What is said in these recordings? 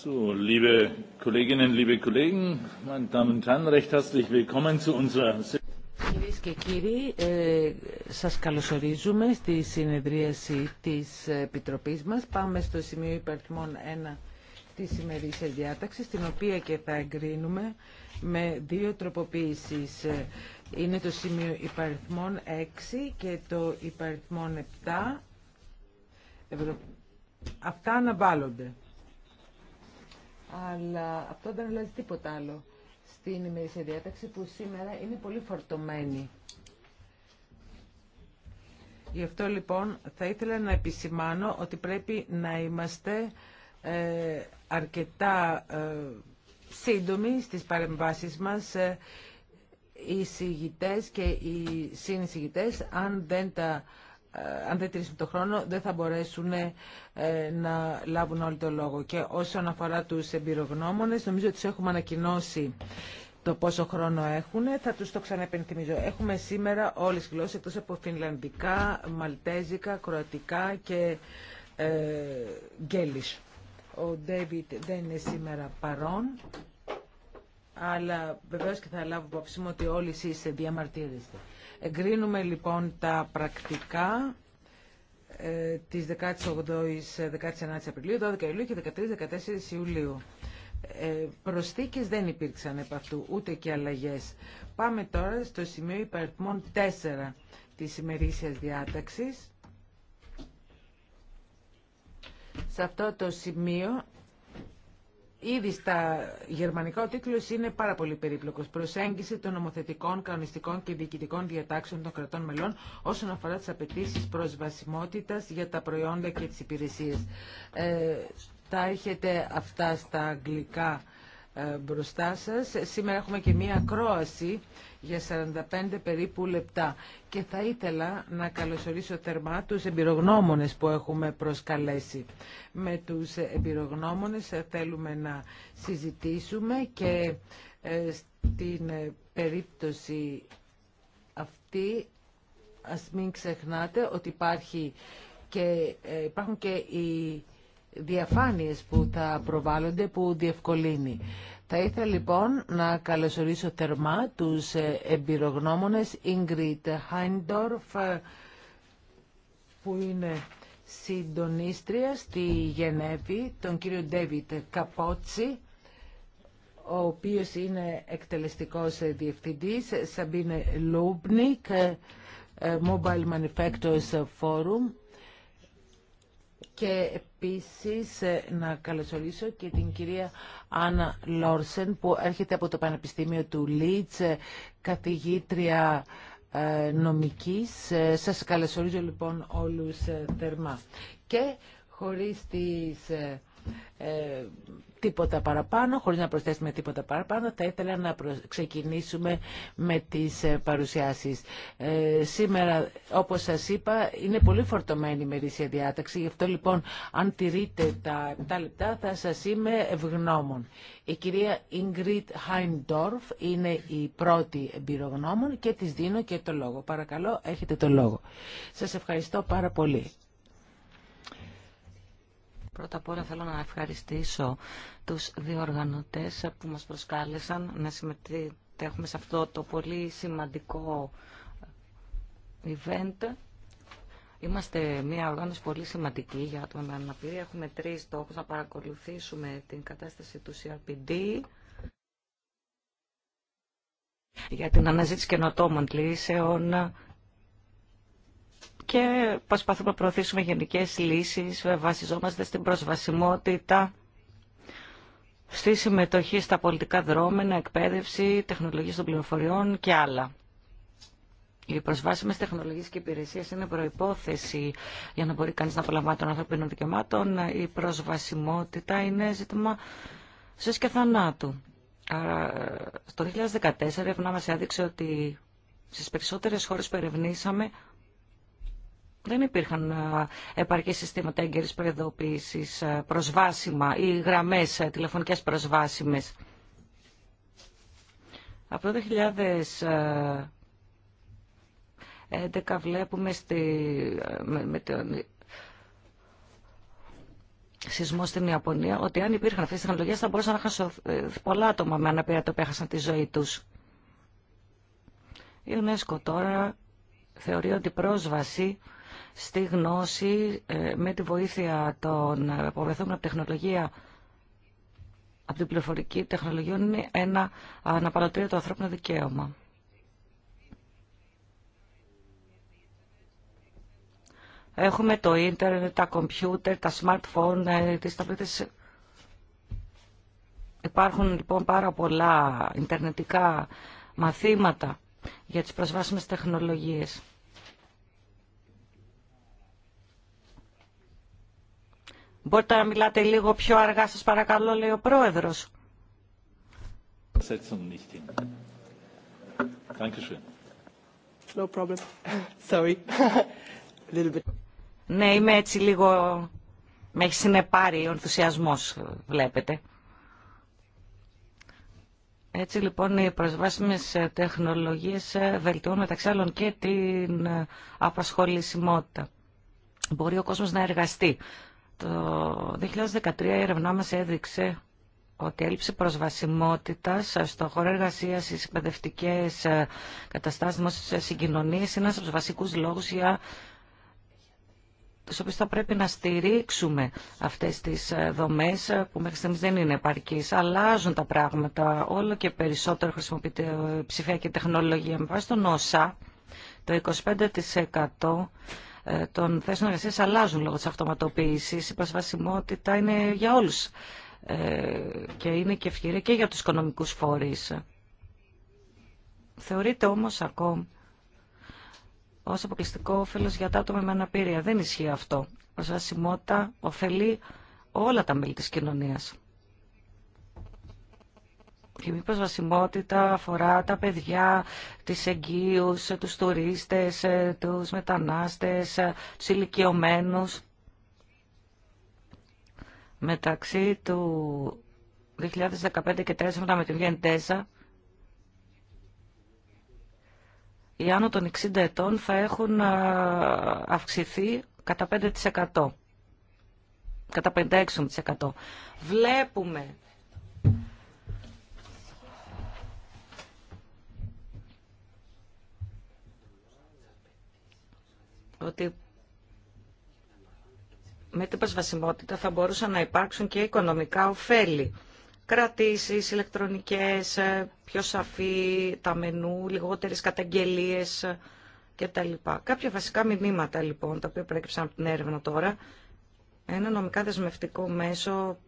So, liebe Kolleginnen, liebe Kollegen, meine Damen und recht herzlich willkommen zu unserer Κυρίες και κύριοι, ε, σας καλωσορίζουμε στη συνεδρίαση της Επιτροπής μας. Πάμε στο σημείο υπαριθμών 1 της σημερινής διάταξης, την οποία και θα εγκρίνουμε με δύο τροποποίησεις. Ε, είναι το σημείο υπαριθμών 6 και το υπαριθμών 7. Αυτά αναβάλλονται αλλά αυτό δεν αλλάζει τίποτα άλλο στην ημερήσια διάταξη που σήμερα είναι πολύ φορτωμένη. Γι' αυτό λοιπόν θα ήθελα να επισημάνω ότι πρέπει να είμαστε ε, αρκετά ε, σύντομοι στις παρεμβάσεις μας ε, οι συγητές και οι συνεισηγητές αν δεν τα αν δεν τηρήσουν το χρόνο, δεν θα μπορέσουν ε, να λάβουν όλο το λόγο. Και όσον αφορά τους εμπειρογνώμονες, νομίζω ότι έχουμε ανακοινώσει το πόσο χρόνο έχουν. Θα τους το ξαναεπενθυμίζω. Έχουμε σήμερα όλες τις γλώσσες, εκτός από φινλανδικά, μαλτέζικα, κροατικά και ε, γκέλις. Ο Ντέιβιτ δεν είναι σήμερα παρόν, αλλά βεβαίως και θα λάβω υπόψη ότι όλοι εσείς διαμαρτύρεστε. Εγκρίνουμε λοιπόν τα πρακτικά ε, της 18ης, 19ης ε, Απριλίου, 12 Ιουλίου και 13-14 Ιουλίου. Ε, προσθήκες δεν υπήρξαν επ' αυτού, ούτε και αλλαγές. Πάμε τώρα στο σημείο υπαριθμών 4 της ημερήσιας διάταξης. Σε αυτό το σημείο Ήδη στα γερμανικά ο τίτλο είναι πάρα πολύ περίπλοκος. Προσέγγιση των νομοθετικών, κανονιστικών και διοικητικών διατάξεων των κρατών μελών όσον αφορά τις απαιτήσει προσβασιμότητα για τα προϊόντα και τις υπηρεσίες. Ε, τα έχετε αυτά στα αγγλικά ε, μπροστά σας. Σήμερα έχουμε και μία ακρόαση για 45 περίπου λεπτά και θα ήθελα να καλωσορίσω θερμά τους εμπειρογνώμονες που έχουμε προσκαλέσει. Με τους εμπειρογνώμονες θέλουμε να συζητήσουμε και ε, στην ε, περίπτωση αυτή ας μην ξεχνάτε ότι υπάρχει και, υπάρχουν και οι διαφάνειες που θα προβάλλονται που διευκολύνει. Θα ήθελα λοιπόν να καλωσορίσω θερμά τους ε, εμπειρογνώμονες Ingrid Heindorf ε, που είναι συντονίστρια στη Γενέβη, τον κύριο Ντέβιτ Καπότσι, ο οποίος είναι εκτελεστικός ε, διευθυντής, Σαμπίνε Λούμπνικ, Mobile Manufacturers Forum, και επίσης ε, να καλωσορίσω και την κυρία Άννα Λόρσεν που έρχεται από το Πανεπιστήμιο του Λίτς, ε, καθηγήτρια ε, νομικής. Σας καλωσορίζω λοιπόν όλους θερμά. Και χωρίς τις τίποτα παραπάνω, χωρίς να προσθέσουμε τίποτα παραπάνω, θα ήθελα να ξεκινήσουμε με τις ε, παρουσιάσεις. Ε, σήμερα, όπως σας είπα, είναι πολύ φορτωμένη η μερίσια διάταξη, γι' αυτό λοιπόν, αν τηρείτε τα 7 λεπτά, θα σας είμαι ευγνώμων. Η κυρία Ingrid Χάιντορφ είναι η πρώτη εμπειρογνώμων και της δίνω και το λόγο. Παρακαλώ, έχετε το λόγο. Σας ευχαριστώ πάρα πολύ. Πρώτα απ' όλα θέλω να ευχαριστήσω τους διοργανωτές που μας προσκάλεσαν να συμμετέχουμε σε αυτό το πολύ σημαντικό event. Είμαστε μια οργάνωση πολύ σημαντική για άτομα με αναπηρία. Έχουμε τρεις στόχους να παρακολουθήσουμε την κατάσταση του CRPD, για την αναζήτηση καινοτόμων λύσεων, και προσπαθούμε να προωθήσουμε γενικές λύσεις, βασιζόμαστε στην προσβασιμότητα, στη συμμετοχή στα πολιτικά δρόμενα, εκπαίδευση, τεχνολογίες των πληροφοριών και άλλα. Οι προσβάσιμε τεχνολογίε και υπηρεσίε είναι προπόθεση για να μπορεί κανείς να απολαμβάνει των ανθρωπίνων δικαιωμάτων. Η προσβασιμότητα είναι ζήτημα σε και θανάτου. Το 2014 η μα έδειξε ότι στι περισσότερε χώρε που ερευνήσαμε δεν υπήρχαν ε, επαρκή συστήματα έγκαιρης προειδοποίηση ε, προσβάσιμα ή γραμμές ε, τηλεφωνικές προσβάσιμες. Από το 2011 βλέπουμε στη, με, τον σεισμό στην Ιαπωνία ότι αν υπήρχαν αυτές τις τεχνολογίες θα μπορούσαν να χάσουν πολλά άτομα με αναπηρία το έχασαν τη ζωή τους. Η UNESCO τώρα θεωρεί ότι πρόσβαση στη γνώση ε, με τη βοήθεια των ε, αποβρεθόμενων από τεχνολογία από την πληροφορική τεχνολογία είναι ένα αναπαρατήριο το ανθρώπινο δικαίωμα. Έχουμε το ίντερνετ, τα κομπιούτερ, τα smartphone, ε, τις ταπλήτες. Υπάρχουν λοιπόν πάρα πολλά ιντερνετικά μαθήματα για τις προσβάσιμες τεχνολογίες. Μπορείτε να μιλάτε λίγο πιο αργά σας παρακαλώ, λέει ο Πρόεδρος. Ναι, είμαι έτσι λίγο... Με έχει συνεπάρει ο ενθουσιασμός, βλέπετε. Έτσι λοιπόν οι προσβάσιμες τεχνολογίες βελτιώνουν μεταξύ άλλων και την απασχολησιμότητα. Μπορεί ο κόσμος να εργαστεί το 2013 η ερευνά μας έδειξε ότι έλλειψη προσβασιμότητας στο χώρο εργασίας, στις εκπαιδευτικές ε, καταστάσεις, στις ε, συγκοινωνίες είναι ένας από τους βασικούς λόγους για τους οποίους θα πρέπει να στηρίξουμε αυτές τις ε, δομές που μέχρι στιγμής δεν είναι επαρκείς. Αλλάζουν τα πράγματα, όλο και περισσότερο χρησιμοποιείται ψηφιακή τεχνολογία. Με βάση τον ΩΣΑ, το 25% ε, των θέσεων εργασία αλλάζουν λόγω τη αυτοματοποίηση. Η προσβασιμότητα είναι για όλου ε, και είναι και ευκαιρία και για του οικονομικού φορεί. Θεωρείται όμω ακόμη ω αποκλειστικό όφελο για τα άτομα με αναπηρία. Δεν ισχύει αυτό. Η προσβασιμότητα ωφελεί όλα τα μέλη τη κοινωνία. Η μη προσβασιμότητα αφορά τα παιδιά, τις εγγύους, τους τουρίστες, τους μετανάστες, τους ηλικιωμένου. Μεταξύ του 2015 και 2014 με τη Βιεντέζα, οι άνω των 60 ετών θα έχουν αυξηθεί κατά 5%. Κατά 56%. Βλέπουμε ότι με την προσβασιμότητα θα μπορούσαν να υπάρξουν και οικονομικά ωφέλη. Κρατήσεις, ηλεκτρονικές, ε, πιο σαφή τα μενού, λιγότερες καταγγελίες ε, κτλ. Κάποια βασικά μηνύματα λοιπόν, τα οποία προέκυψαν από την έρευνα τώρα, ένα νομικά δεσμευτικό μέσο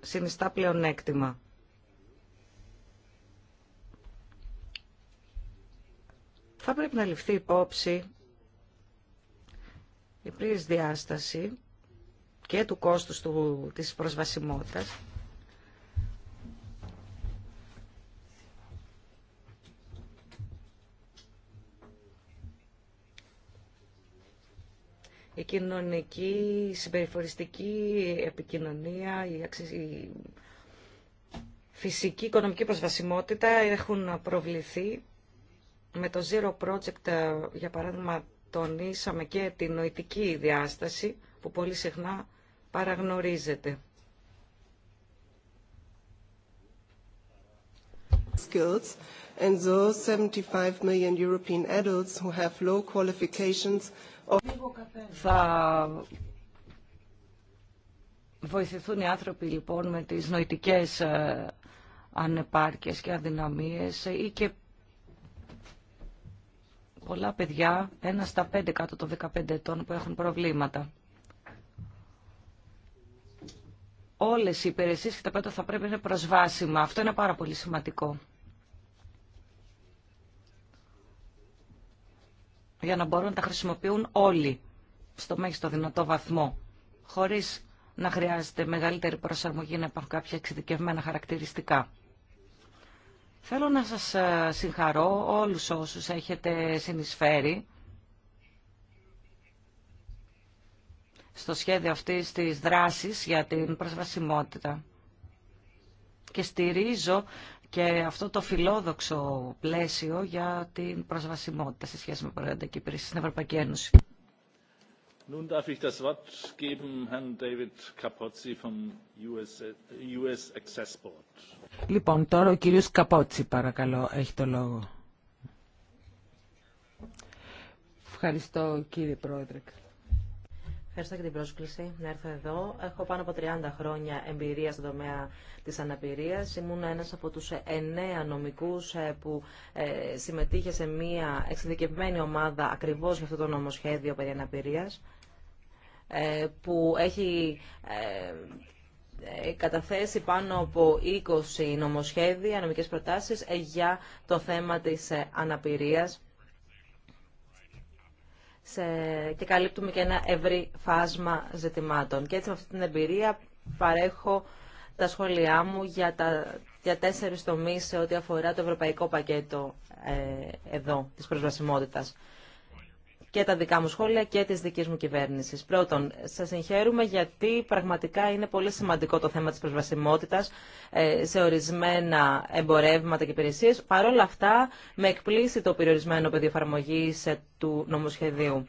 συνιστά πλεονέκτημα. Θα πρέπει να ληφθεί υπόψη η πλήρης διάσταση και του κόστους του, της προσβασιμότητας η κοινωνική, συμπεριφοριστική επικοινωνία, η, αξι... η φυσική οικονομική προσβασιμότητα έχουν προβληθεί με το Zero Project, ε, για παράδειγμα, τονίσαμε και την νοητική διάσταση που πολύ συχνά παραγνωρίζεται. skills and those 75 million European adults who have low qualifications Θα βοηθηθούν οι άνθρωποι λοιπόν με τις νοητικές ε, ανεπάρκειες και αδυναμίες ή και πολλά παιδιά, ένα στα πέντε κάτω των 15 ετών που έχουν προβλήματα. Όλες οι υπηρεσίες και τα πέντε θα πρέπει να είναι προσβάσιμα. Αυτό είναι πάρα πολύ σημαντικό. Για να μπορούν να τα χρησιμοποιούν όλοι στο μέγιστο δυνατό βαθμό, χωρίς να χρειάζεται μεγαλύτερη προσαρμογή να υπάρχουν κάποια εξειδικευμένα χαρακτηριστικά. Θέλω να σας ε, συγχαρώ όλους όσους έχετε συνεισφέρει στο σχέδιο αυτής της δράσης για την προσβασιμότητα. Και στηρίζω και αυτό το φιλόδοξο πλαίσιο για την προσβασιμότητα σε σχέση με προϊόντα και στην Ευρωπαϊκή Ένωση. Nun darf ich das Wort geben Herrn David Capozzi vom US Access Board. Λοιπόν, τώρα ο κύριος Καπότσι παρακαλώ έχει το λόγο. Ευχαριστώ κύριε Πρόεδρε. Ευχαριστώ για την πρόσκληση να έρθω εδώ. Έχω πάνω από 30 χρόνια εμπειρία στον τομέα της αναπηρίας. Ήμουν ένας από τους εννέα νομικούς ε, που ε, συμμετείχε σε μια εξειδικευμένη ομάδα ακριβώς για αυτό το νομοσχέδιο περί αναπηρίας ε, που έχει ε, καταθέσει πάνω από 20 νομοσχέδια, νομικές προτάσεις ε, για το θέμα της ε, αναπηρίας και καλύπτουμε και ένα ευρύ φάσμα ζητημάτων. Και έτσι με αυτή την εμπειρία παρέχω τα σχόλιά μου για, τα, για τέσσερις τομείς σε ό,τι αφορά το ευρωπαϊκό πακέτο ε, εδώ της προσβασιμότητας και τα δικά μου σχόλια και τη δική μου κυβέρνησης. Πρώτον, σα συγχαίρουμε γιατί πραγματικά είναι πολύ σημαντικό το θέμα της προσβασιμότητα ε, σε ορισμένα εμπορεύματα και υπηρεσίε. Παρ' όλα αυτά, με εκπλήσει το περιορισμένο πεδίο εφαρμογή ε, του νομοσχεδίου.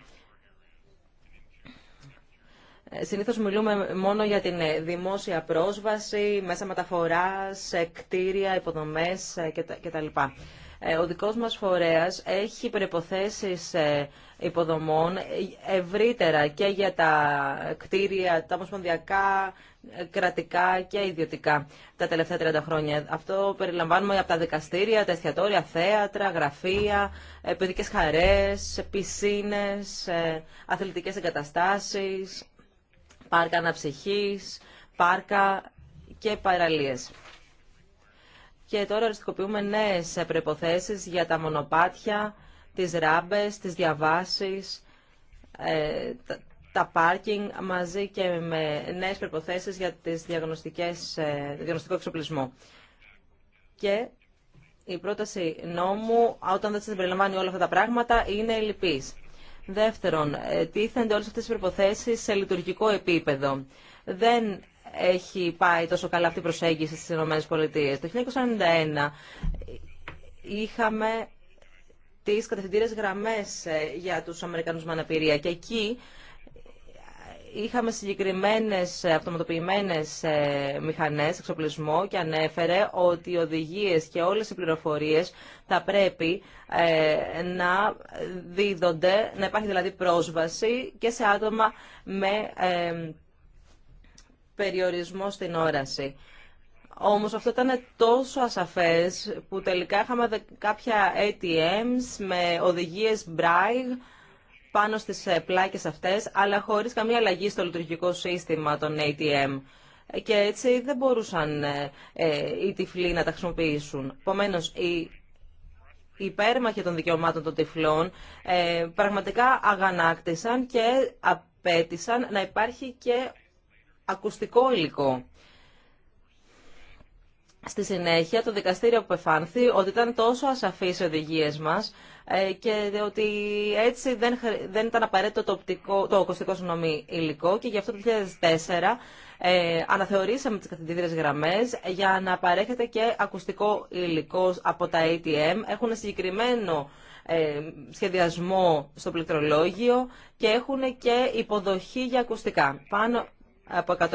Ε, συνήθως μιλούμε μόνο για την δημόσια πρόσβαση, μέσα μεταφοράς, κτίρια, υποδομές κτλ. Ε, ο δικός μας φορέας έχει προϋποθέσεις ε, υποδομών ε, ευρύτερα και για τα κτίρια, τα ομοσπονδιακά, κρατικά και ιδιωτικά τα τελευταία 30 χρόνια. Αυτό περιλαμβάνουμε από τα δικαστήρια, τα εστιατόρια, θέατρα, γραφεία, παιδικές χαρές, πισίνες, αθλητικές εγκαταστάσεις, πάρκα αναψυχής, πάρκα και παραλίες. Και τώρα οριστικοποιούμε νέε προποθέσει για τα μονοπάτια, τις ράμπες, τις διαβάσεις, ε, τα πάρκινγκ μαζί και με νέε προποθέσει για τις διαγνωστικές, ε, διαγνωστικό εξοπλισμό. Και η πρόταση νόμου, όταν δεν συμπεριλαμβάνει όλα αυτά τα πράγματα, είναι ελλειπής. Δεύτερον, ε, τίθενται όλε αυτές οι προποθέσει σε λειτουργικό επίπεδο. Δεν έχει πάει τόσο καλά αυτή η προσέγγιση στις ΗΠΑ. Το 1991 είχαμε τις κατευθυντήρες γραμμές ε, για τους Αμερικανούς με αναπηρία και εκεί είχαμε συγκεκριμένες ε, αυτοματοποιημένες ε, μηχανές, εξοπλισμό και ανέφερε ότι οι οδηγίες και όλες οι πληροφορίες θα πρέπει να δίδονται, να υπάρχει δηλαδή πρόσβαση και σε άτομα με περιορισμό στην όραση. Όμω αυτό ήταν τόσο ασαφές που τελικά είχαμε κάποια ATMs με οδηγίε Braille πάνω στι ε, πλάκε αυτέ, αλλά χωρί καμία αλλαγή στο λειτουργικό σύστημα των ATM. Και έτσι δεν μπορούσαν ε, ε, οι τυφλοί να τα χρησιμοποιήσουν. Επομένω, οι υπέρμαχοι των δικαιωμάτων των τυφλών πραγματικά αγανάκτησαν και απέτησαν να υπάρχει και ακουστικό υλικό. Στη συνέχεια το δικαστήριο απεφάνθη ότι ήταν τόσο ασαφείς οι οδηγίες μας ε, και ότι έτσι δεν, δεν ήταν απαραίτητο το, οπτικό, το ακουστικό συνομή υλικό και γι' αυτό το 2004 ε, αναθεωρήσαμε τις καθημερινές γραμμές για να παρέχεται και ακουστικό υλικό από τα ATM. Έχουν συγκεκριμένο ε, σχεδιασμό στο πληκτρολόγιο και έχουν και υποδοχή για ακουστικά. Πάνω από 100.000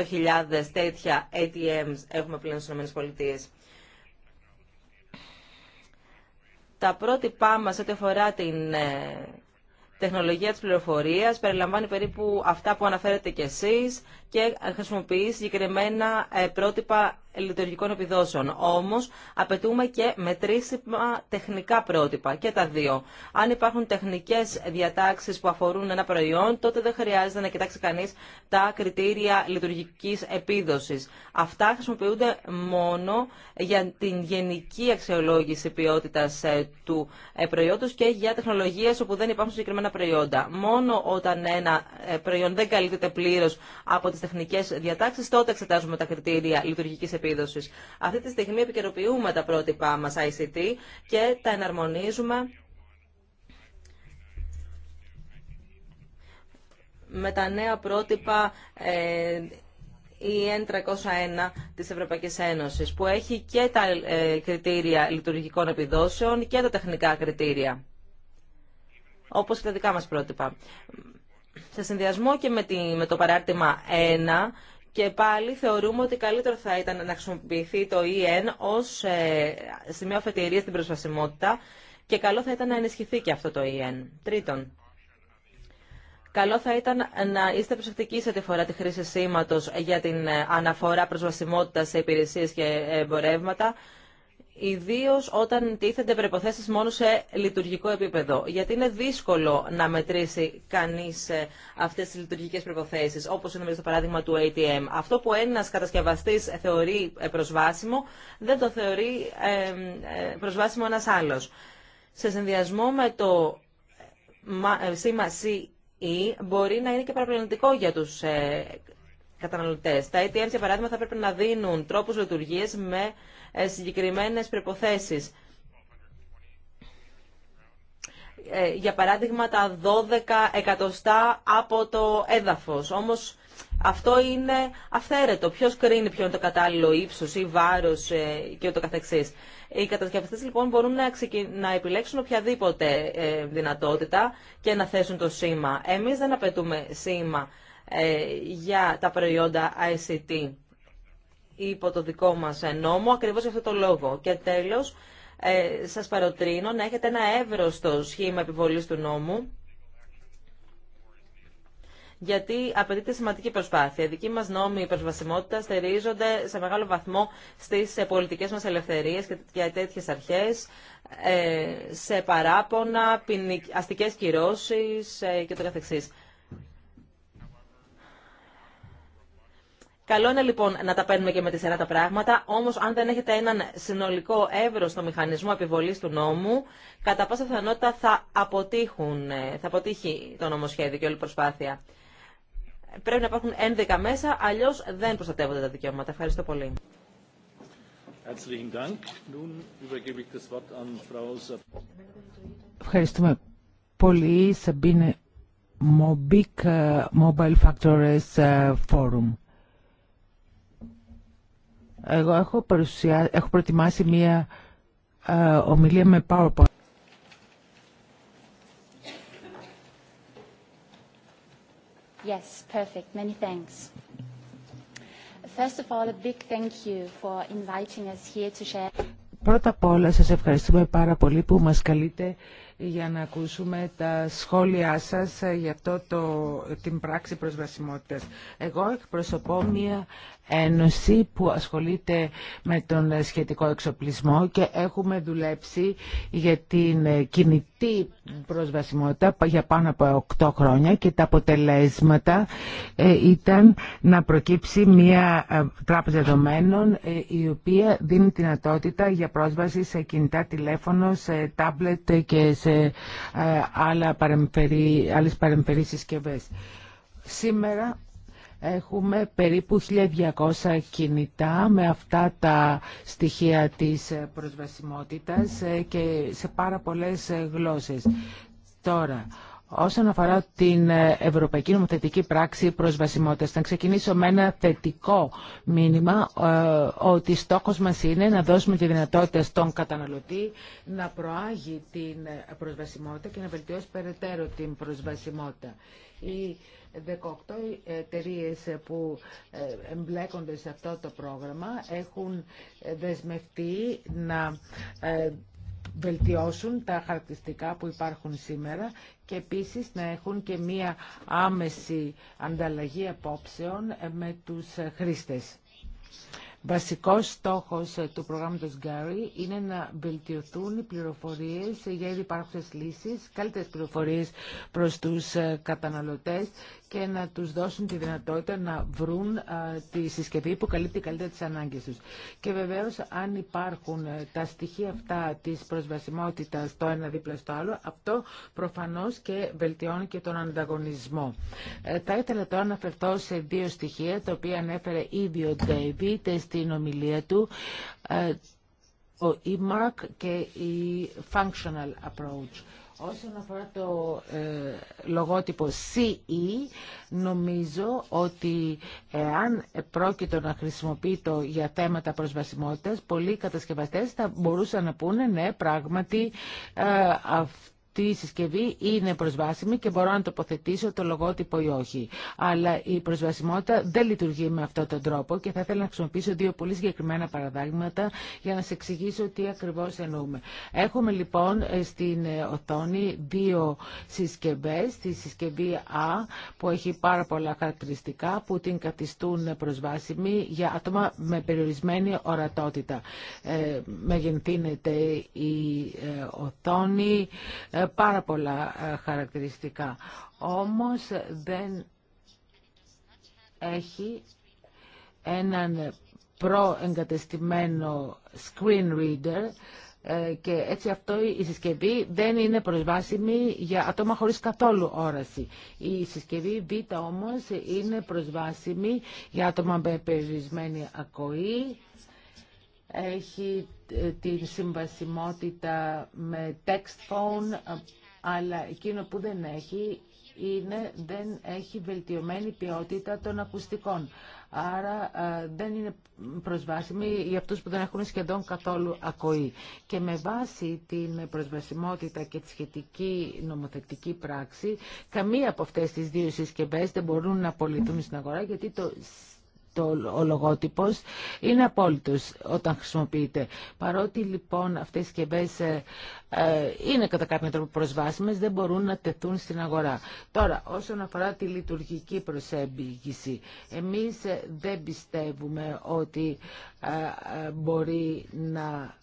τέτοια ATMs έχουμε πλέον στις ΗΠΑ. Τα πρότυπά σε ό,τι αφορά την ε, τεχνολογία της πληροφορίας περιλαμβάνει περίπου αυτά που αναφέρετε κι εσείς και χρησιμοποιεί συγκεκριμένα ε, πρότυπα λειτουργικών επιδόσεων. Όμω, απαιτούμε και μετρήσιμα τεχνικά πρότυπα και τα δύο. Αν υπάρχουν τεχνικέ διατάξει που αφορούν ένα προϊόν, τότε δεν χρειάζεται να κοιτάξει κανεί τα κριτήρια λειτουργική επίδοση. Αυτά χρησιμοποιούνται μόνο για την γενική αξιολόγηση ποιότητα ε, του ε, προϊόντος και για τεχνολογίε όπου δεν υπάρχουν συγκεκριμένα προϊόντα. Μόνο όταν ένα προϊόν δεν καλύπτεται πλήρω από τι τεχνικέ διατάξει, τότε εξετάζουμε τα κριτήρια λειτουργική επίδοση. Αυτή τη στιγμή επικαιροποιούμε τα πρότυπά μα ICT και τα εναρμονίζουμε με τα νέα πρότυπα ε, EN301 της Ευρωπαϊκής Ένωσης, που έχει και τα ε, κριτήρια λειτουργικών επιδόσεων και τα τεχνικά κριτήρια, όπως και τα δικά μας πρότυπα. Σε συνδυασμό και με, με το παράρτημα 1 και πάλι θεωρούμε ότι καλύτερο θα ήταν να χρησιμοποιηθεί το EN ως ε, σημείο αφετηρία στην προσβασιμότητα και καλό θα ήταν να ενισχυθεί και αυτό το EN. Τρίτον, καλό θα ήταν να είστε προσεκτικοί σε τη φορά τη χρήση σήματος για την ε, αναφορά προσβασιμότητα σε υπηρεσίες και εμπορεύματα Ιδίω όταν τίθενται προποθέσει μόνο σε λειτουργικό επίπεδο. Γιατί είναι δύσκολο να μετρήσει κανεί ε, αυτέ τι λειτουργικέ προποθέσει, όπω είναι το παράδειγμα του ATM. Αυτό που ένα κατασκευαστή θεωρεί ε, προσβάσιμο, δεν το θεωρεί ε, προσβάσιμο ένα άλλο. Σε συνδυασμό με το σήμα CE, μπορεί να είναι και παραπλανητικό για του καταναλωτέ. Τα ATM, για παράδειγμα, θα πρέπει να δίνουν τρόπου λειτουργίε με ε, Συγκεκριμένε προϋποθέσεις. Ε, για παράδειγμα τα 12 εκατοστά από το έδαφος. Όμως αυτό είναι αυθαίρετο. Ποιος κρίνει ποιο είναι το κατάλληλο ύψος ή βάρο ε, και ούτω καθεξής. Οι κατασκευαστές λοιπόν μπορούν να, να επιλέξουν οποιαδήποτε δυνατότητα και να θέσουν το σήμα. Εμείς δεν απαιτούμε σήμα για τα προϊόντα ICT υπό το δικό μας νόμο ακριβώς για αυτό το λόγο. Και τέλος, ε, σας παροτρύνω να έχετε ένα εύρωστο σχήμα επιβολής του νόμου γιατί απαιτείται σημαντική προσπάθεια. Η δικοί μα νόμοι προσβασιμότητα στηρίζονται σε μεγάλο βαθμό στι ε, πολιτικέ μα ελευθερίε και τέτοιε αρχέ, ε, σε παράπονα, αστικέ κυρώσει ε, και το Καλό είναι λοιπόν να τα παίρνουμε και με τη σειρά τα πράγματα, όμω αν δεν έχετε έναν συνολικό εύρο στο μηχανισμό επιβολή του νόμου, κατά πάσα πιθανότητα θα, ε, θα αποτύχει το νομοσχέδιο και όλη η προσπάθεια. Πρέπει να υπάρχουν ένδεκα μέσα, αλλιώ δεν προστατεύονται τα δικαιώματα. Ευχαριστώ πολύ. Ευχαριστούμε πολύ, Σαμπίνε ε, Mobile Factors ε, Forum. Εγώ έχω, προετοιμάσει μία ε, ομιλία με PowerPoint. Yes, perfect. Many thanks. First of all, a big thank you for inviting us here to share. Πρώτα απ' όλα σας ευχαριστούμε πάρα πολύ που μας καλείτε για να ακούσουμε τα σχόλιά σας ε, για αυτό το, την πράξη προσβασιμότητας. Εγώ εκπροσωπώ μια Ένωση που ασχολείται με τον σχετικό εξοπλισμό και έχουμε δουλέψει για την κινητή προσβασιμότητα για πάνω από 8 χρόνια και τα αποτελέσματα ε, ήταν να προκύψει μια ε, τράπεζα δεδομένων ε, η οποία δίνει δυνατότητα για πρόσβαση σε κινητά τηλέφωνο, σε τάμπλετ και σε άλλα παρεμφερή, άλλες Σήμερα Έχουμε περίπου 1.200 κινητά με αυτά τα στοιχεία της προσβασιμότητας ε, και σε πάρα πολλές ε, γλώσσες. Τώρα, όσον αφορά την ε, Ευρωπαϊκή Νομοθετική Πράξη Προσβασιμότητας, θα ξεκινήσω με ένα θετικό μήνυμα ότι στόχος μας είναι να δώσουμε τη δυνατότητα στον καταναλωτή να προάγει την προσβασιμότητα και να βελτιώσει περαιτέρω την προσβασιμότητα. 18 εταιρείε που ε, εμπλέκονται σε αυτό το πρόγραμμα έχουν ε, δεσμευτεί να ε, βελτιώσουν τα χαρακτηριστικά που υπάρχουν σήμερα και επίσης να έχουν και μία άμεση ανταλλαγή απόψεων με τους χρήστες. Βασικός στόχος του προγράμματος Gary είναι να βελτιωθούν οι πληροφορίες για ήδη υπάρχουσες λύσεις, καλύτερες πληροφορίες προς τους καταναλωτές και να τους δώσουν τη δυνατότητα να βρουν τη συσκευή που καλύπτει καλύτερα τις ανάγκες τους. Και βεβαίως αν υπάρχουν ε, τα στοιχεία αυτά της προσβασιμότητας το ένα δίπλα στο άλλο, αυτό προφανώς και βελτιώνει και τον ανταγωνισμό. Ε, θα ήθελα τώρα να αφαιρθώ σε δύο στοιχεία, τα οποία ανέφερε ήδη ο Ντέιβιτ στην ομιλία του, ε, ο e και η functional approach. Όσον αφορά το ε, λογότυπο CE, νομίζω ότι εάν πρόκειται να χρησιμοποιείται για θέματα προσβασιμότητας, πολλοί κατασκευαστές θα μπορούσαν να πούνε ναι, πράγματι ε, αυτό η συσκευή είναι προσβάσιμη και μπορώ να τοποθετήσω το λογότυπο ή όχι. Αλλά η προσβασιμότητα δεν λειτουργεί με αυτόν τον τρόπο και θα ήθελα να χρησιμοποιήσω δύο πολύ συγκεκριμένα παραδείγματα για να σα εξηγήσω τι ακριβώ εννοούμε. Έχουμε λοιπόν ε, στην ε, οθόνη δύο συσκευέ τη συσκευή A που έχει πάρα πολλά χαρακτηριστικά που την καθιστούν προσβάσιμη για άτομα με περιορισμένη ορατότητα. Ε, μεγενθύνεται η ε, οθόνη, πάρα πολλά ε, χαρακτηριστικά. Όμως ε, δεν έχει έναν προεγκατεστημένο screen reader ε, και έτσι αυτό η συσκευή δεν είναι προσβάσιμη για άτομα χωρίς καθόλου όραση. Η συσκευή Β όμως είναι προσβάσιμη για άτομα με περιορισμένη ακοή, έχει ε, την συμβασιμότητα με text phone, αλλά εκείνο που δεν έχει είναι δεν έχει βελτιωμένη ποιότητα των ακουστικών. Άρα ε, δεν είναι προσβάσιμη για αυτούς που δεν έχουν σχεδόν καθόλου ακοή. Και με βάση την προσβασιμότητα και τη σχετική νομοθετική πράξη, καμία από αυτές τις δύο συσκευές δεν μπορούν να απολυθούν στην αγορά, γιατί το το, ο λογότυπος είναι απόλυτος όταν χρησιμοποιείται. Παρότι λοιπόν αυτές οι συσκευέ ε, ε, είναι κατά κάποιο τρόπο προσβάσιμες, δεν μπορούν να τεθούν στην αγορά. Τώρα, όσον αφορά τη λειτουργική προσέγγιση, εμείς ε, δεν πιστεύουμε ότι μπορεί να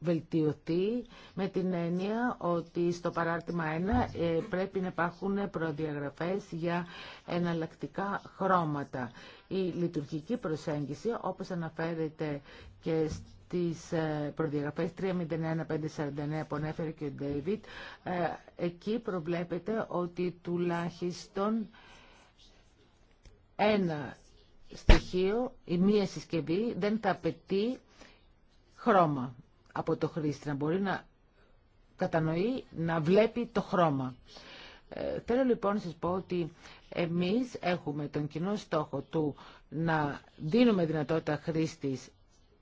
βελτιωθεί με την έννοια ότι στο παράρτημα 1 ε, πρέπει να υπάρχουν προδιαγραφές για εναλλακτικά χρώματα. Η λειτουργική προσέγγιση, όπως αναφέρεται και στις ε, προδιαγραφές 3.01.549 που ανέφερε και ο Ντέιβιτ, ε, εκεί προβλέπεται ότι τουλάχιστον ένα στοιχείο, η μία συσκευή δεν θα απαιτεί χρώμα από το χρήστη, να μπορεί να κατανοεί, να βλέπει το χρώμα. Ε, θέλω λοιπόν να σας πω ότι εμείς έχουμε τον κοινό στόχο του να δίνουμε δυνατότητα χρήστης,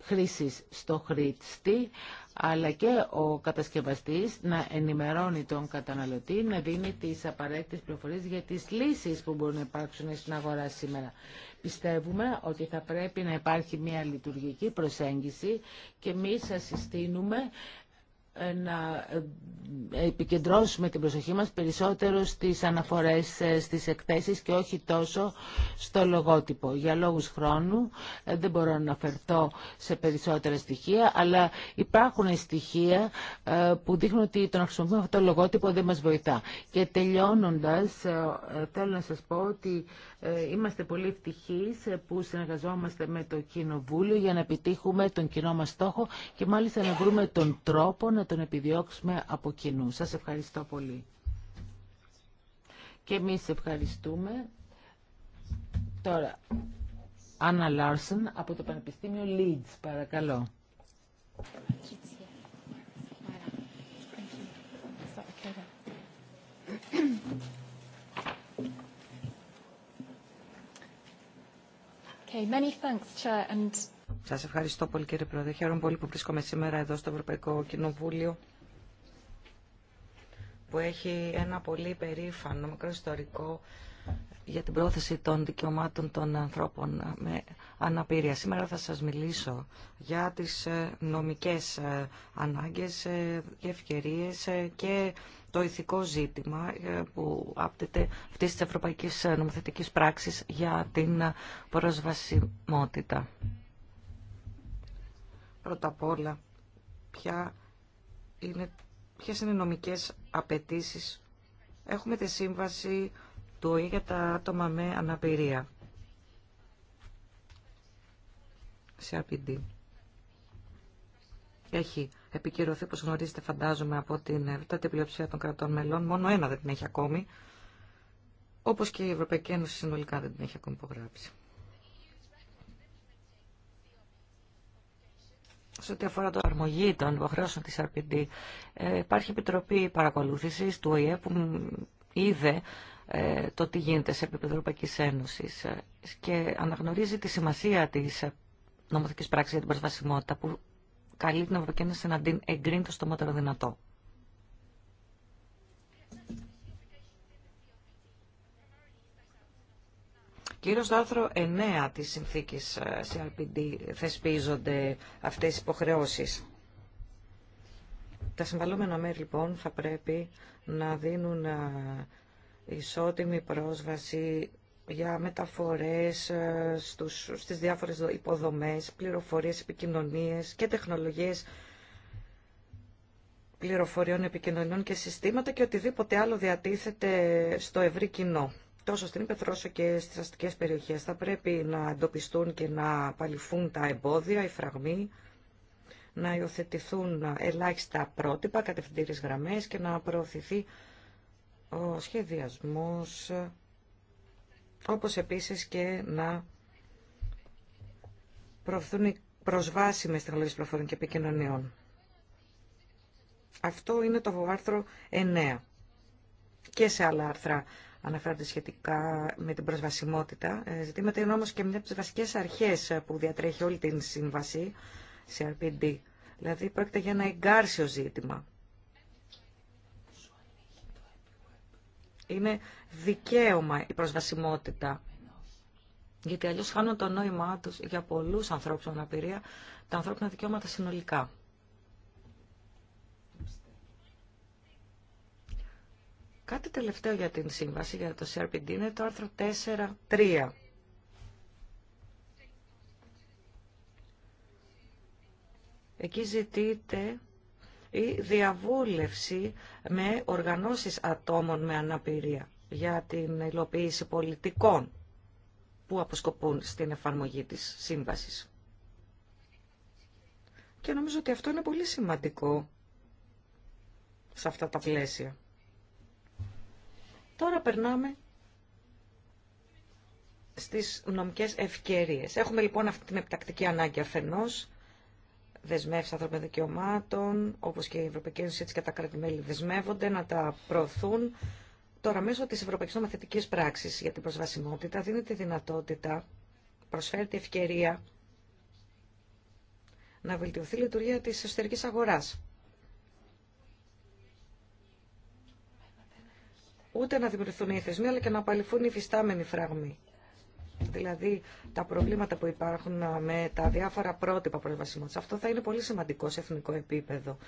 χρήσης στο χρήστη, αλλά και ο κατασκευαστής να ενημερώνει τον καταναλωτή, να δίνει τις απαραίτητες πληροφορίες για τις λύσεις που μπορούν να υπάρξουν στην αγορά σήμερα. Πιστεύουμε ότι θα πρέπει να υπάρχει μια λειτουργική προσέγγιση και εμεί σας συστήνουμε να ε, επικεντρώσουμε την προσοχή μας περισσότερο στις αναφορές ε, στις εκθέσεις και όχι τόσο στο λογότυπο. Για λόγους χρόνου ε, δεν μπορώ να αναφερθώ σε περισσότερα στοιχεία, αλλά υπάρχουν στοιχεία που δείχνουν ότι το να χρησιμοποιούμε αυτό το λογότυπο δεν μας βοηθά. Και τελειώνοντας, θέλω να σας πω ότι ε, είμαστε πολύ ευτυχείς ε, που συνεργαζόμαστε με το Κοινοβούλιο για να επιτύχουμε τον κοινό μας στόχο και μάλιστα να βρούμε τον τρόπο να τον επιδιώξουμε από κοινού. Σας ευχαριστώ πολύ. Και εμείς ευχαριστούμε. Τώρα, Άννα Λάρσεν από το Πανεπιστήμιο Leeds, παρακαλώ. Okay, many thanks, Chair, and... Σας ευχαριστώ πολύ κύριε Πρόεδρε. Χαίρομαι πολύ που βρίσκομαι σήμερα εδώ στο Ευρωπαϊκό Κοινοβούλιο που έχει ένα πολύ περήφανο μικρό ιστορικό για την πρόθεση των δικαιωμάτων των ανθρώπων με αναπηρία. Σήμερα θα σας μιλήσω για τις ε, νομικές ε, ανάγκες και ε, ευκαιρίες και το ηθικό ζήτημα που άπτεται αυτής τη Ευρωπαϊκή νομοθετικής πράξη για την προσβασιμότητα. Πρώτα απ' όλα, ποια είναι, ποιες είναι οι νομικές απαιτήσεις. Έχουμε τη σύμβαση του ΟΗΕ για τα άτομα με αναπηρία. Σε απειντή. Έχει επικυρωθεί, όπως γνωρίζετε φαντάζομαι, από την ευρύτατη πλειοψηφία των κρατών μελών. Μόνο ένα δεν την έχει ακόμη. Όπως και η Ευρωπαϊκή Ένωση συνολικά δεν την έχει ακόμη υπογράψει. σε ό,τι αφορά το αρμογή των υποχρέωσεων της RPD, ε, υπάρχει επιτροπή παρακολούθησης του ΟΗΕ που είδε ε, το τι γίνεται σε επίπεδο Ευρωπαϊκή Ένωση. Ε, και αναγνωρίζει τη σημασία της ε, νομοθετική πράξης για την προσβασιμότητα που καλεί την Ευρωπαϊκή Ένωση να την εγκρίνει το στομότερο δυνατό. Κύριο στο άρθρο 9 της συνθήκης CRPD θεσπίζονται αυτές οι υποχρεώσεις. Τα συμβαλόμενα μέρη λοιπόν θα πρέπει να δίνουν ισότιμη πρόσβαση για μεταφορές ε, στους, στις διάφορες υποδομές, πληροφορίες, επικοινωνίες και τεχνολογίες πληροφοριών, επικοινωνιών και συστήματα και οτιδήποτε άλλο διατίθεται στο ευρύ κοινό. Τόσο στην Ήπεθρο και στις αστικές περιοχές θα πρέπει να εντοπιστούν και να παλιφούν τα εμπόδια, οι φραγμοί, να υιοθετηθούν ελάχιστα πρότυπα, κατευθυντήρες γραμμές και να προωθηθεί ο σχεδιασμός, όπως επίσης και να προωθούν οι προσβάσιμες τεχνολογίες πληροφοριών και επικοινωνιών. Αυτό είναι το άρθρο 9. Και σε άλλα άρθρα αναφέρονται σχετικά με την προσβασιμότητα. Ε, ζητήματα είναι όμως και μια από τις βασικές αρχές που διατρέχει όλη την σύμβαση, CRPD. Δηλαδή πρόκειται για ένα εγκάρσιο ζήτημα Είναι δικαίωμα η προσβασιμότητα. Γιατί αλλιώ χάνουν το νόημά του για πολλού ανθρώπου με αναπηρία τα ανθρώπινα δικαιώματα συνολικά. Κάτι τελευταίο για την σύμβαση, για το CRPD, είναι το άρθρο 4.3. Εκεί ζητείται η διαβούλευση με οργανώσεις ατόμων με αναπηρία για την υλοποίηση πολιτικών που αποσκοπούν στην εφαρμογή της σύμβασης. Και νομίζω ότι αυτό είναι πολύ σημαντικό σε αυτά τα πλαίσια. Τώρα περνάμε στις νομικές ευκαιρίες. Έχουμε λοιπόν αυτή την επιτακτική ανάγκη αφενός δεσμεύσει ανθρώπινων δικαιωμάτων, όπως και οι Ευρωπαϊκή Ένωση και τα κράτη-μέλη δεσμεύονται να τα προωθούν. Τώρα, μέσω τη Ευρωπαϊκή Νομοθετική πράξη για την προσβασιμότητα δίνεται δυνατότητα, τη ευκαιρία να βελτιωθεί η λειτουργία της εσωτερική αγοράς. Ούτε να δημιουργηθούν οι θεσμοί, αλλά και να απαλληφθούν οι φυστάμενοι φραγμοί δηλαδή τα προβλήματα που υπάρχουν με τα διάφορα πρότυπα προσβασιμότητας. Αυτό θα είναι πολύ σημαντικό σε εθνικό επίπεδο,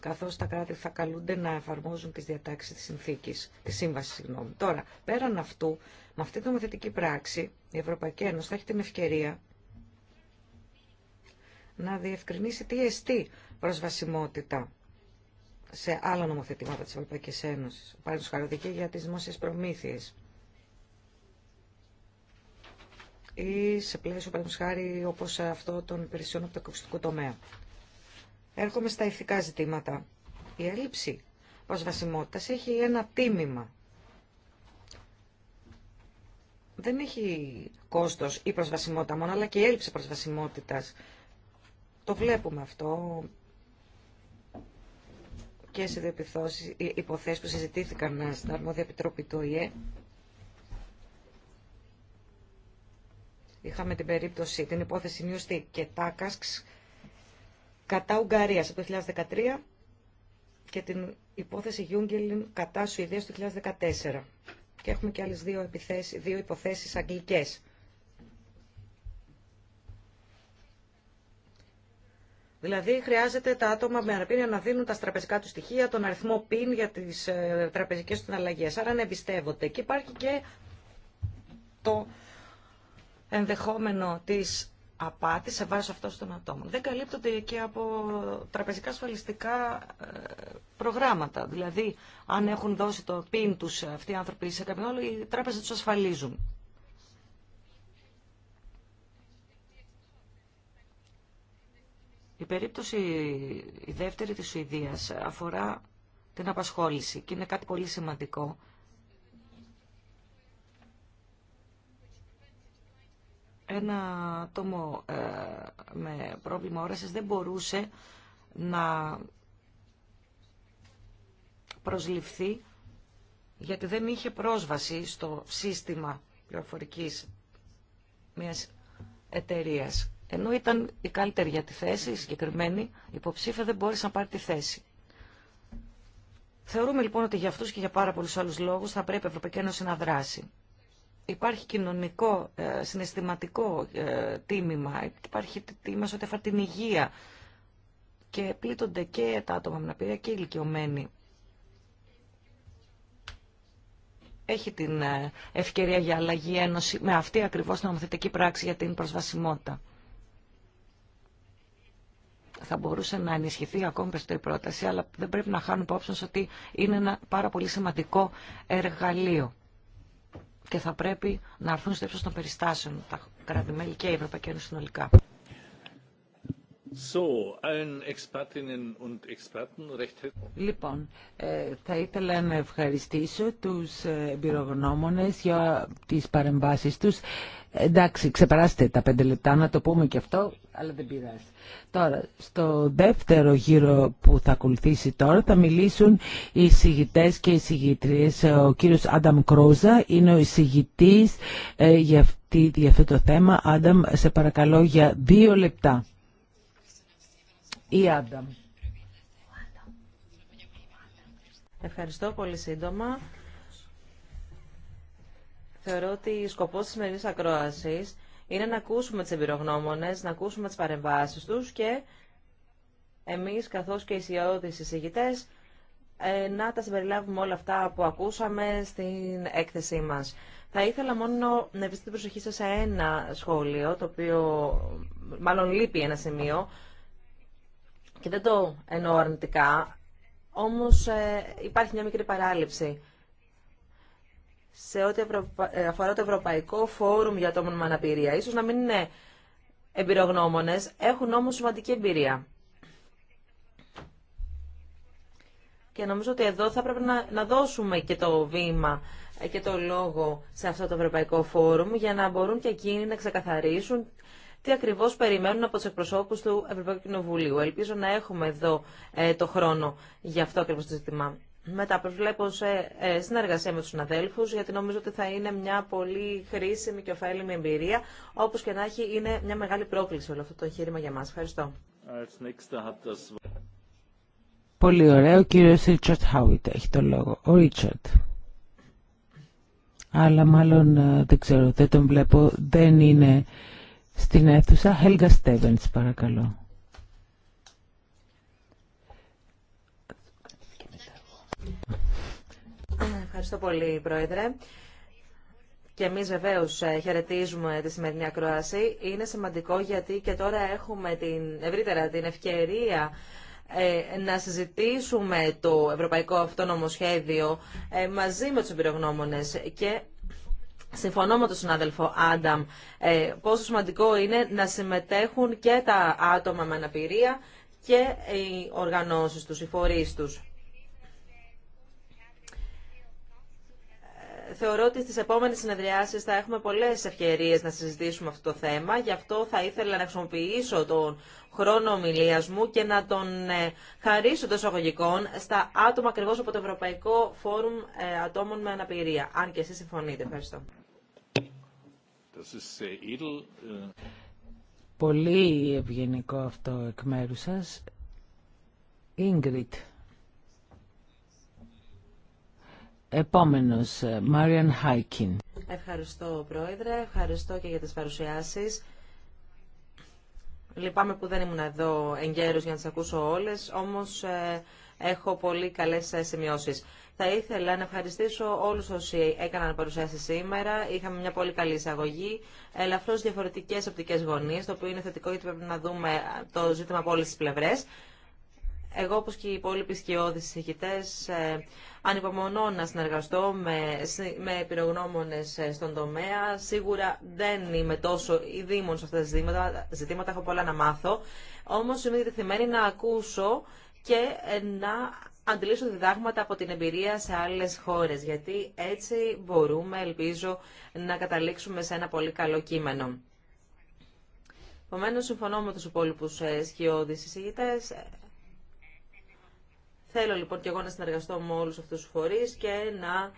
καθώς τα κράτη θα καλούνται να εφαρμόζουν τις διατάξεις της συνθήκης, της σύμβασης. Συγγνώμη. Τώρα, πέραν αυτού, με αυτή την νομοθετική πράξη, η Ευρωπαϊκή Ένωση θα έχει την ευκαιρία να διευκρινίσει τι εστί προσβασιμότητα σε άλλα νομοθετήματα της Ευρωπαϊκής Ένωσης, παραδείγματος για τις δημόσιες προμήθειες ή σε πλαίσιο, παραδείγματος χάρη, όπως αυτό των υπηρεσιών από το ακουστικό τομέα. Έρχομαι στα ηθικά ζητήματα. Η έλλειψη παραδειγματο χαρη έχει ένα τίμημα. τομεα έχει κόστος η ελλειψη προσβασιμότητα εχει ενα μόνο, αλλά και η έλλειψη προσβασιμότητας. Το βλέπουμε αυτό και σε δύο υποθέσεις που συζητήθηκαν στην Αρμόδια Επιτροπή του Είχαμε την περίπτωση, την υπόθεση Νιουστή και Τάκασξ κατά Ουγγαρίας το 2013 και την υπόθεση Γιούγκελιν κατά Σουηδίας το 2014. Και έχουμε και άλλες δύο, επιθέσεις, δύο υποθέσεις αγγλικές. Δηλαδή χρειάζεται τα άτομα με αναπηρία να δίνουν τα στραπεζικά του στοιχεία, τον αριθμό πίν για τις ε, τραπεζικές του αλλαγές, Άρα να εμπιστεύονται. Και υπάρχει και το ενδεχόμενο της απάτη σε βάση αυτών των ατόμων. Δεν καλύπτονται και από τραπεζικά ασφαλιστικά ε, προγράμματα. Δηλαδή, αν έχουν δώσει το πιν τους αυτοί οι άνθρωποι σε κάποιον άλλο, οι τράπεζες τους ασφαλίζουν. Η περίπτωση, η δεύτερη της Σουηδίας, αφορά την απασχόληση και είναι κάτι πολύ σημαντικό ένα άτομο ε, με πρόβλημα όρασης δεν μπορούσε να προσληφθεί γιατί δεν είχε πρόσβαση στο σύστημα πληροφορικής μιας εταιρείας. Ενώ ήταν η καλύτερη για τη θέση, η συγκεκριμένη υποψήφια δεν μπόρεσε να πάρει τη θέση. Θεωρούμε λοιπόν ότι για αυτούς και για πάρα πολλούς άλλους λόγους θα πρέπει η Ευρωπαϊκή Ένωση να δράσει υπάρχει κοινωνικό, ε, συναισθηματικό ε, τίμημα, υπάρχει τίμημα σε ό,τι αφορά την υγεία και πλήττονται και τα άτομα με αναπηρία και οι ηλικιωμένοι. Έχει την ε, ευκαιρία για αλλαγή ένωση με αυτή ακριβώς την νομοθετική πράξη για την προσβασιμότητα. Θα μπορούσε να ενισχυθεί ακόμη περισσότερη πρόταση, αλλά δεν πρέπει να χάνουμε υπόψη ότι είναι ένα πάρα πολύ σημαντικό εργαλείο και θα πρέπει να έρθουν στο ύψος των περιστάσεων τα κράτη-μέλη και η Ευρωπαϊκή Ένωση συνολικά. Λοιπόν, ε, θα ήθελα να ευχαριστήσω τους ε, εμπειρογνώμονες για τις παρεμβάσεις τους. Εντάξει, ξεπεράστε τα πέντε λεπτά, να το πούμε και αυτό, αλλά δεν πειράζει. Τώρα, στο δεύτερο γύρο που θα ακολουθήσει τώρα θα μιλήσουν οι συγητές και οι συγητρίες. Ε, ο κύριος Άνταμ Κρόζα είναι ο συγητής για, για αυτό το θέμα. Άνταμ, σε παρακαλώ για δύο λεπτά ή Άνταμ. Ευχαριστώ πολύ σύντομα. Θεωρώ ότι ο σκοπός της σημερινής ακρόασης είναι να ακούσουμε τις εμπειρογνώμονες, να ακούσουμε τις παρεμβάσεις τους και εμείς καθώς και οι σιώδεις εισηγητές ε, να τα συμπεριλάβουμε όλα αυτά που ακούσαμε στην έκθεσή μας. Θα ήθελα μόνο να βρίσκεται την προσοχή σας σε ένα σχόλιο, το οποίο μάλλον λείπει ένα σημείο, και δεν το εννοώ αρνητικά, όμως ε, υπάρχει μια μικρή παράληψη. Σε ό,τι ε, αφορά το Ευρωπαϊκό Φόρουμ για το με αναπηρία, ίσως να μην είναι εμπειρογνώμονες, έχουν όμως σημαντική εμπειρία. Και νομίζω ότι εδώ θα πρέπει να, να δώσουμε και το βήμα ε, και το λόγο σε αυτό το Ευρωπαϊκό Φόρουμ για να μπορούν και εκείνοι να ξεκαθαρίσουν τι ακριβώ περιμένουν από του εκπροσώπου του Ευρωπαϊκού Κοινοβουλίου. Ελπίζω να έχουμε εδώ ε, το χρόνο για αυτό ακριβώ το ζήτημα. Μετά προσβλέπω σε ε, συνεργασία με τους συναδέλφους, γιατί νομίζω ότι θα είναι μια πολύ χρήσιμη και ωφέλιμη εμπειρία. Όπως και να έχει, είναι μια μεγάλη πρόκληση όλο αυτό το εγχείρημα για μας. Ευχαριστώ. Πολύ ωραίο. Ο κύριος Ρίτσαρτ Χάουιτ έχει το λόγο. Ο Ρίτσαρτ. Αλλά μάλλον ε, δεν ξέρω, δεν τον βλέπω. Δεν είναι στην αίθουσα. Helga Stevens, παρακαλώ. Ευχαριστώ πολύ, Πρόεδρε. Και εμείς βεβαίω ε, χαιρετίζουμε τη σημερινή ακρόαση. Είναι σημαντικό γιατί και τώρα έχουμε την, ευρύτερα την ευκαιρία ε, να συζητήσουμε το Ευρωπαϊκό αυτόνομο σχέδιο ε, μαζί με τους εμπειρογνώμονες και Συμφωνώ με τον συνάδελφο Άνταμ ε, πόσο σημαντικό είναι να συμμετέχουν και τα άτομα με αναπηρία και οι οργανώσεις τους, οι φορείς τους. Ε, θεωρώ ότι στις επόμενες συνεδριάσεις θα έχουμε πολλές ευκαιρίες να συζητήσουμε αυτό το θέμα. Γι' αυτό θα ήθελα να χρησιμοποιήσω τον χρόνο ομιλία μου και να τον ε, χαρίσω των εισαγωγικών στα άτομα ακριβώ από το Ευρωπαϊκό Φόρουμ Ατόμων με Αναπηρία. Αν και εσείς συμφωνείτε. Ευχαριστώ. Äh. Πολύ ευγενικό αυτό εκ μέρου σα, Ingrid. Επόμενος, Μάριαν ε, Χάικιν. Ευχαριστώ, Πρόεδρε. Ευχαριστώ και για τις παρουσιάσεις. Λυπάμαι που δεν ήμουν εδώ εγκαίρως για να τις ακούσω όλες, όμως... Ε, έχω πολύ καλέ σημειώσει. Θα ήθελα να ευχαριστήσω όλου όσοι έκαναν παρουσιάσει σήμερα. Είχαμε μια πολύ καλή εισαγωγή, Ελαφρώ διαφορετικέ οπτικέ γωνίες, το οποίο είναι θετικό γιατί πρέπει να δούμε το ζήτημα από όλε τι πλευρές. Εγώ, όπω και οι υπόλοιποι σκιώδεις ε, ανυπομονώ να συνεργαστώ με, με ε, στον τομέα. Σίγουρα δεν είμαι τόσο ειδήμων σε αυτά τα ζητήματα, έχω πολλά να μάθω. Όμω είμαι να ακούσω και ε, να αντιλήσω διδάγματα από την εμπειρία σε άλλες χώρες, γιατί έτσι μπορούμε, ελπίζω, να καταλήξουμε σε ένα πολύ καλό κείμενο. Επομένω, συμφωνώ με τους υπόλοιπους ε, σκιώδεις εισηγητές. Θέλω λοιπόν και εγώ να συνεργαστώ με όλους αυτούς τους φορείς και να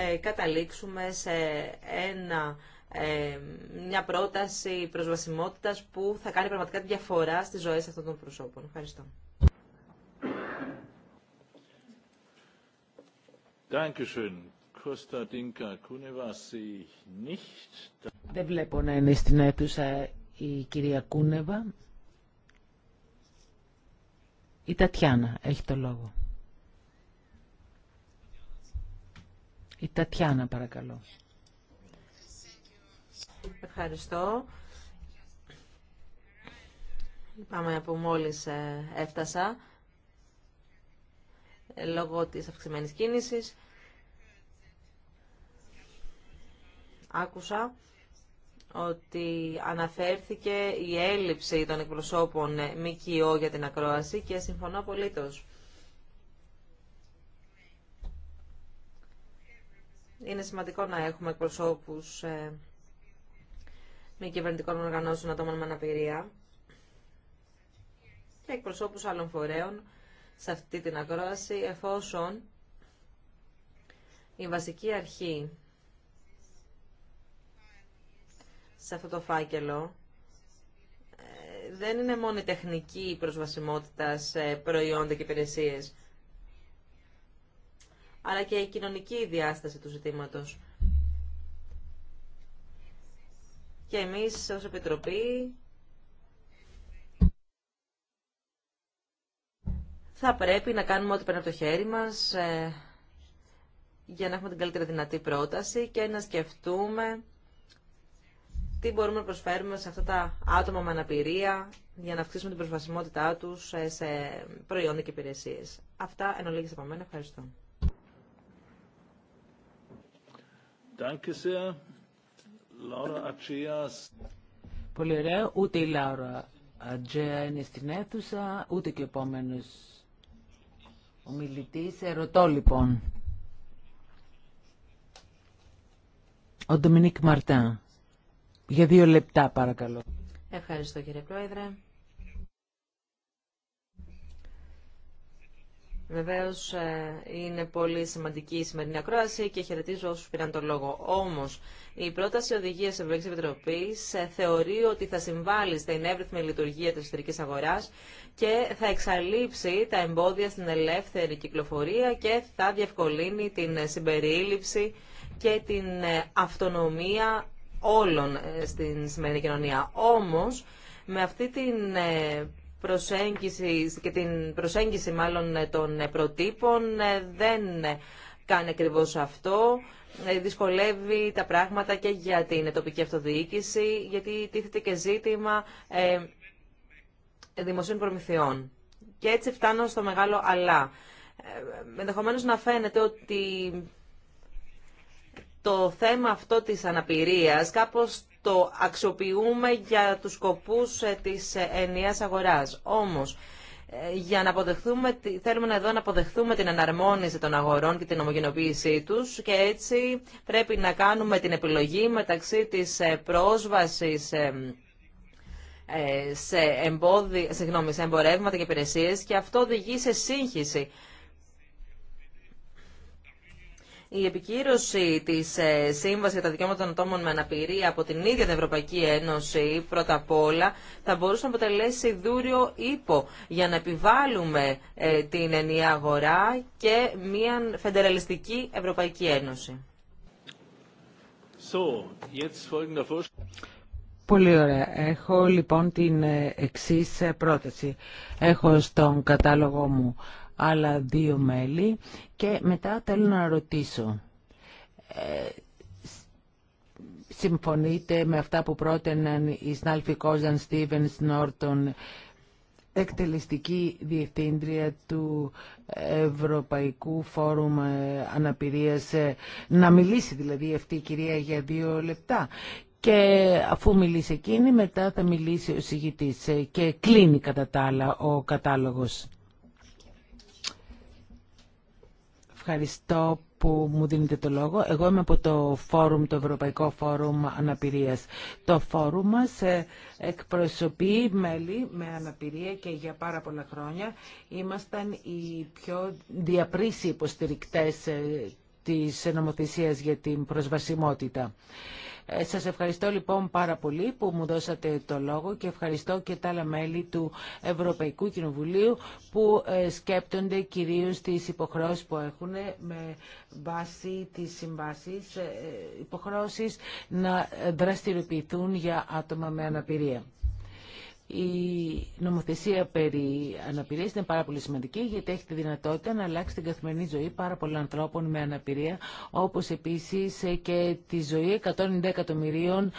ε, καταλήξουμε σε ένα, μια πρόταση προσβασιμότητας που θα κάνει πραγματικά διαφορά στις ζωές αυτών των προσώπων. Ευχαριστώ. Δεν βλέπω να είναι στην αίθουσα η κυρία Κούνεβα. Η Τατιάνα έχει το λόγο. Η Τατιάνα παρακαλώ. Ευχαριστώ. Πάμε που μόλις ε, έφτασα ε, λόγω της αυξημένης κίνησης. Άκουσα ότι αναφέρθηκε η έλλειψη των εκπροσώπων ΜΚΟ για την ακρόαση και συμφωνώ απολύτως. Είναι σημαντικό να έχουμε εκπροσώπους ε, μη κυβερνητικών οργανώσεων ατόμων με αναπηρία και εκπροσώπους άλλων φορέων σε αυτή την ακρόαση εφόσον η βασική αρχή σε αυτό το φάκελο ε, δεν είναι μόνο η τεχνική προσβασιμότητα σε προϊόντα και υπηρεσίε. αλλά και η κοινωνική διάσταση του ζητήματος. Και εμείς ως Επιτροπή θα πρέπει να κάνουμε ό,τι παίρνει από το χέρι μας ε, για να έχουμε την καλύτερη δυνατή πρόταση και να σκεφτούμε τι μπορούμε να προσφέρουμε σε αυτά τα άτομα με αναπηρία για να αυξήσουμε την προσβασιμότητά τους ε, σε προϊόντα και υπηρεσίες. Αυτά εν ολίγης από μένα. Ευχαριστώ. Πολύ ωραία. Ούτε η Λάουρα Ατζέα είναι στην αίθουσα, ούτε και ο επόμενο ομιλητή. Ερωτώ λοιπόν. Ο Ντομινίκ Μαρτάν. Για δύο λεπτά παρακαλώ. Ευχαριστώ κύριε Πρόεδρε. Βεβαίω ε, είναι πολύ σημαντική η σημερινή ακρόαση και χαιρετίζω όσου πήραν τον λόγο. Όμω, η πρόταση οδηγία τη Ευρωπαϊκή Επιτροπή ε, θεωρεί ότι θα συμβάλλει στην εύρυθμη λειτουργία τη εσωτερική αγορά και θα εξαλείψει τα εμπόδια στην ελεύθερη κυκλοφορία και θα διευκολύνει την συμπερίληψη και την ε, αυτονομία όλων ε, στην σημερινή κοινωνία. Όμως, με αυτή την ε, προσέγγιση και την προσέγγιση μάλλον ε, των προτύπων δεν κάνει ακριβώ αυτό. Δυσκολεύει τα πράγματα και για την τοπική αυτοδιοίκηση, γιατί τίθεται και ζήτημα δημοσίων προμηθειών. Και έτσι φτάνω στο μεγάλο αλλά. Ενδεχομένω να φαίνεται ότι το θέμα αυτό της αναπηρίας κάπως το αξιοποιούμε για τους σκοπούς ε, της ε, ενιαίας αγοράς. Όμως, ε, για να αποδεχθούμε, θέλουμε εδώ να αποδεχθούμε την εναρμόνιση των αγορών και την ομογενοποίησή τους και έτσι πρέπει να κάνουμε την επιλογή μεταξύ της πρόσβασης σε, εμπόδι, συγγνώμη, σε εμπορεύματα και υπηρεσίες και αυτό οδηγεί σε σύγχυση η επικύρωση τη ε, Σύμβαση για τα Δικαιώματα των Ατόμων με Αναπηρία από την ίδια την Ευρωπαϊκή Ένωση, πρώτα απ' όλα, θα μπορούσε να αποτελέσει δούριο ύπο για να επιβάλλουμε ε, την ενιαία αγορά και μια φεντεραλιστική Ευρωπαϊκή Ένωση. So, Πολύ ωραία. Έχω λοιπόν την ε, εξή πρόταση. Έχω στον κατάλογο μου άλλα δύο μέλη και μετά θέλω να ρωτήσω. Ε, συμφωνείτε με αυτά που πρότειναν οι Σνάλφοι Κόζαν Στίβεν Νόρτον, εκτελεστική διευθύντρια του Ευρωπαϊκού Φόρουμ ε, Αναπηρίας, ε, να μιλήσει δηλαδή αυτή η κυρία για δύο λεπτά. Και αφού μιλήσει εκείνη, μετά θα μιλήσει ο συγητής και κλείνει κατά τα άλλα ο κατάλογος. Ευχαριστώ που μου δίνετε το λόγο. Εγώ είμαι από το φόρουμ, το Ευρωπαϊκό Φόρουμ Αναπηρίας. Το φόρουμ μας ε, εκπροσωπεί μέλη με αναπηρία και για πάρα πολλά χρόνια ήμασταν οι πιο διαπρίσιοι υποστηρικτές ε, της νομοθεσίας για την προσβασιμότητα. Ε, σας ευχαριστώ λοιπόν πάρα πολύ που μου δώσατε το λόγο και ευχαριστώ και τα άλλα μέλη του Ευρωπαϊκού Κοινοβουλίου που ε, σκέπτονται κυρίως τις υποχρώσεις που έχουν ε, με βάση τις συμβάσεις υποχρώσεις να δραστηριοποιηθούν για άτομα με αναπηρία. Η νομοθεσία περί αναπηρίας είναι πάρα πολύ σημαντική γιατί έχει τη δυνατότητα να αλλάξει την καθημερινή ζωή πάρα πολλών ανθρώπων με αναπηρία όπως επίσης και τη ζωή 190 εκατομμυρίων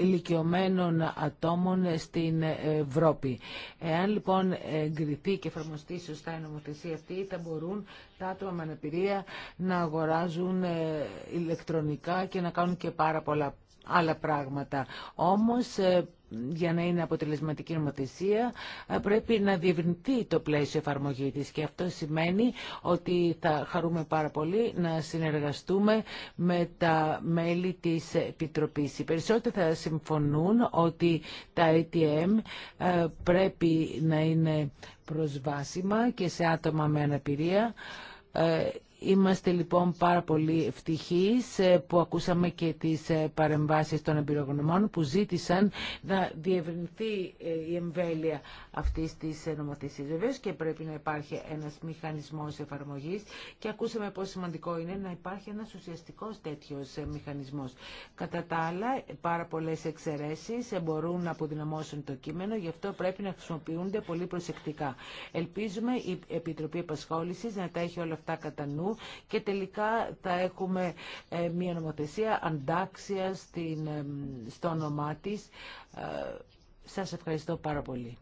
ηλικιωμένων ατόμων στην Ευρώπη. Εάν λοιπόν εγκριθεί και εφαρμοστεί σωστά η νομοθεσία αυτή θα μπορούν τα άτομα με αναπηρία να αγοράζουν ε, ηλεκτρονικά και να κάνουν και πάρα πολλά άλλα πράγματα. Όμως ε, για να είναι αποτελεσματική νομοθεσία ε, πρέπει να διευρυνθεί το πλαίσιο εφαρμογή της και αυτό σημαίνει ότι θα χαρούμε πάρα πολύ να συνεργαστούμε με τα μέλη της Επιτροπής. Οι περισσότεροι θα συμφωνούν ότι τα ATM ε, πρέπει να είναι προσβάσιμα και σε άτομα με αναπηρία ε, Είμαστε λοιπόν πάρα πολύ ευτυχείς ε, που ακούσαμε και τις ε, παρεμβάσεις των εμπειρογνωμών που ζήτησαν να διευρυνθεί ε, η εμβέλεια αυτή τη νομοθεσία βεβαίω και πρέπει να υπάρχει ένα μηχανισμό εφαρμογή και ακούσαμε πόσο σημαντικό είναι να υπάρχει ένα ουσιαστικό τέτοιο ε, μηχανισμό. Κατά τα άλλα, πάρα πολλέ εξαιρεσει ε, μπορούν να αποδυναμώσουν το κείμενο, γι' αυτό πρέπει να χρησιμοποιούνται πολύ προσεκτικά. Ελπίζουμε η Επιτροπή επασχόληση να τα έχει όλα αυτά κατά νου και τελικά θα έχουμε ε, μια νομοθεσία αντάξια στην, στο όνομά της. Σας ευχαριστώ πάρα πολύ.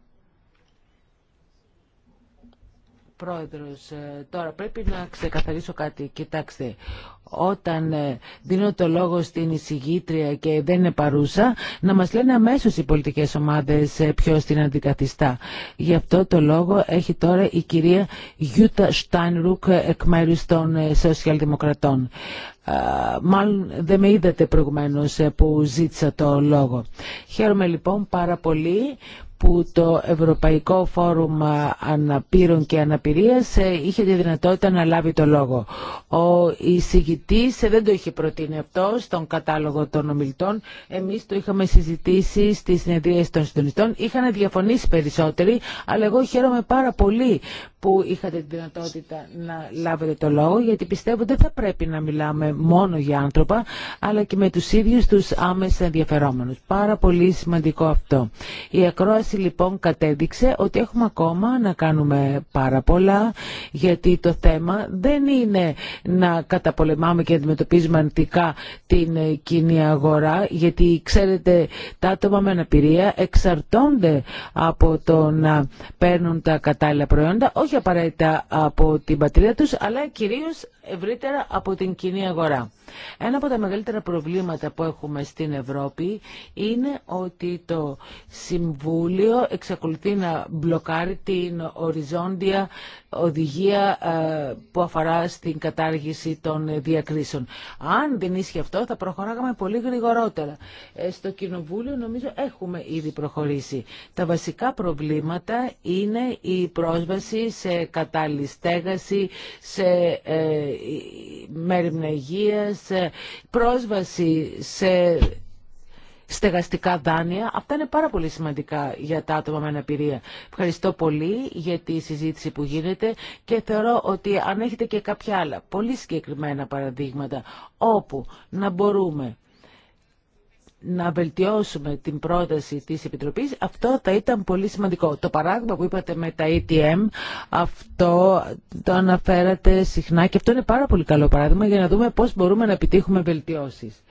Πρόεδρος, ε, τώρα πρέπει να ξεκαθαρίσω κάτι. Κοιτάξτε, όταν ε, δίνω το λόγο στην εισηγήτρια και δεν είναι παρούσα, να μας λένε αμέσω οι πολιτικές ομάδες ε, ποιο την αντικαθιστά. Γι' αυτό το λόγο έχει τώρα η κυρία Γιούτα Στάνρουκ εκ μέρους των Σοσιαλδημοκρατών. Μάλλον δεν με είδατε προηγουμένως που ζήτησα το λόγο. Χαίρομαι λοιπόν πάρα πολύ που το Ευρωπαϊκό Φόρουμ Αναπήρων και Αναπηρίας ε, είχε τη δυνατότητα να λάβει το λόγο. Ο εισηγητής ε, δεν το είχε προτείνει αυτό στον κατάλογο των ομιλητών. Εμείς το είχαμε συζητήσει στις συνεδρίες των συντονιστών. Είχαν διαφωνήσει περισσότεροι, αλλά εγώ χαίρομαι πάρα πολύ που είχατε τη δυνατότητα να λάβετε το λόγο, γιατί πιστεύω δεν θα πρέπει να μιλάμε μόνο για άνθρωπα, αλλά και με τους ίδιους τους άμεσα ενδιαφερόμενους. Πάρα πολύ σημαντικό αυτό. Η ακρόαση λοιπόν κατέδειξε ότι έχουμε ακόμα να κάνουμε πάρα πολλά, γιατί το θέμα δεν είναι να καταπολεμάμε και αντιμετωπίζουμε αντικά την κοινή αγορά, γιατί ξέρετε τα άτομα με αναπηρία εξαρτώνται από το να παίρνουν τα κατάλληλα προϊόντα, απαραίτητα από την πατρίδα τους, αλλά κυρίως ευρύτερα από την κοινή αγορά. Ένα από τα μεγαλύτερα προβλήματα που έχουμε στην Ευρώπη είναι ότι το Συμβούλιο εξακολουθεί να μπλοκάρει την οριζόντια οδηγία ε, που αφορά στην κατάργηση των διακρίσεων. Αν δεν ίσχυε αυτό θα προχωράγαμε πολύ γρηγορότερα. Ε, στο Κοινοβούλιο νομίζω έχουμε ήδη προχωρήσει. Τα βασικά προβλήματα είναι η πρόσβαση σε κατάλληλη στέγαση, σε ε, σε πρόσβαση σε στεγαστικά δάνεια. Αυτά είναι πάρα πολύ σημαντικά για τα άτομα με αναπηρία. Ευχαριστώ πολύ για τη συζήτηση που γίνεται και θεωρώ ότι αν έχετε και κάποια άλλα πολύ συγκεκριμένα παραδείγματα όπου να μπορούμε να βελτιώσουμε την πρόταση της Επιτροπής, αυτό θα ήταν πολύ σημαντικό. Το παράδειγμα που είπατε με τα ETM, αυτό το αναφέρατε συχνά και αυτό είναι πάρα πολύ καλό παράδειγμα για να δούμε πώς μπορούμε να επιτύχουμε βελτιώσεις.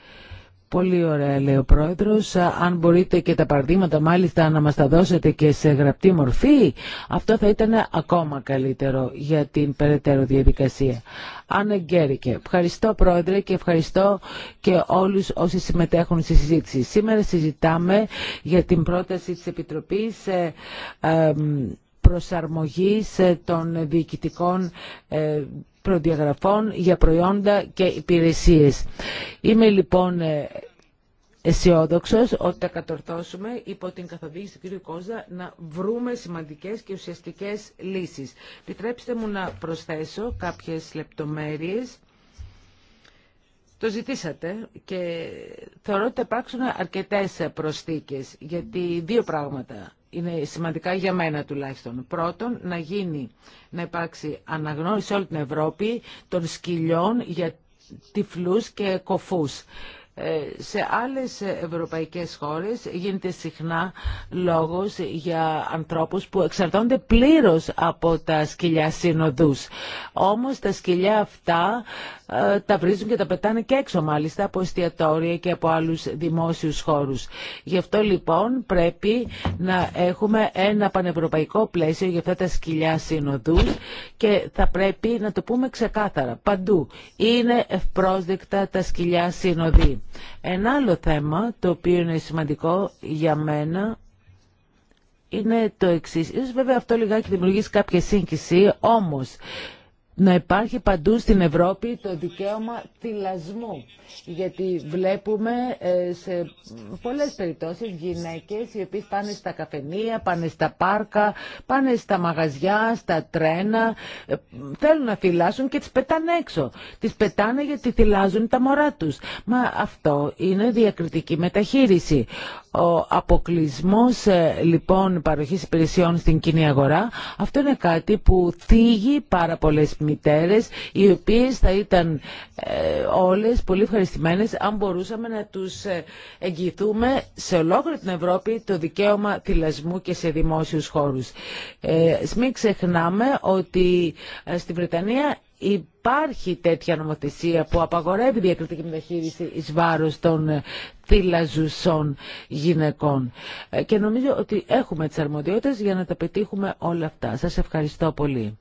Πολύ ωραία λέει ο Πρόεδρος. Αν μπορείτε και τα παραδείγματα μάλιστα να μας τα δώσετε και σε γραπτή μορφή, αυτό θα ήταν ακόμα καλύτερο για την περαιτέρω διαδικασία. Άννα ευχαριστώ Πρόεδρε και ευχαριστώ και όλους όσοι συμμετέχουν στη συζήτηση. Σήμερα συζητάμε για την πρόταση της Επιτροπής ε, ε, προσαρμογής ε, των διοικητικών ε, προδιαγραφών για προϊόντα και υπηρεσίες. Είμαι λοιπόν ε, αισιόδοξο ότι θα κατορθώσουμε υπό την καθοδήγηση του κ. Κόζα να βρούμε σημαντικές και ουσιαστικές λύσεις. Επιτρέψτε μου να προσθέσω κάποιες λεπτομέρειες. Το ζητήσατε και θεωρώ ότι υπάρξουν αρκετές προσθήκες, γιατί δύο πράγματα είναι σημαντικά για μένα τουλάχιστον. Πρώτον, να γίνει, να υπάρξει αναγνώριση σε όλη την Ευρώπη των σκυλιών για τυφλούς και κοφούς. Ε, σε άλλες ευρωπαϊκές χώρες γίνεται συχνά λόγος για ανθρώπους που εξαρτώνται πλήρως από τα σκυλιά συνοδούς. Όμως τα σκυλιά αυτά ε, τα βρίζουν και τα πετάνε και έξω μάλιστα από εστιατόρια και από άλλους δημόσιους χώρους. Γι' αυτό λοιπόν πρέπει να έχουμε ένα πανευρωπαϊκό πλαίσιο για αυτά τα σκυλιά σύνοδους και θα πρέπει να το πούμε ξεκάθαρα παντού. Είναι ευπρόσδεκτα τα σκυλιά σύνοδοι. Ένα άλλο θέμα το οποίο είναι σημαντικό για μένα είναι το εξής. Ίσως βέβαια αυτό λιγάκι δημιουργήσει κάποια σύγχυση, όμως να υπάρχει παντού στην Ευρώπη το δικαίωμα θυλασμού. Γιατί βλέπουμε ε, σε πολλές περιπτώσεις γυναίκες οι οποίες πάνε στα καφενεία, πάνε στα πάρκα, πάνε στα μαγαζιά, στα τρένα, ε, θέλουν να θυλάσουν και τις πετάνε έξω. Τις πετάνε γιατί θυλάζουν τα μωρά τους. Μα αυτό είναι διακριτική μεταχείριση. Ο αποκλεισμό ε, λοιπόν παροχής υπηρεσιών στην κοινή αγορά, αυτό είναι κάτι που θίγει πάρα πολλές μητέρες οι οποίες θα ήταν ε, όλες πολύ ευχαριστημένες αν μπορούσαμε να τους ε, εγγυηθούμε σε ολόκληρη την Ευρώπη το δικαίωμα θυλασμού και σε δημόσιους χώρους. Ε, μην ξεχνάμε ότι ε, στη Βρετανία υπάρχει τέτοια νομοθεσία που απαγορεύει διακριτική μεταχείριση εις βάρος των θύλαζουσών γυναικών. Και νομίζω ότι έχουμε τις αρμοδιότητες για να τα πετύχουμε όλα αυτά. Σας ευχαριστώ πολύ.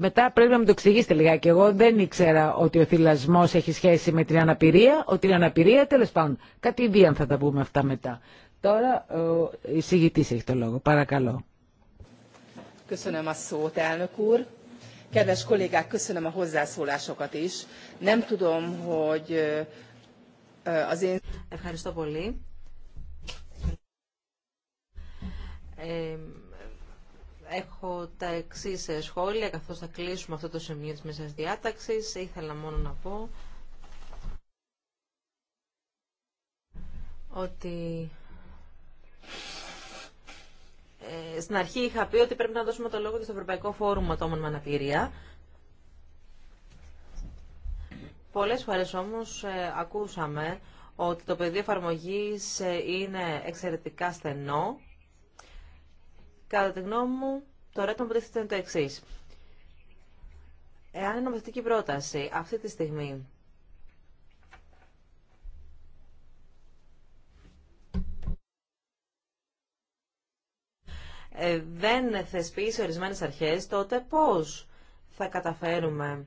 Μετά πρέπει να μου το εξηγήσετε λιγάκι. Εγώ δεν ήξερα ότι ο θυλασμός έχει σχέση με την αναπηρία, ότι η αναπηρία τέλο πάντων. αν θα τα πούμε αυτά μετά. Τώρα ο εισηγητή έχει το λόγο. Παρακαλώ. Kedves kollégák, köszönöm a hozzászólásokat is. Nem tudom, hogy az én... Ευχαριστώ πολύ. Ε, έχω τα εξή ε, σχόλια, καθώς θα κλείσουμε αυτό το σημείο της μέσα διάταξης. Ήθελα μόνο να πω ότι ε, στην αρχή είχα πει ότι πρέπει να δώσουμε το λόγο και στο Ευρωπαϊκό Φόρουμ Ατόμων με Αναπηρία. Πολλές φορές όμως ε, ακούσαμε ότι το πεδίο εφαρμογή είναι εξαιρετικά στενό Κατά τη γνώμη μου, το ρέτο που είναι το εξή. Εάν η νομοθετική πρόταση αυτή τη στιγμή ε, δεν θεσπίσει ορισμένες αρχές, τότε πώς θα καταφέρουμε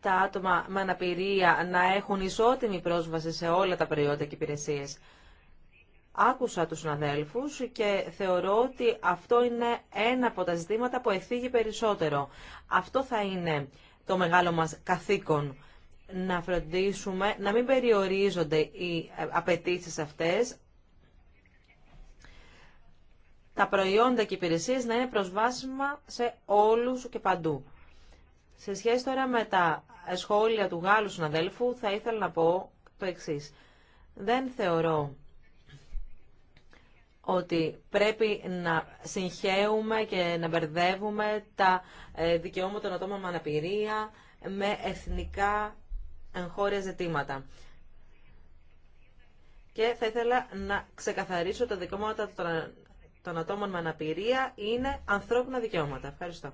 τα άτομα με αναπηρία να έχουν ισότιμη πρόσβαση σε όλα τα προϊόντα και υπηρεσίες. Άκουσα τους συναδέλφους και θεωρώ ότι αυτό είναι ένα από τα ζητήματα που εφήγει περισσότερο. Αυτό θα είναι το μεγάλο μας καθήκον να φροντίσουμε, να μην περιορίζονται οι ε, απαιτήσει αυτές, τα προϊόντα και υπηρεσίες να είναι προσβάσιμα σε όλους και παντού. Σε σχέση τώρα με τα σχόλια του Γάλλου συναδέλφου, θα ήθελα να πω το εξής. Δεν θεωρώ ότι πρέπει να συγχέουμε και να μπερδεύουμε τα ε, δικαιώματα των ατόμων με αναπηρία με εθνικά εγχώρια ζητήματα. Και θα ήθελα να ξεκαθαρίσω ότι τα δικαιώματα των ατόμων με αναπηρία είναι ανθρώπινα δικαιώματα. Ευχαριστώ.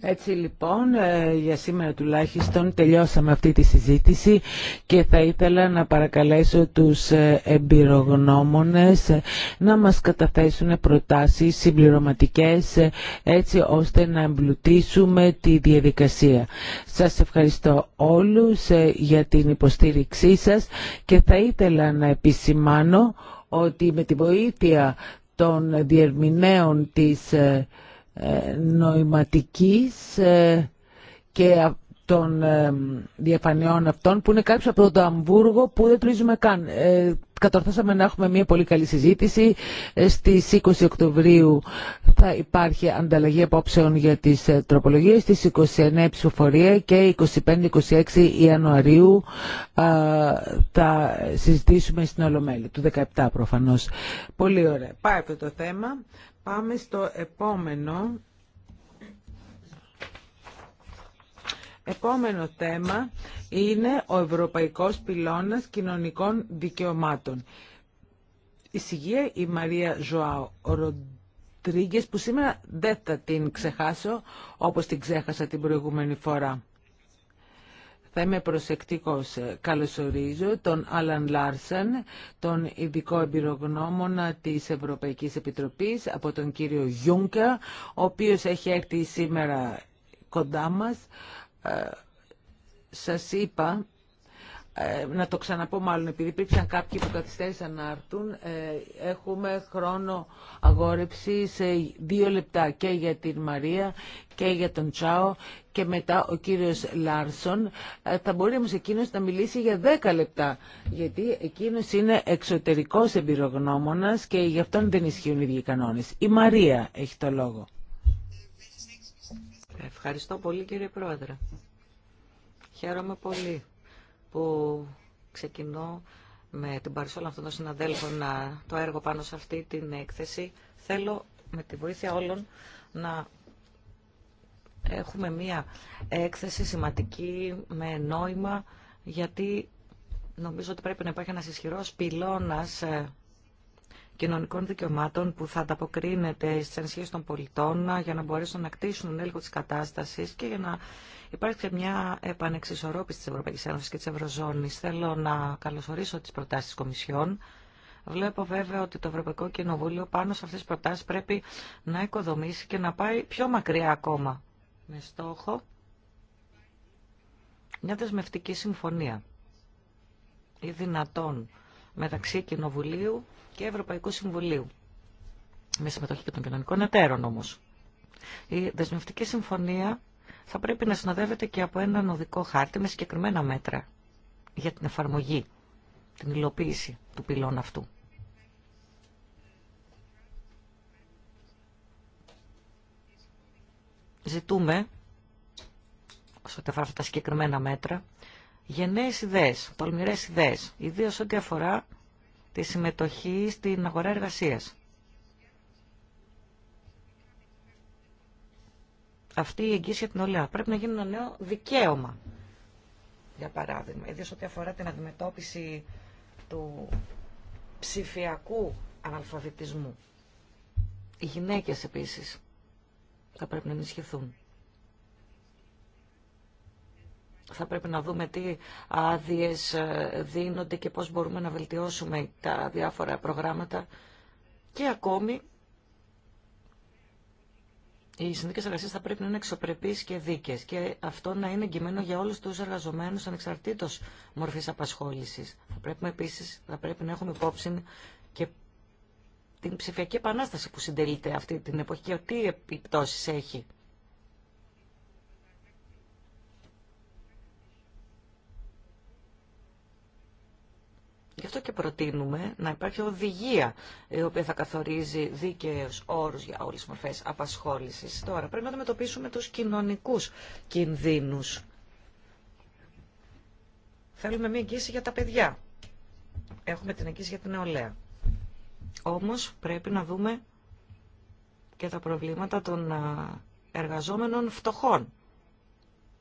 Έτσι λοιπόν, ε, για σήμερα τουλάχιστον τελειώσαμε αυτή τη συζήτηση και θα ήθελα να παρακαλέσω τους ε, εμπειρογνώμονες ε, να μας καταθέσουν προτάσεις συμπληρωματικές έτσι ώστε να εμπλουτίσουμε τη διαδικασία. Σας ευχαριστώ όλους για την υποστήριξή σας και θα ήθελα να επισημάνω ότι με τη βοήθεια των διερμηνέων της ε, νοηματικής ε, και των ε, διαφανειών αυτών που είναι κάποιος από το Αμβούργο που δεν τουρίζουμε καν. Κατορθώσαμε να έχουμε μια πολύ καλή συζήτηση. Στις 20 Οκτωβρίου θα υπάρχει ανταλλαγή απόψεων για τις τροπολογίες. Στις 29 ψηφοφορία και 25-26 Ιανουαρίου θα συζητήσουμε στην Ολομέλη του 17 προφανώς. Πολύ ωραία. Πάει αυτό το θέμα. Πάμε στο επόμενο. Επόμενο θέμα είναι ο Ευρωπαϊκός Πυλώνας Κοινωνικών Δικαιωμάτων. Η Συγεία η Μαρία Ζωάου Ροντρίγκες που σήμερα δεν θα την ξεχάσω όπως την ξέχασα την προηγούμενη φορά θα είμαι προσεκτικός. Καλωσορίζω τον Άλαν Λάρσεν, τον ειδικό εμπειρογνώμονα της Ευρωπαϊκής Επιτροπής, από τον κύριο Γιούγκα, ο οποίος έχει έρθει σήμερα κοντά μας. Ε, σας είπα ε, να το ξαναπώ μάλλον, επειδή υπήρξαν κάποιοι που καθυστέρησαν να έρθουν, ε, έχουμε χρόνο αγόρευση σε δύο λεπτά και για την Μαρία και για τον Τσάο και μετά ο κύριος Λάρσον. Ε, θα μπορεί όμως εκείνος να μιλήσει για δέκα λεπτά, γιατί εκείνος είναι εξωτερικός εμπειρογνώμονας και γι' αυτόν δεν ισχύουν οι ίδιοι κανόνες. Η Μαρία έχει το λόγο. Ευχαριστώ πολύ κύριε Πρόεδρε. Χαίρομαι πολύ που ξεκινώ με την παρουσία αυτών των συναδέλφων το έργο πάνω σε αυτή την έκθεση. Θέλω με τη βοήθεια όλων να έχουμε μία έκθεση σημαντική με νόημα γιατί νομίζω ότι πρέπει να υπάρχει ένας ισχυρός πυλώνας ε, κοινωνικών δικαιωμάτων που θα ανταποκρίνεται στι ανησυχίες των πολιτών ε, για να μπορέσουν να κτίσουν έλεγχο τη κατάστασης και για να Υπάρχει μια επανεξισορρόπηση της Ευρωπαϊκής Ένωσης και τη Ευρωζώνης. Θέλω να καλωσορίσω τις προτάσεις της Κομισιόν. Βλέπω βέβαια ότι το Ευρωπαϊκό Κοινοβούλιο πάνω σε αυτές τις προτάσεις πρέπει να οικοδομήσει και να πάει πιο μακριά ακόμα με στόχο μια δεσμευτική συμφωνία ή δυνατόν μεταξύ Κοινοβουλίου και Ευρωπαϊκού Συμβουλίου με συμμετοχή και των κοινωνικών εταίρων όμω. Η δεσμευτική συμφωνία θα πρέπει να συνοδεύεται και από έναν οδικό χάρτη με συγκεκριμένα μέτρα για την εφαρμογή, την υλοποίηση του πυλών αυτού. Ζητούμε, όσο αυτά τα συγκεκριμένα μέτρα, γενναίες ιδέες, τολμηρές ιδέες, ιδίως ό,τι αφορά τη συμμετοχή στην αγορά εργασίας. αυτή η εγγύηση για την ολιά. Πρέπει να γίνει ένα νέο δικαίωμα, για παράδειγμα, ιδίω ό,τι αφορά την αντιμετώπιση του ψηφιακού αναλφαβητισμού. Οι γυναίκες επίσης θα πρέπει να ενισχυθούν. Θα πρέπει να δούμε τι άδειε ε, δίνονται και πώς μπορούμε να βελτιώσουμε τα διάφορα προγράμματα και ακόμη οι συνθήκε εργασία θα πρέπει να είναι εξωπρεπεί και δίκε. και αυτό να είναι εγγυημένο για όλου του εργαζομένου ανεξαρτήτω μορφή απασχόληση. Θα πρέπει επίση θα πρέπει να έχουμε υπόψη και την ψηφιακή επανάσταση που συντελείται αυτή την εποχή και τι επιπτώσει έχει. Γι' αυτό και προτείνουμε να υπάρχει οδηγία η οποία θα καθορίζει δίκαιους όρου για όλε τις μορφές απασχόλησης. Τώρα πρέπει να αντιμετωπίσουμε τους κοινωνικούς κινδύνους. Θέλουμε μια εγγύηση για τα παιδιά. Έχουμε την εγγύηση για την νεολαία. Όμως πρέπει να δούμε και τα προβλήματα των εργαζόμενων φτωχών.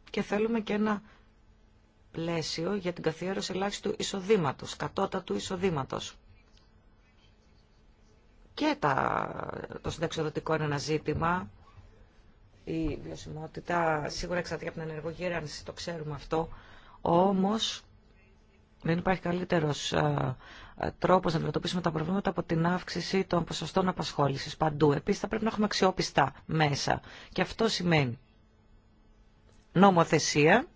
Και θέλουμε και ένα πλαίσιο για την καθιέρωση ελάχιστου εισοδήματος, κατώτατου εισοδήματος. Και τα, το συνταξιοδοτικό είναι ένα ζήτημα. Η βιωσιμότητα σίγουρα εξαρτάται από την ενεργογύρανση, το ξέρουμε αυτό. Όμως δεν υπάρχει καλύτερος α, τρόπος να αντιμετωπίσουμε τα προβλήματα από την αύξηση των ποσοστών απασχόλησης παντού. Επίσης θα πρέπει να έχουμε αξιόπιστα μέσα. Και αυτό σημαίνει νομοθεσία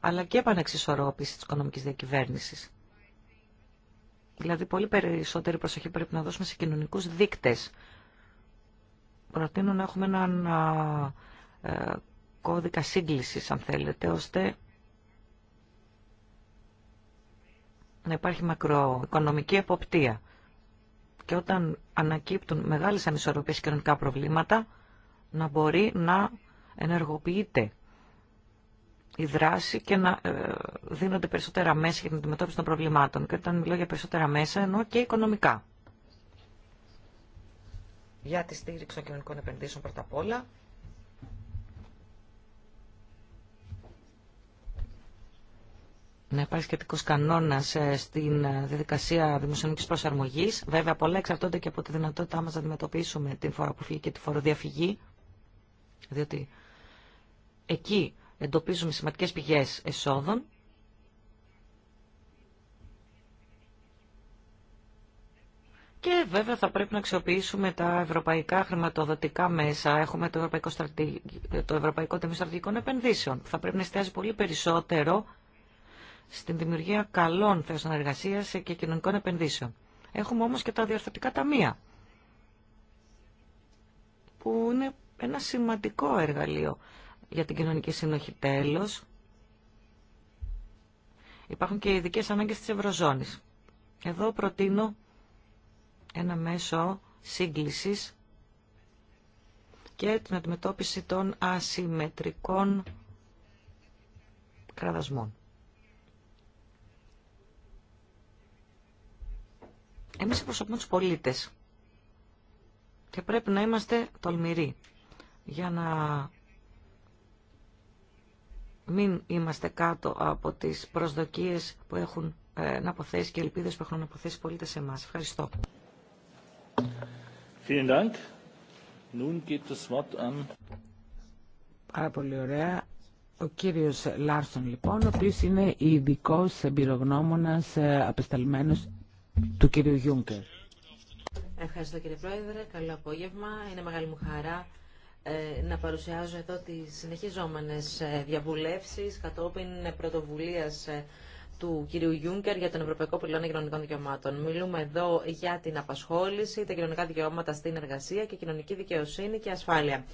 αλλά και επανεξισορρόπηση της οικονομικής διακυβέρνησης. Δηλαδή, πολύ περισσότερη προσοχή πρέπει να δώσουμε σε κοινωνικούς δείκτες. Προτείνω να έχουμε έναν ε, κώδικα σύγκλησης, αν θέλετε, ώστε να υπάρχει μακροοικονομική εποπτεία. Και όταν ανακύπτουν μεγάλες ανισορροπίες κοινωνικά προβλήματα, να μπορεί να ενεργοποιείται η δράση και να ε, δίνονται περισσότερα μέσα για την αντιμετώπιση των προβλημάτων. Και όταν μιλώ για περισσότερα μέσα, εννοώ και οικονομικά. Για τη στήριξη των κοινωνικών επενδύσεων πρώτα απ' όλα. Να υπάρχει σχετικό κανόνα ε, στην ε, διαδικασία δημοσιονομική προσαρμογή. Βέβαια, πολλά εξαρτώνται και από τη δυνατότητά μα να αντιμετωπίσουμε την φοροαποφυγή και τη φοροδιαφυγή. Διότι εκεί εντοπίζουμε σημαντικές πηγές εσόδων Και βέβαια θα πρέπει να αξιοποιήσουμε τα ευρωπαϊκά χρηματοδοτικά μέσα. Έχουμε το Ευρωπαϊκό, Στρατη... το Ευρωπαϊκό Στρατηγικών Επενδύσεων. Θα πρέπει να εστιάζει πολύ περισσότερο στην δημιουργία καλών θέσεων εργασία και κοινωνικών επενδύσεων. Έχουμε όμως και τα διορθωτικά ταμεία, που είναι ένα σημαντικό εργαλείο για την κοινωνική συνοχή τέλος. Υπάρχουν και ειδικέ ανάγκες της Ευρωζώνης. Εδώ προτείνω ένα μέσο σύγκλησης και την αντιμετώπιση των ασυμμετρικών κραδασμών. Εμείς εκπροσωπούμε του πολίτες και πρέπει να είμαστε τολμηροί για να μην είμαστε κάτω από τις προσδοκίες που έχουν ε, να αποθέσει και ελπίδες που έχουν να αποθέσει οι πολίτες σε εμάς. Ευχαριστώ. Πάρα πολύ ωραία. Ο κύριος Λάρσον λοιπόν, ο οποίος είναι ειδικό εμπειρογνώμονας ε, απεσταλμένος του κύριου Γιούγκερ. Ευχαριστώ κύριε Πρόεδρε, καλό απόγευμα. Είναι μεγάλη μου χαρά ε, να παρουσιάζω εδώ τις συνεχιζόμενες ε, διαβουλεύσεις κατόπιν ε, πρωτοβουλίας του κυρίου Γιούγκερ για τον Ευρωπαϊκό Πυλώνα Κοινωνικών Δικαιωμάτων. Μιλούμε εδώ για την απασχόληση, τα κοινωνικά δικαιώματα στην εργασία και κοινωνική δικαιοσύνη και ασφάλεια.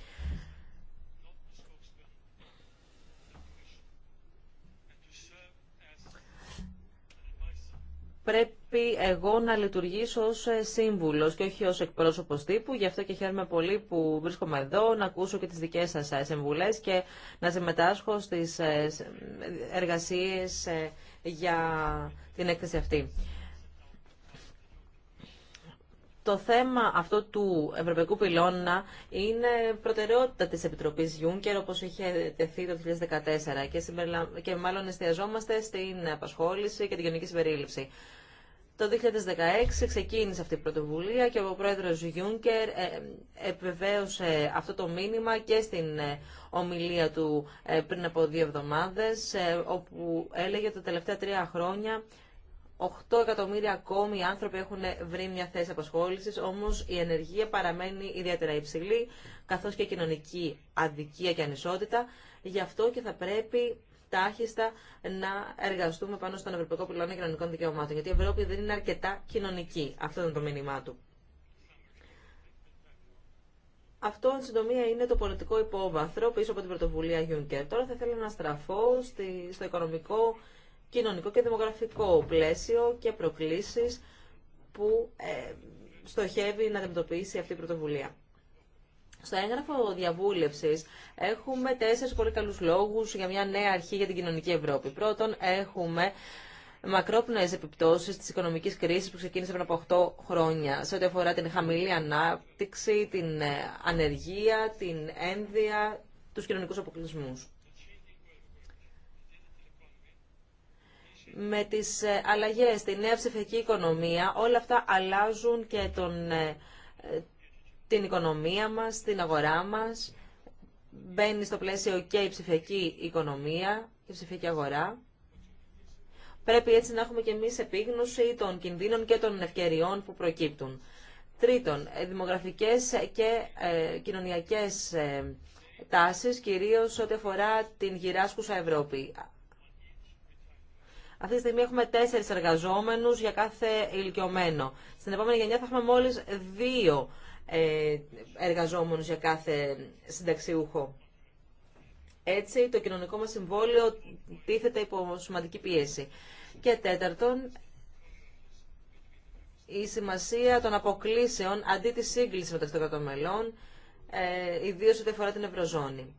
πρέπει εγώ να λειτουργήσω ως ε, σύμβουλος και όχι ως εκπρόσωπος τύπου. Γι' αυτό και χαίρομαι πολύ που βρίσκομαι εδώ να ακούσω και τις δικές σας ε, συμβουλές και να συμμετάσχω στις ε, εργασίες για την έκθεση αυτή το θέμα αυτό του Ευρωπαϊκού Πυλώνα είναι προτεραιότητα της Επιτροπής Juncker, όπως είχε τεθεί το 2014 και, και μάλλον εστιαζόμαστε στην απασχόληση και την κοινωνική συμπερίληψη. Το 2016 ξεκίνησε αυτή η πρωτοβουλία και ο πρόεδρος Γιούνκερ επιβεβαίωσε αυτό το μήνυμα και στην ε, ομιλία του ε, πριν από δύο εβδομάδες, ε, όπου έλεγε τα τελευταία τρία χρόνια 8 εκατομμύρια ακόμη άνθρωποι έχουν βρει μια θέση απασχόληση, όμω η ενεργεία παραμένει ιδιαίτερα υψηλή, καθώ και κοινωνική αδικία και ανισότητα. Γι' αυτό και θα πρέπει τάχιστα να εργαστούμε πάνω στον Ευρωπαϊκό Πυλώνα Κοινωνικών Δικαιωμάτων, γιατί η Ευρώπη δεν είναι αρκετά κοινωνική. Αυτό ήταν το μήνυμά του. Αυτό, εν συντομία, είναι το πολιτικό υπόβαθρο πίσω από την πρωτοβουλία Juncker. Τώρα θα ήθελα να στραφώ στο οικονομικό κοινωνικό και δημογραφικό πλαίσιο και προκλήσεις που ε, στοχεύει να αντιμετωπίσει αυτή η πρωτοβουλία. Στο έγγραφο διαβούλευση έχουμε τέσσερι πολύ καλού λόγου για μια νέα αρχή για την κοινωνική Ευρώπη. Πρώτον, έχουμε μακρόπνοε επιπτώσει τη οικονομική κρίση που ξεκίνησε πριν από 8 χρόνια σε ό,τι αφορά την χαμηλή ανάπτυξη, την ε, ανεργία, την ένδυα, του κοινωνικού αποκλεισμού. με τις ε, αλλαγές στη νέα ψηφιακή οικονομία, όλα αυτά αλλάζουν και τον, ε, ε, την οικονομία μας, την αγορά μας. Μπαίνει στο πλαίσιο και η ψηφιακή οικονομία, η ψηφιακή αγορά. Πρέπει έτσι να έχουμε και εμείς επίγνωση των κινδύνων και των ευκαιριών που προκύπτουν. Τρίτον, δημογραφικές και κοινωνιακές τάσεις, κυρίως ό,τι αφορά την γυράσκουσα Ευρώπη. Αυτή τη στιγμή έχουμε τέσσερις εργαζόμενους για κάθε ηλικιωμένο. Στην επόμενη γενιά θα έχουμε μόλις δύο ε, εργαζόμενους για κάθε συνταξιούχο. Έτσι, το κοινωνικό μα συμβόλαιο τίθεται υπό σημαντική πίεση. Και τέταρτον, η σημασία των αποκλήσεων αντί τη σύγκληση μεταξύ των κρατών μελών, ε, ιδίω ό,τι αφορά την Ευρωζώνη.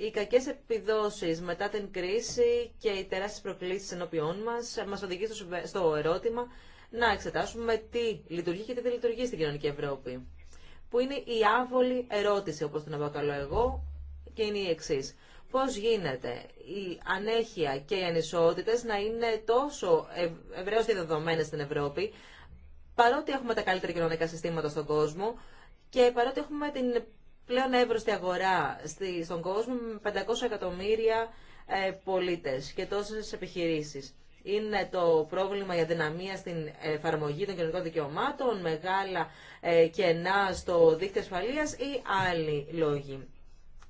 Οι κακές επιδόσεις μετά την κρίση και οι τεράστιες προκλήσεις ενώπιών μας μας οδηγεί στο ερώτημα να εξετάσουμε τι λειτουργεί και τι δεν λειτουργεί στην κοινωνική Ευρώπη. Που είναι η άβολη ερώτηση, όπως την αποκαλώ εγώ, και είναι η εξή. Πώς γίνεται η ανέχεια και οι ανισότητες να είναι τόσο ευρέως στην Ευρώπη, παρότι έχουμε τα καλύτερα κοινωνικά συστήματα στον κόσμο και παρότι έχουμε την πλέον εύρωστη αγορά στον κόσμο με 500 εκατομμύρια ε, πολίτες και τόσες επιχειρήσεις. Είναι το πρόβλημα για δυναμία στην εφαρμογή των κοινωνικών δικαιωμάτων, μεγάλα ε, κενά στο δίκτυο ασφαλείας ή άλλοι λόγοι.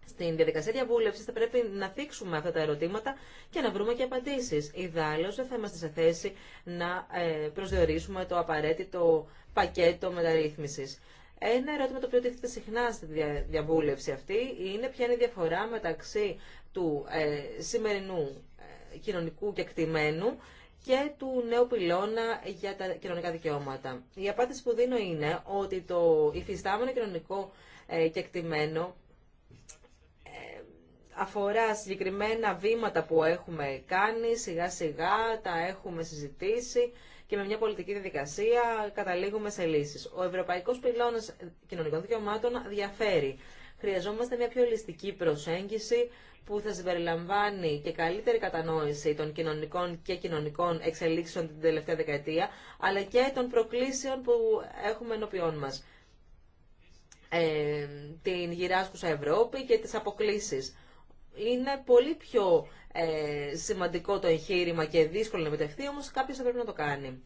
Στην διαδικασία διαβούλευση θα πρέπει να θίξουμε αυτά τα ερωτήματα και να βρούμε και απαντήσει. Ιδάλω δεν θα είμαστε σε θέση να ε, προσδιορίσουμε το απαραίτητο πακέτο μεταρρύθμιση. Ένα ερώτημα το οποίο τίθεται συχνά στη διαβούλευση αυτή είναι ποια είναι η διαφορά μεταξύ του ε, σημερινού ε, κοινωνικού εκτιμένου και του νέου πυλώνα για τα κοινωνικά δικαιώματα. Η απάντηση που δίνω είναι ότι το υφιστάμενο κοινωνικό ε, και εκτιμένο ε, αφορά συγκεκριμένα βήματα που έχουμε κάνει, σιγά σιγά τα έχουμε συζητήσει και με μια πολιτική διαδικασία καταλήγουμε σε λύσεις. Ο Ευρωπαϊκός Πυλώνας Κοινωνικών Δικαιωμάτων διαφέρει. Χρειαζόμαστε μια πιο ληστική προσέγγιση που θα συμπεριλαμβάνει και καλύτερη κατανόηση των κοινωνικών και κοινωνικών εξελίξεων την τελευταία δεκαετία, αλλά και των προκλήσεων που έχουμε ενώπιόν μας. Ε, την γυράσκουσα Ευρώπη και τις αποκλήσεις. Είναι πολύ πιο ε, σημαντικό το εγχείρημα και δύσκολο να επιτευχθεί, όμως κάποιος θα πρέπει να το κάνει.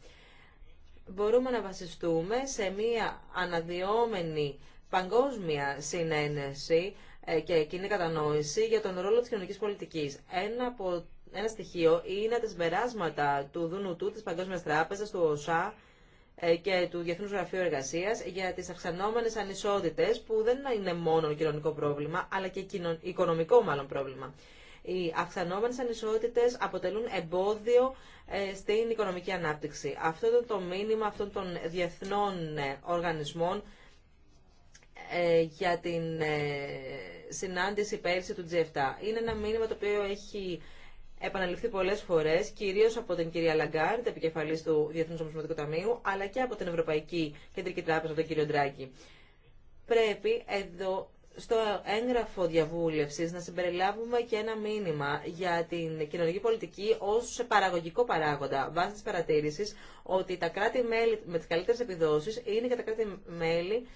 Μπορούμε να βασιστούμε σε μία αναδυόμενη παγκόσμια συνένεση ε, και κοινή κατανόηση για τον ρόλο της κοινωνικής πολιτικής. Ένα από ένα στοιχείο είναι τα συμπεράσματα του ΔΝΤ, της Παγκόσμιας Τράπεζας, του ΟΣΑ ε, και του Διεθνού Γραφείου Εργασία, για τι αυξανόμενε ανισότητε, που δεν είναι μόνο κοινωνικό πρόβλημα, αλλά και οικονομικό μάλλον πρόβλημα. Οι αυξανόμενες ανισότητες αποτελούν εμπόδιο ε, στην οικονομική ανάπτυξη. Αυτό ήταν το μήνυμα αυτών των διεθνών ε, οργανισμών ε, για την συνάντηση πέρσι του G7. Είναι ένα μήνυμα το οποίο έχει επαναληφθεί πολλές φορές, κυρίως από την κυρία την επικεφαλής του Διεθνούς ομοσπονδικού Ταμείου, αλλά και από την Ευρωπαϊκή Κεντρική Τράπεζα, τον κύριο Ντράκη. Πρέπει εδώ στο έγγραφο διαβούλευσης να συμπεριλάβουμε και ένα μήνυμα για την κοινωνική πολιτική ως παραγωγικό παράγοντα βάσει της παρατήρησης ότι τα κράτη-μέλη με τις καλύτερες επιδόσεις είναι και τα κράτη-μέλη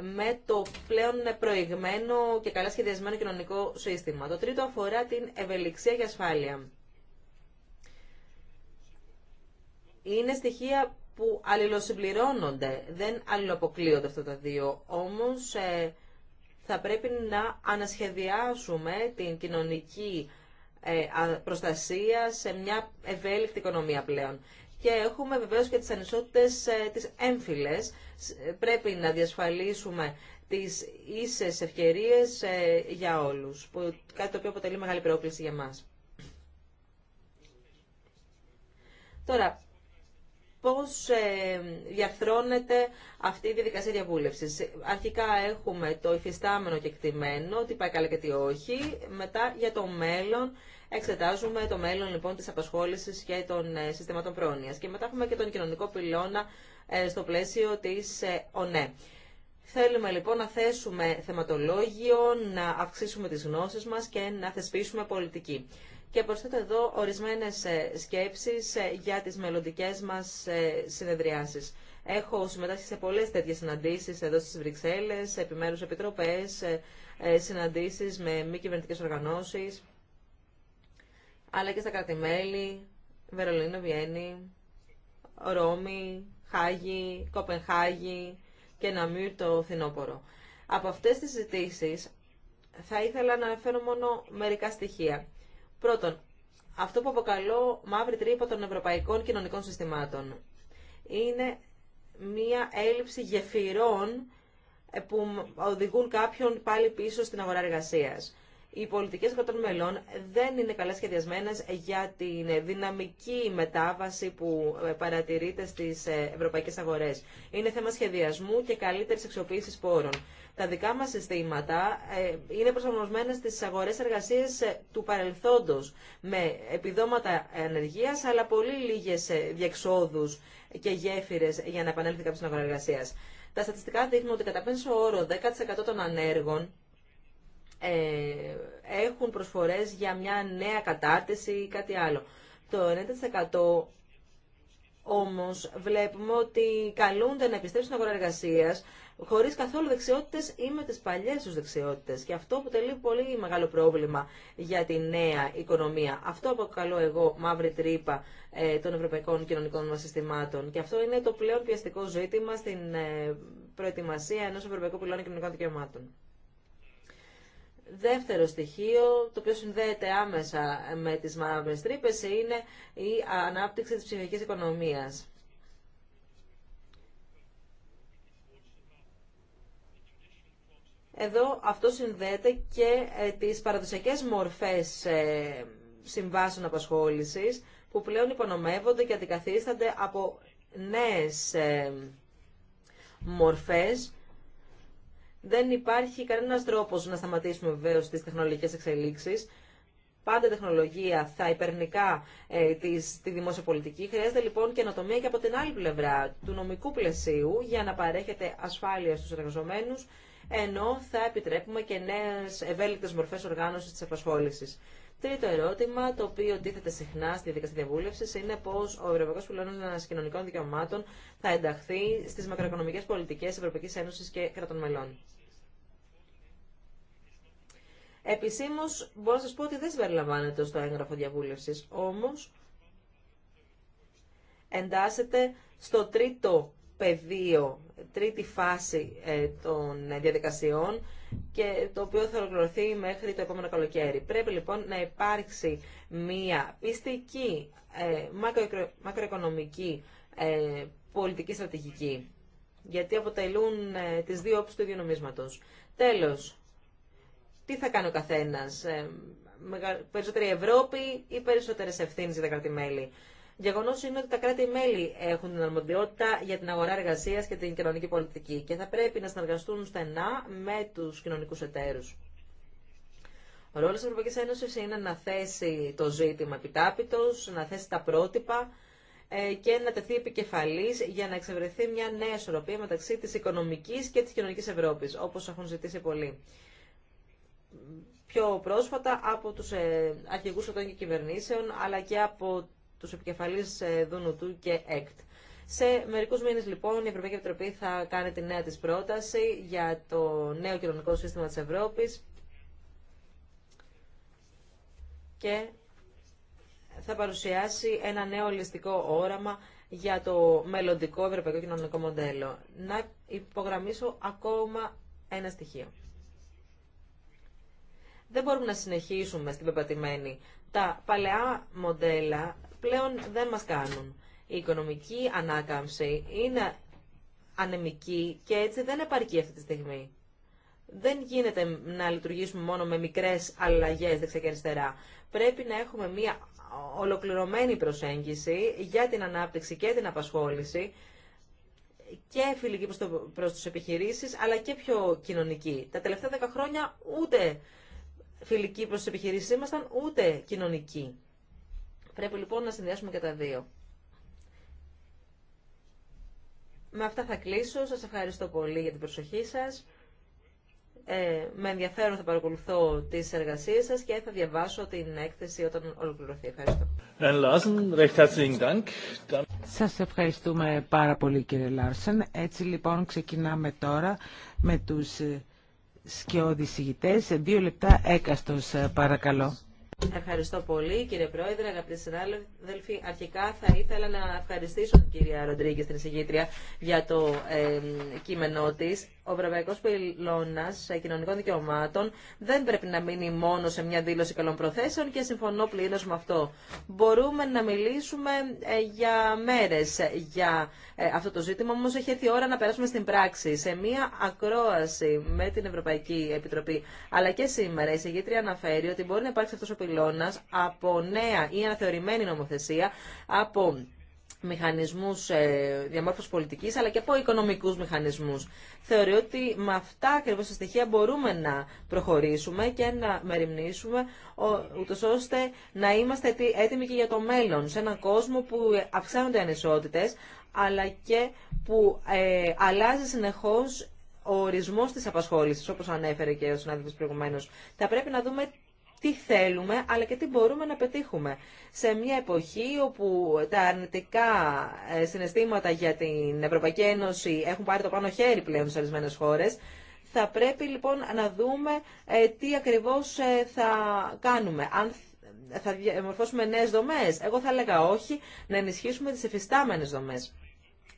με το πλέον προηγμένο και καλά σχεδιασμένο κοινωνικό σύστημα. Το τρίτο αφορά την ευελιξία και ασφάλεια. Είναι στοιχεία που αλληλοσυμπληρώνονται, δεν αλληλοποκλείονται αυτά τα δύο. Όμως ε, θα πρέπει να ανασχεδιάσουμε την κοινωνική ε, προστασία σε μια ευέλικτη οικονομία πλέον. Και έχουμε βεβαίως και τις ανισότητες ε, της έμφυλες. Πρέπει να διασφαλίσουμε τις ίσες ευκαιρίες ε, για όλους, κάτι το οποίο αποτελεί μεγάλη πρόκληση για μας. Τώρα, πώς ε, διαρθρώνεται αυτή η διαδικασία διαβούλευσης. Αρχικά έχουμε το υφιστάμενο και εκτιμένο, τι πάει καλά και τι όχι. Μετά για το μέλλον εξετάζουμε το μέλλον λοιπόν της απασχόλησης και των ε, συστημάτων πρόνοιας. Και μετά έχουμε και τον κοινωνικό πυλώνα ε, στο πλαίσιο της ΟΝΕ. Θέλουμε λοιπόν να θέσουμε θεματολόγιο, να αυξήσουμε τις γνώσεις μας και να θεσπίσουμε πολιτική και προσθέτω εδώ ορισμένες ε, σκέψεις ε, για τις μελλοντικέ μας ε, συνεδριάσεις. Έχω συμμετάσχει σε πολλές τέτοιες συναντήσεις εδώ στις Βρυξέλλες, επιμέρους επιτροπές, συναντήσεις με μη κυβερνητικέ οργανώσεις, αλλά και στα κρατημέλη, Βερολίνο, Βιέννη, Ρώμη, Χάγη, Κοπενχάγη και Ναμύρ το Φθινόπορο. Από αυτές τις συζητήσεις θα ήθελα να αναφέρω μόνο μερικά στοιχεία. Πρώτον, αυτό που αποκαλώ μαύρη τρύπα των ευρωπαϊκών κοινωνικών συστημάτων. Είναι μία έλλειψη γεφυρών ε, που οδηγούν κάποιον πάλι πίσω στην αγορά εργασία. Οι πολιτικές κρατών μελών δεν είναι καλά σχεδιασμένες για την δυναμική μετάβαση που ε, παρατηρείται στις ε, ευρωπαϊκές αγορές. Είναι θέμα σχεδιασμού και καλύτερη αξιοποίηση πόρων. Τα δικά μας συστήματα ε, είναι προσαρμοσμένα στις αγορές εργασίας ε, του παρελθόντος με επιδόματα ανεργίας αλλά πολύ λίγες ε, διεξόδους και γέφυρες για να επανέλθει κάποιος στην αγορά εργασίας. Τα στατιστικά δείχνουν ότι κατά πέντε όρο 10% των ανέργων έχουν προσφορές για μια νέα κατάρτιση ή κάτι άλλο. Το 90% όμως βλέπουμε ότι καλούνται να επιστρέψουν στην αγορά εργασίας χωρί καθόλου δεξιότητε ή με τι παλιέ του δεξιότητε. Και αυτό αποτελεί πολύ μεγάλο πρόβλημα για τη νέα οικονομία. Αυτό αποκαλώ εγώ μαύρη τρύπα ε, των ευρωπαϊκών κοινωνικών μα συστημάτων. Και αυτό είναι το πλέον πιαστικό ζήτημα στην ε, προετοιμασία ενό ευρωπαϊκού πυλώνα κοινωνικών δικαιωμάτων. Δεύτερο στοιχείο, το οποίο συνδέεται άμεσα με τις μαύρες τρύπες, είναι η ανάπτυξη της ψηφιακής οικονομίας. Εδώ αυτό συνδέεται και ε, τις παραδοσιακές μορφές ε, συμβάσεων απασχόλησης που πλέον υπονομεύονται και αντικαθίστανται από νέες ε, μορφές. Δεν υπάρχει κανένας τρόπος να σταματήσουμε βεβαίω τις τεχνολογικές εξελίξεις. Πάντα τεχνολογία θα υπερνικά ε, τη, τη δημόσια πολιτική. Χρειάζεται λοιπόν καινοτομία και από την άλλη πλευρά του νομικού πλαισίου για να παρέχεται ασφάλεια στους εργαζομένους ενώ θα επιτρέπουμε και νέες ευέλικτε μορφές οργάνωσης της απασχόληση. Τρίτο ερώτημα, το οποίο τίθεται συχνά στη δικαστική διαβούλευση, είναι πώ ο Ευρωπαϊκό Πυλώνα Κοινωνικών Δικαιωμάτων θα ενταχθεί στι μακροοικονομικέ πολιτικέ Ευρωπαϊκή Ένωση και κρατών μελών. Επισήμω, μπορώ να σα πω ότι δεν συμπεριλαμβάνεται στο έγγραφο διαβούλευση, όμω εντάσσεται στο τρίτο πεδίο, τρίτη φάση ε, των ε, διαδικασιών και το οποίο θα ολοκληρωθεί μέχρι το επόμενο καλοκαίρι. Πρέπει λοιπόν να υπάρξει μια πιστική ε, μακρο, μακροοικονομική πολιτική στρατηγική γιατί αποτελούν τις δύο όψεις του ίδιου νομίσματος. Τέλος, τι θα κάνει ο καθένας, περισσότερη Ευρώπη ή περισσότερες ευθύνες για τα κρατη Γεγονό είναι ότι τα κράτη-μέλη έχουν την αρμοδιότητα για την αγορά εργασία και την κοινωνική πολιτική και θα πρέπει να συνεργαστούν στενά με του κοινωνικού εταίρου. Ο ρόλο τη Ευρωπαϊκή Ένωση είναι να θέσει το ζήτημα επιτάπητο, να θέσει τα πρότυπα ε, και να τεθεί επικεφαλή για να εξευρεθεί μια νέα ισορροπία μεταξύ τη οικονομική και τη κοινωνική Ευρώπη, όπω έχουν ζητήσει πολλοί. Πιο πρόσφατα από τους ε, αρχηγούς των κυβερνήσεων, αλλά και από τους επικεφαλείς ε, Δουνουτού και ΕΚΤ. Σε μερικού μήνε, λοιπόν, η Ευρωπαϊκή Επιτροπή θα κάνει τη νέα τη πρόταση για το νέο κοινωνικό σύστημα τη Ευρώπη και θα παρουσιάσει ένα νέο ληστικό όραμα για το μελλοντικό ευρωπαϊκό κοινωνικό μοντέλο. Να υπογραμμίσω ακόμα ένα στοιχείο. Δεν μπορούμε να συνεχίσουμε στην πεπατημένη. Τα παλαιά μοντέλα πλέον δεν μας κάνουν. Η οικονομική ανάκαμψη είναι ανεμική και έτσι δεν επαρκεί αυτή τη στιγμή. Δεν γίνεται να λειτουργήσουμε μόνο με μικρές αλλαγές δεξιά και αριστερά. Πρέπει να έχουμε μια ολοκληρωμένη προσέγγιση για την ανάπτυξη και την απασχόληση και φιλική προς, το, προς τους επιχειρήσεις, αλλά και πιο κοινωνική. Τα τελευταία δέκα χρόνια ούτε φιλική προς τις επιχειρήσεις ήμασταν, ούτε κοινωνική. Πρέπει λοιπόν να συνδυάσουμε και τα δύο. Με αυτά θα κλείσω. Σας ευχαριστώ πολύ για την προσοχή σας. Ε, με ενδιαφέρον θα παρακολουθώ τις εργασίες σας και θα διαβάσω την έκθεση όταν ολοκληρωθεί. Ευχαριστώ. Σας ευχαριστούμε πάρα πολύ κύριε Λάρσεν. Έτσι λοιπόν ξεκινάμε τώρα με τους σκιώδης ηγητές. Δύο λεπτά έκαστος παρακαλώ. Ευχαριστώ πολύ κύριε Πρόεδρε, αγαπητοί συνάδελφοι. Αρχικά θα ήθελα να ευχαριστήσω την κυρία Ροντρίγκη, την εισηγήτρια, για το κείμενό τη. Ο Ευρωπαϊκό Πυλώνα Κοινωνικών Δικαιωμάτων δεν πρέπει να μείνει μόνο σε μια δήλωση καλών προθέσεων και συμφωνώ πλήρω με αυτό. Μπορούμε να μιλήσουμε ε, για μέρε για ε, αυτό το ζήτημα, όμω έχει έρθει η ώρα να περάσουμε στην πράξη, σε μία ακρόαση με την Ευρωπαϊκή Επιτροπή. Αλλά και σήμερα η συγγήτρια αναφέρει ότι μπορεί να υπάρξει αυτό ο πυλώνας από νέα ή αναθεωρημένη νομοθεσία, από μηχανισμού ε, διαμόρφωσης πολιτικής, αλλά και από οικονομικού μηχανισμού. Θεωρεί ότι με αυτά ακριβώ τα στοιχεία μπορούμε να προχωρήσουμε και να μεριμνήσουμε, ούτω ώστε να είμαστε έτοιμοι και για το μέλλον, σε έναν κόσμο που αυξάνονται οι αλλά και που ε, αλλάζει συνεχώς ο ορισμός της απασχόλησης, όπως ανέφερε και ο συνάδελφος προηγουμένως. Θα πρέπει να δούμε τι θέλουμε, αλλά και τι μπορούμε να πετύχουμε. Σε μια εποχή όπου τα αρνητικά ε, συναισθήματα για την Ευρωπαϊκή Ένωση έχουν πάρει το πάνω χέρι πλέον σε ορισμένε χώρες, θα πρέπει λοιπόν να δούμε ε, τι ακριβώς θα κάνουμε. Αν θα διαμορφώσουμε νέες δομές, εγώ θα έλεγα όχι, να ενισχύσουμε τις εφιστάμενες δομές.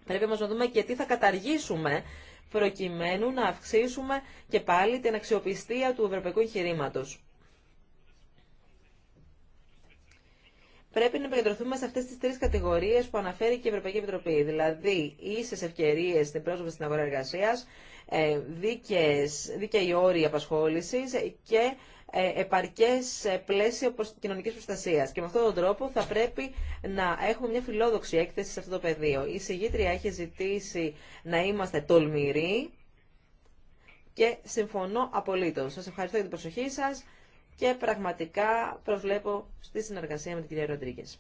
Πρέπει όμω να δούμε και τι θα καταργήσουμε προκειμένου να αυξήσουμε και πάλι την αξιοπιστία του ευρωπαϊκού εγχειρήματο. Πρέπει να επικεντρωθούμε σε αυτέ τι τρει κατηγορίε που αναφέρει και η Ευρωπαϊκή Επιτροπή. Δηλαδή, ίσε ευκαιρίε στην πρόσβαση στην αγορά εργασία, ε, δίκαιοι όροι απασχόληση και ε, επαρκές ε, πλαίσιο κοινωνικής προστασίας. Και με αυτόν τον τρόπο θα πρέπει να έχουμε μια φιλόδοξη έκθεση σε αυτό το πεδίο. Η συγγήτρια έχει ζητήσει να είμαστε τολμηροί και συμφωνώ απολύτως. Σας ευχαριστώ για την προσοχή σας και πραγματικά προσβλέπω στη συνεργασία με την κυρία Ροντρίγκες.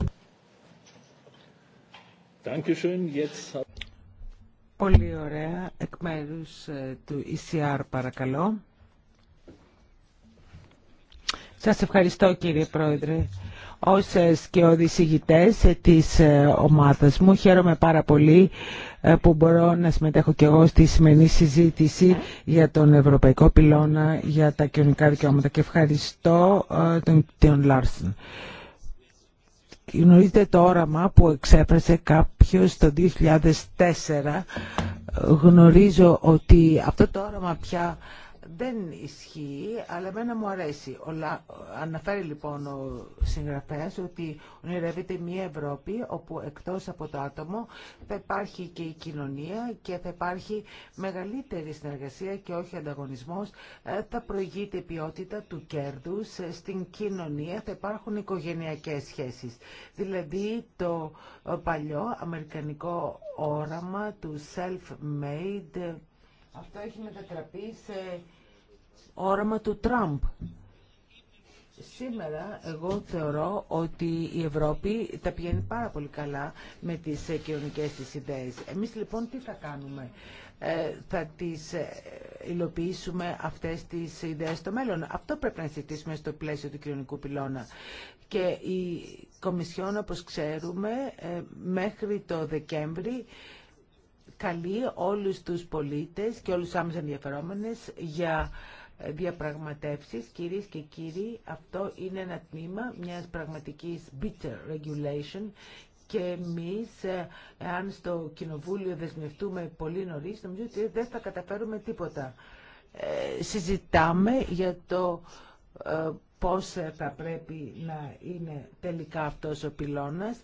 Πολύ ωραία. Εκ μέρους ε, του ECR παρακαλώ. Σας ευχαριστώ κύριε Πρόεδρε. και ε, σκιώδης ηγητές ε, της ε, ομάδας μου χαίρομαι πάρα πολύ που μπορώ να συμμετέχω και εγώ στη σημερινή συζήτηση για τον Ευρωπαϊκό Πυλώνα για τα κοινωνικά δικαιώματα και ευχαριστώ τον Τιον Λάρσεν. Γνωρίζετε το όραμα που εξέφρασε κάποιος το 2004. Γνωρίζω ότι αυτό το όραμα πια δεν ισχύει, αλλά εμένα μου αρέσει. Αναφέρει λοιπόν ο συγγραφέας ότι ονειρεύεται μια Ευρώπη όπου εκτός από το άτομο θα υπάρχει και η κοινωνία και θα υπάρχει μεγαλύτερη συνεργασία και όχι ανταγωνισμός. Ε, θα προηγείται η ποιότητα του κέρδους ε, στην κοινωνία, θα υπάρχουν οικογενειακές σχέσεις. Δηλαδή το ε, παλιό αμερικανικό όραμα του self-made αυτό έχει μετατραπεί σε όραμα του Τραμπ. Σήμερα εγώ θεωρώ ότι η Ευρώπη τα πηγαίνει πάρα πολύ καλά με τις ε, κοινωνικές της ιδέες. Εμείς λοιπόν τι θα κάνουμε. Ε, θα τις ε, υλοποιήσουμε αυτές τις ιδέες στο μέλλον. Αυτό πρέπει να συζητήσουμε στο πλαίσιο του κοινωνικού πυλώνα. Και η Κομισιόν, όπως ξέρουμε, μέχρι το Δεκέμβρη καλεί όλους τους πολίτες και όλους άμεσα ενδιαφερόμενες για ε, διαπραγματεύσεις. Κυρίες και κύριοι, αυτό είναι ένα τμήμα μιας πραγματικής bitter regulation και εμείς, αν ε, στο Κοινοβούλιο δεσμευτούμε πολύ νωρίς, νομίζω ότι δεν θα καταφέρουμε τίποτα. Ε, συζητάμε για το ε, πώς θα πρέπει να είναι τελικά αυτός ο πυλώνας,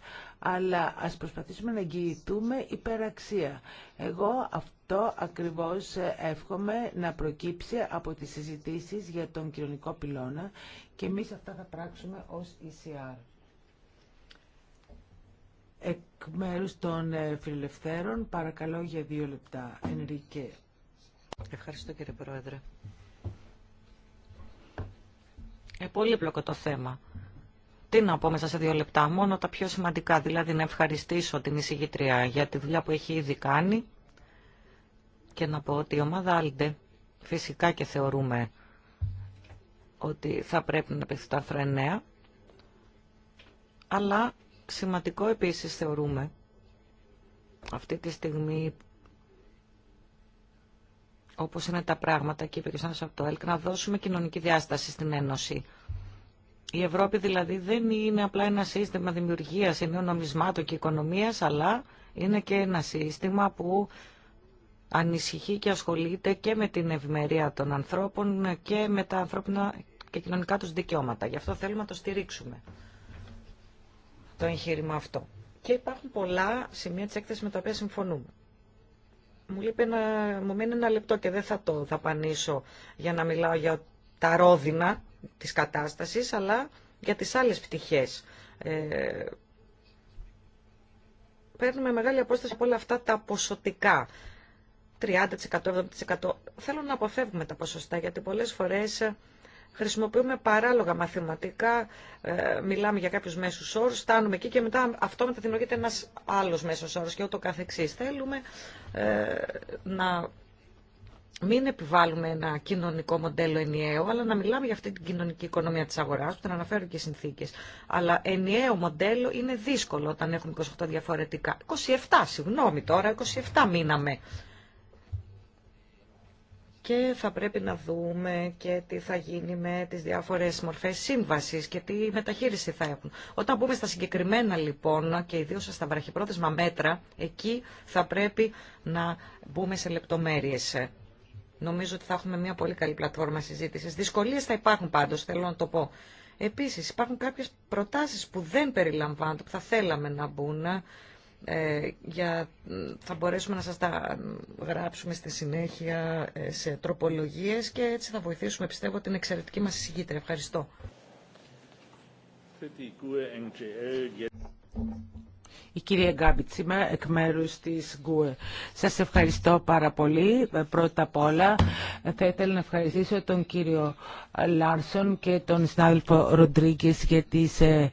αλλά ας προσπαθήσουμε να εγγυηθούμε υπεραξία. Εγώ αυτό ακριβώς εύχομαι να προκύψει από τις συζητήσεις για τον κοινωνικό πυλώνα και εμείς αυτά θα πράξουμε ως ECR. Εκ μέρους των ε, φιλελευθέρων, παρακαλώ για δύο λεπτά. Ενρικέ. Ευχαριστώ κύριε Πρόεδρε. Ε, πολύ πλοκό το θέμα. Τι να πω μέσα σε δύο λεπτά, μόνο τα πιο σημαντικά, δηλαδή να ευχαριστήσω την εισηγητρία για τη δουλειά που έχει ήδη κάνει και να πω ότι η ομάδα Άλντε φυσικά και θεωρούμε ότι θα πρέπει να πέφτει το άρθρο αλλά σημαντικό επίσης θεωρούμε αυτή τη στιγμή όπως είναι τα πράγματα και είπε και από το ΕΛΚ, να δώσουμε κοινωνική διάσταση στην Ένωση. Η Ευρώπη δηλαδή δεν είναι απλά ένα σύστημα δημιουργίας ενίων νομισμάτων και οικονομίας, αλλά είναι και ένα σύστημα που ανησυχεί και ασχολείται και με την ευημερία των ανθρώπων και με τα ανθρώπινα και κοινωνικά τους δικαιώματα. Γι' αυτό θέλουμε να το στηρίξουμε, το εγχείρημα αυτό. Και υπάρχουν πολλά σημεία της έκθεσης με τα οποία συμφωνούμε. Μου, λείπει ένα, μου μένει ένα λεπτό και δεν θα το δαπανίσω για να μιλάω για τα ρόδινα της κατάστασης, αλλά για τις άλλες πτυχές. Ε, παίρνουμε μεγάλη απόσταση από όλα αυτά τα ποσοτικά. 30%, 70%. Θέλω να αποφεύγουμε τα ποσοστά, γιατί πολλές φορές ε, χρησιμοποιούμε παράλογα μαθηματικά, ε, μιλάμε για κάποιους μέσους όρους, φτάνουμε εκεί και μετά αυτό δημιουργείται ένας άλλος μέσος όρος και ούτω καθεξής. Θέλουμε ε, να μην επιβάλλουμε ένα κοινωνικό μοντέλο ενιαίο, αλλά να μιλάμε για αυτή την κοινωνική οικονομία της αγοράς, που την αναφέρουν και συνθήκε. συνθήκες. Αλλά ενιαίο μοντέλο είναι δύσκολο όταν έχουμε 28 διαφορετικά. 27, συγγνώμη τώρα, 27 μείναμε. Και θα πρέπει να δούμε και τι θα γίνει με τις διάφορες μορφές σύμβασης και τι μεταχείριση θα έχουν. Όταν μπούμε στα συγκεκριμένα λοιπόν και ιδίως στα βραχυπρόθεσμα μέτρα, εκεί θα πρέπει να μπούμε σε λεπτομέρειες Νομίζω ότι θα έχουμε μια πολύ καλή πλατφόρμα συζήτηση. Δυσκολίες θα υπάρχουν πάντω, θέλω να το πω. Επίσης, υπάρχουν κάποιες προτάσεις που δεν περιλαμβάνονται, που θα θέλαμε να μπουν. Ε, για, θα μπορέσουμε να σας τα γράψουμε στη συνέχεια ε, σε τροπολογίες και έτσι θα βοηθήσουμε, πιστεύω, την εξαιρετική μας συζήτηση. Ευχαριστώ. Η κυρία Γκάμπιτσιμα εκ μέρου τη ΓΚΟΕ. Σα ευχαριστώ πάρα πολύ. Πρώτα απ' όλα θα ήθελα να ευχαριστήσω τον κύριο Λάρσον και τον συνάδελφο Ροντρίγκε για τι ε,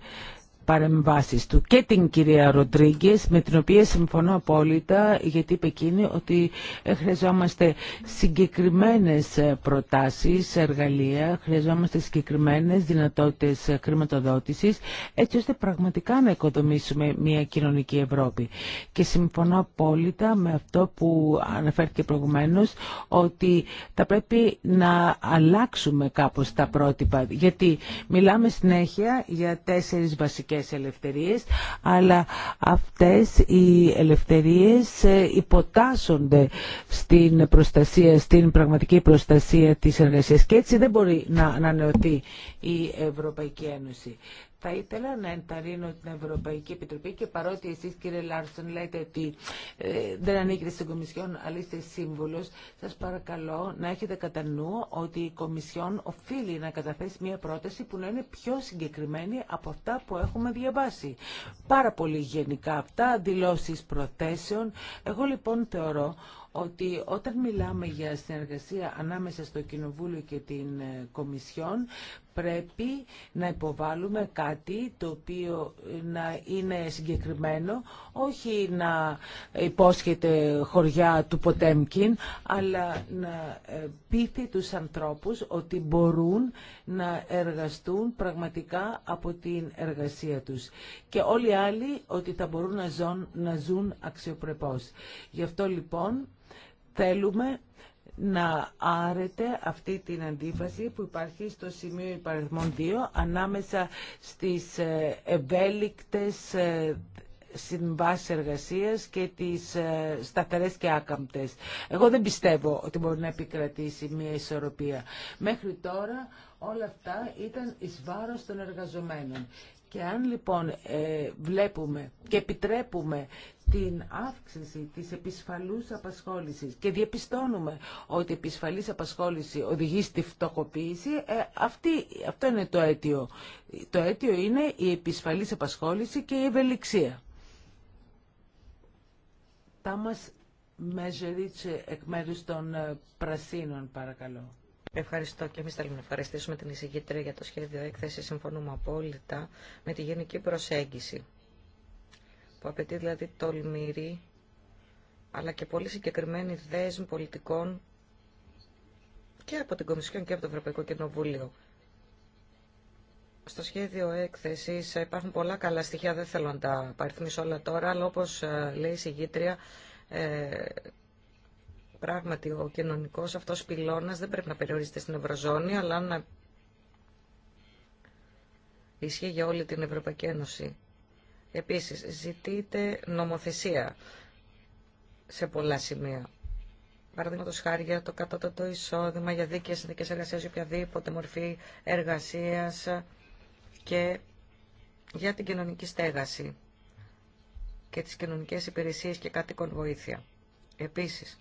παρεμβάσεις του και την κυρία Ροντρίγκε, με την οποία συμφωνώ απόλυτα γιατί είπε εκείνη ότι χρειαζόμαστε συγκεκριμένες προτάσεις, εργαλεία, χρειαζόμαστε συγκεκριμένες δυνατότητες χρηματοδότησης έτσι ώστε πραγματικά να οικοδομήσουμε μια κοινωνική Ευρώπη. Και συμφωνώ απόλυτα με αυτό που αναφέρθηκε προηγουμένως ότι θα πρέπει να αλλάξουμε κάπως τα πρότυπα γιατί μιλάμε συνέχεια για τέσσερις βασικές πολιτικές ελευθερίες, αλλά αυτές οι ελευθερίες ε, υποτάσσονται στην προστασία, στην πραγματική προστασία της εργασίας και έτσι δεν μπορεί να ανανεωθεί η Ευρωπαϊκή Ένωση. Θα ήθελα να ενταρρύνω την Ευρωπαϊκή Επιτροπή και παρότι εσείς κύριε Λάρσον λέτε ότι ε, δεν ανήκετε στην Κομισιόν αλλά είστε σύμβουλος, σας παρακαλώ να έχετε κατά νου ότι η Κομισιόν οφείλει να καταθέσει μια πρόταση που να είναι πιο συγκεκριμένη από αυτά που έχουμε διαβάσει. Πάρα πολύ γενικά αυτά, δηλώσεις προθέσεων. Εγώ λοιπόν θεωρώ ότι όταν μιλάμε για συνεργασία ανάμεσα στο Κοινοβούλιο και την ε, Κομισιόν πρέπει να υποβάλουμε κάτι το οποίο να είναι συγκεκριμένο, όχι να υπόσχεται χωριά του Ποτέμκιν, αλλά να ε, πείθει τους ανθρώπους ότι μπορούν να εργαστούν πραγματικά από την εργασία τους και όλοι οι άλλοι ότι θα μπορούν να ζουν, να ζουν αξιοπρεπώς. Γι' αυτό λοιπόν θέλουμε να άρετε αυτή την αντίφαση που υπάρχει στο σημείο υπαριθμών 2 ανάμεσα στις ε, ευέλικτες ε, συμβάσεις εργασίας και τις ε, σταθερές και άκαμπτες. Εγώ δεν πιστεύω ότι μπορεί να επικρατήσει μια ισορροπία. Μέχρι τώρα όλα αυτά ήταν εις βάρος των εργαζομένων. Και αν λοιπόν ε, βλέπουμε και επιτρέπουμε την αύξηση της επισφαλούς απασχόλησης και διαπιστώνουμε ότι η επισφαλής απασχόληση οδηγεί στη φτωχοποίηση, ε, αυτή, αυτό είναι το αίτιο. Το αίτιο είναι η επισφαλής απασχόληση και η ευελιξία. μας Μεζερίτσε, εκ μέρους των ε, Πρασίνων, παρακαλώ. Ευχαριστώ και εμεί θέλουμε να ευχαριστήσουμε την εισηγήτρια για το σχέδιο έκθεση. Συμφωνούμε απόλυτα με τη γενική προσέγγιση που απαιτεί δηλαδή τολμηρή αλλά και πολύ συγκεκριμένη δέσμη πολιτικών και από την Κομισιόν και από το Ευρωπαϊκό Κοινοβούλιο. Στο σχέδιο έκθεση υπάρχουν πολλά καλά στοιχεία, δεν θέλω να τα παριθμίσω όλα τώρα, αλλά όπω ε, λέει η εισηγήτρια ε, Πράγματι, ο κοινωνικός αυτός πυλώνας δεν πρέπει να περιορίζεται στην Ευρωζώνη, αλλά να ισχύει για όλη την Ευρωπαϊκή Ένωση. Επίσης, ζητείται νομοθεσία σε πολλά σημεία. Παραδείγματο χάρη για το κατώτατο εισόδημα, για δίκαιε συνδικέ εργασία, οποιαδήποτε μορφή εργασία και για την κοινωνική στέγαση και τις κοινωνικές υπηρεσίες και κάτοικων βοήθεια. Επίσης,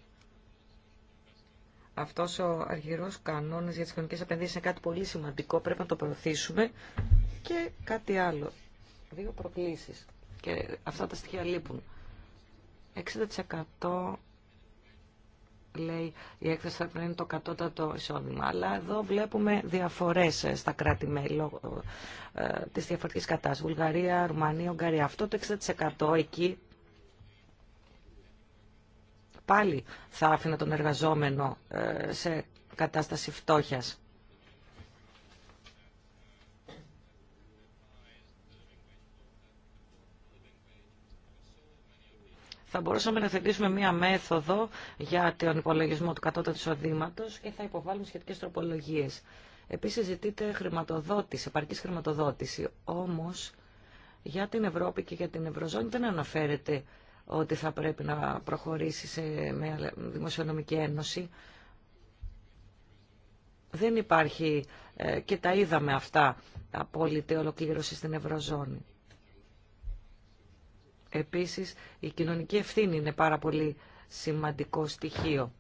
αυτό ο αργυρός κανόνα για τι κοινωνικές επενδύσει είναι κάτι πολύ σημαντικό, πρέπει να το προωθήσουμε. Και κάτι άλλο, δύο προκλήσεις και αυτά τα στοιχεία λείπουν. 60% λέει η έκθεση θα πρέπει να είναι το κατώτατο εισόδημα. Αλλά εδώ βλέπουμε διαφορέ ε, στα κράτη-μέλη λόγω ε, ε, τη διαφορετική κατάσταση. Βουλγαρία, Ρουμανία, Ουγγαρία. Αυτό το 60% εκεί πάλι θα άφηνα τον εργαζόμενο ε, σε κατάσταση φτώχειας. θα μπορούσαμε να θετήσουμε μία μέθοδο για τον υπολογισμό του κατώτατου εισοδήματο και θα υποβάλουμε σχετικέ τροπολογίε. Επίση, ζητείται χρηματοδότηση, επαρκή χρηματοδότηση. Όμω, για την Ευρώπη και για την Ευρωζώνη δεν αναφέρεται ότι θα πρέπει να προχωρήσει σε μια δημοσιονομική ένωση. Δεν υπάρχει, ε, και τα είδαμε αυτά, απόλυτη ολοκλήρωση στην Ευρωζώνη. Επίσης, η κοινωνική ευθύνη είναι πάρα πολύ σημαντικό στοιχείο.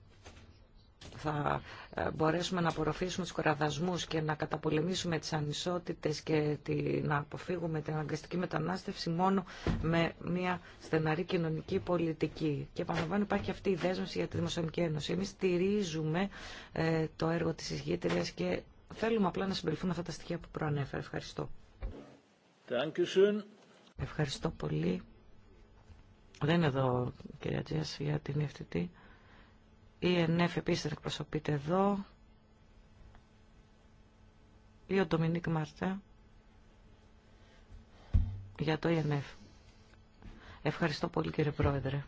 Θα ε, μπορέσουμε να απορροφήσουμε τους κοραδασμούς και να καταπολεμήσουμε τις ανισότητες και να αποφύγουμε την αναγκαστική μετανάστευση μόνο με μια στεναρή κοινωνική πολιτική. Και επαναλαμβάνω υπάρχει αυτή η δέσμευση για τη Δημοσιονομική Ένωση. Εμείς στηρίζουμε ε, το έργο της εισηγήτριας και θέλουμε απλά να συμπεριφθούν αυτά τα στοιχεία που προανέφερα. Ευχαριστώ. Ευχαριστώ πολύ. Δεν είναι εδώ κυρία Τζέας για την ευθυντή. Η ΕΝΕΦ επίσης εκπροσωπείται εδώ. Ή ο Ντομινίκ Μάρτε. για το ΕΝΕΦ. Ευχαριστώ πολύ κύριε Πρόεδρε.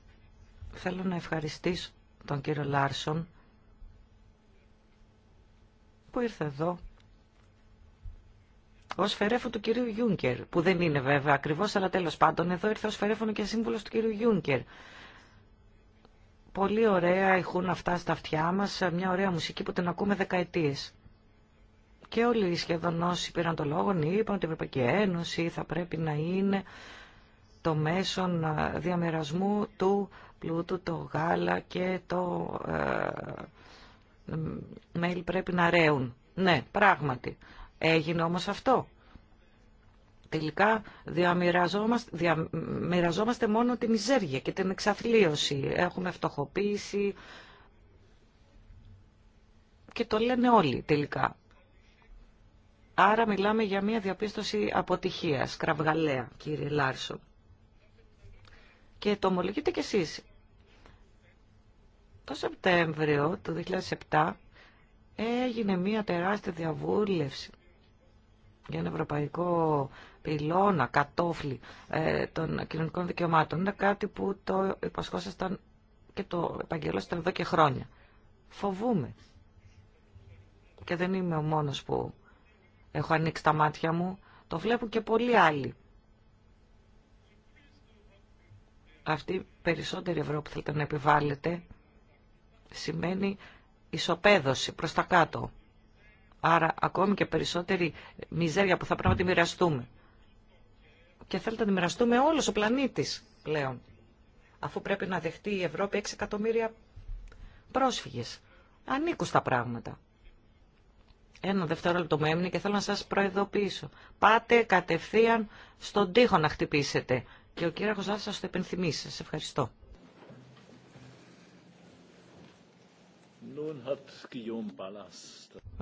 Θέλω να ευχαριστήσω τον κύριο Λάρσον που ήρθε εδώ ω φερέφο του κυρίου Γιούνκερ, που δεν είναι βέβαια ακριβώς, αλλά τέλος πάντων εδώ ήρθε ω φερέφωνο και σύμβουλος του κυρίου Γιούνκερ. Πολύ ωραία έχουν αυτά στα αυτιά μας, μια ωραία μουσική που την ακούμε δεκαετίες. Και όλοι σχεδόν όσοι πήραν το λόγο ναι, είπαν ότι η Ευρωπαϊκή Ένωση θα πρέπει να είναι το μέσον ε, διαμερασμού του πλούτου, το γάλα και το ε, πρέπει να ρέουν. Ναι, πράγματι. Έγινε όμως αυτό. Τελικά διαμοιραζόμαστε, μόνο τη μιζέρια και την εξαθλίωση. Έχουμε φτωχοποίηση και το λένε όλοι τελικά. Άρα μιλάμε για μια διαπίστωση αποτυχίας, κραυγαλαία, κύριε Λάρσο. Και το ομολογείτε κι εσείς. Το Σεπτέμβριο του 2007 έγινε μια τεράστια διαβούλευση για ένα ευρωπαϊκό πυλώνα, κατόφλι ε, των κοινωνικών δικαιωμάτων. Είναι κάτι που το υπασχόσασταν και το επαγγελώσασταν εδώ και χρόνια. Φοβούμαι. Και δεν είμαι ο μόνος που έχω ανοίξει τα μάτια μου. Το βλέπουν και πολλοί άλλοι. Αυτή η περισσότερη Ευρώπη θέλετε να επιβάλλετε σημαίνει ισοπαίδωση προς τα κάτω. Άρα ακόμη και περισσότερη μιζέρια που θα πρέπει να τη μοιραστούμε και θέλετε να μοιραστούμε όλο ο πλανήτη πλέον. Αφού πρέπει να δεχτεί η Ευρώπη 6 εκατομμύρια πρόσφυγες. Ανήκουν στα πράγματα. Ένα δευτερόλεπτο μου έμεινε και θέλω να σας προειδοποιήσω. Πάτε κατευθείαν στον τοίχο να χτυπήσετε. Και ο κύριο Ζάσης σας το επενθυμίσει. Σα ευχαριστώ.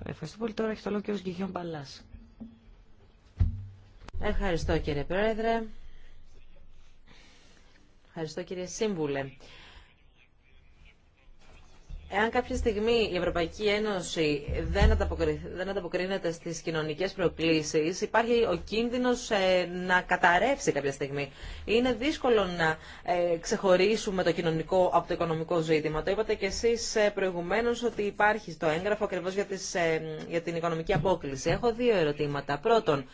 Ευχαριστώ πολύ. Τώρα έχει το λόγο ο κύριος Γκυγιόν Ευχαριστώ κύριε Πρόεδρε. Ευχαριστώ κύριε Σύμβουλε. Εάν κάποια στιγμή η Ευρωπαϊκή Ένωση δεν, ανταποκρίνεται στις κοινωνικές προκλήσεις, υπάρχει ο κίνδυνος ε, να καταρρεύσει κάποια στιγμή. Είναι δύσκολο να ε, ξεχωρίσουμε το κοινωνικό από το οικονομικό ζήτημα. Το είπατε και εσείς ε, προηγουμένως ότι υπάρχει το έγγραφο ακριβώς για, για την οικονομική απόκληση. Έχω δύο ερωτήματα. Πρώτον,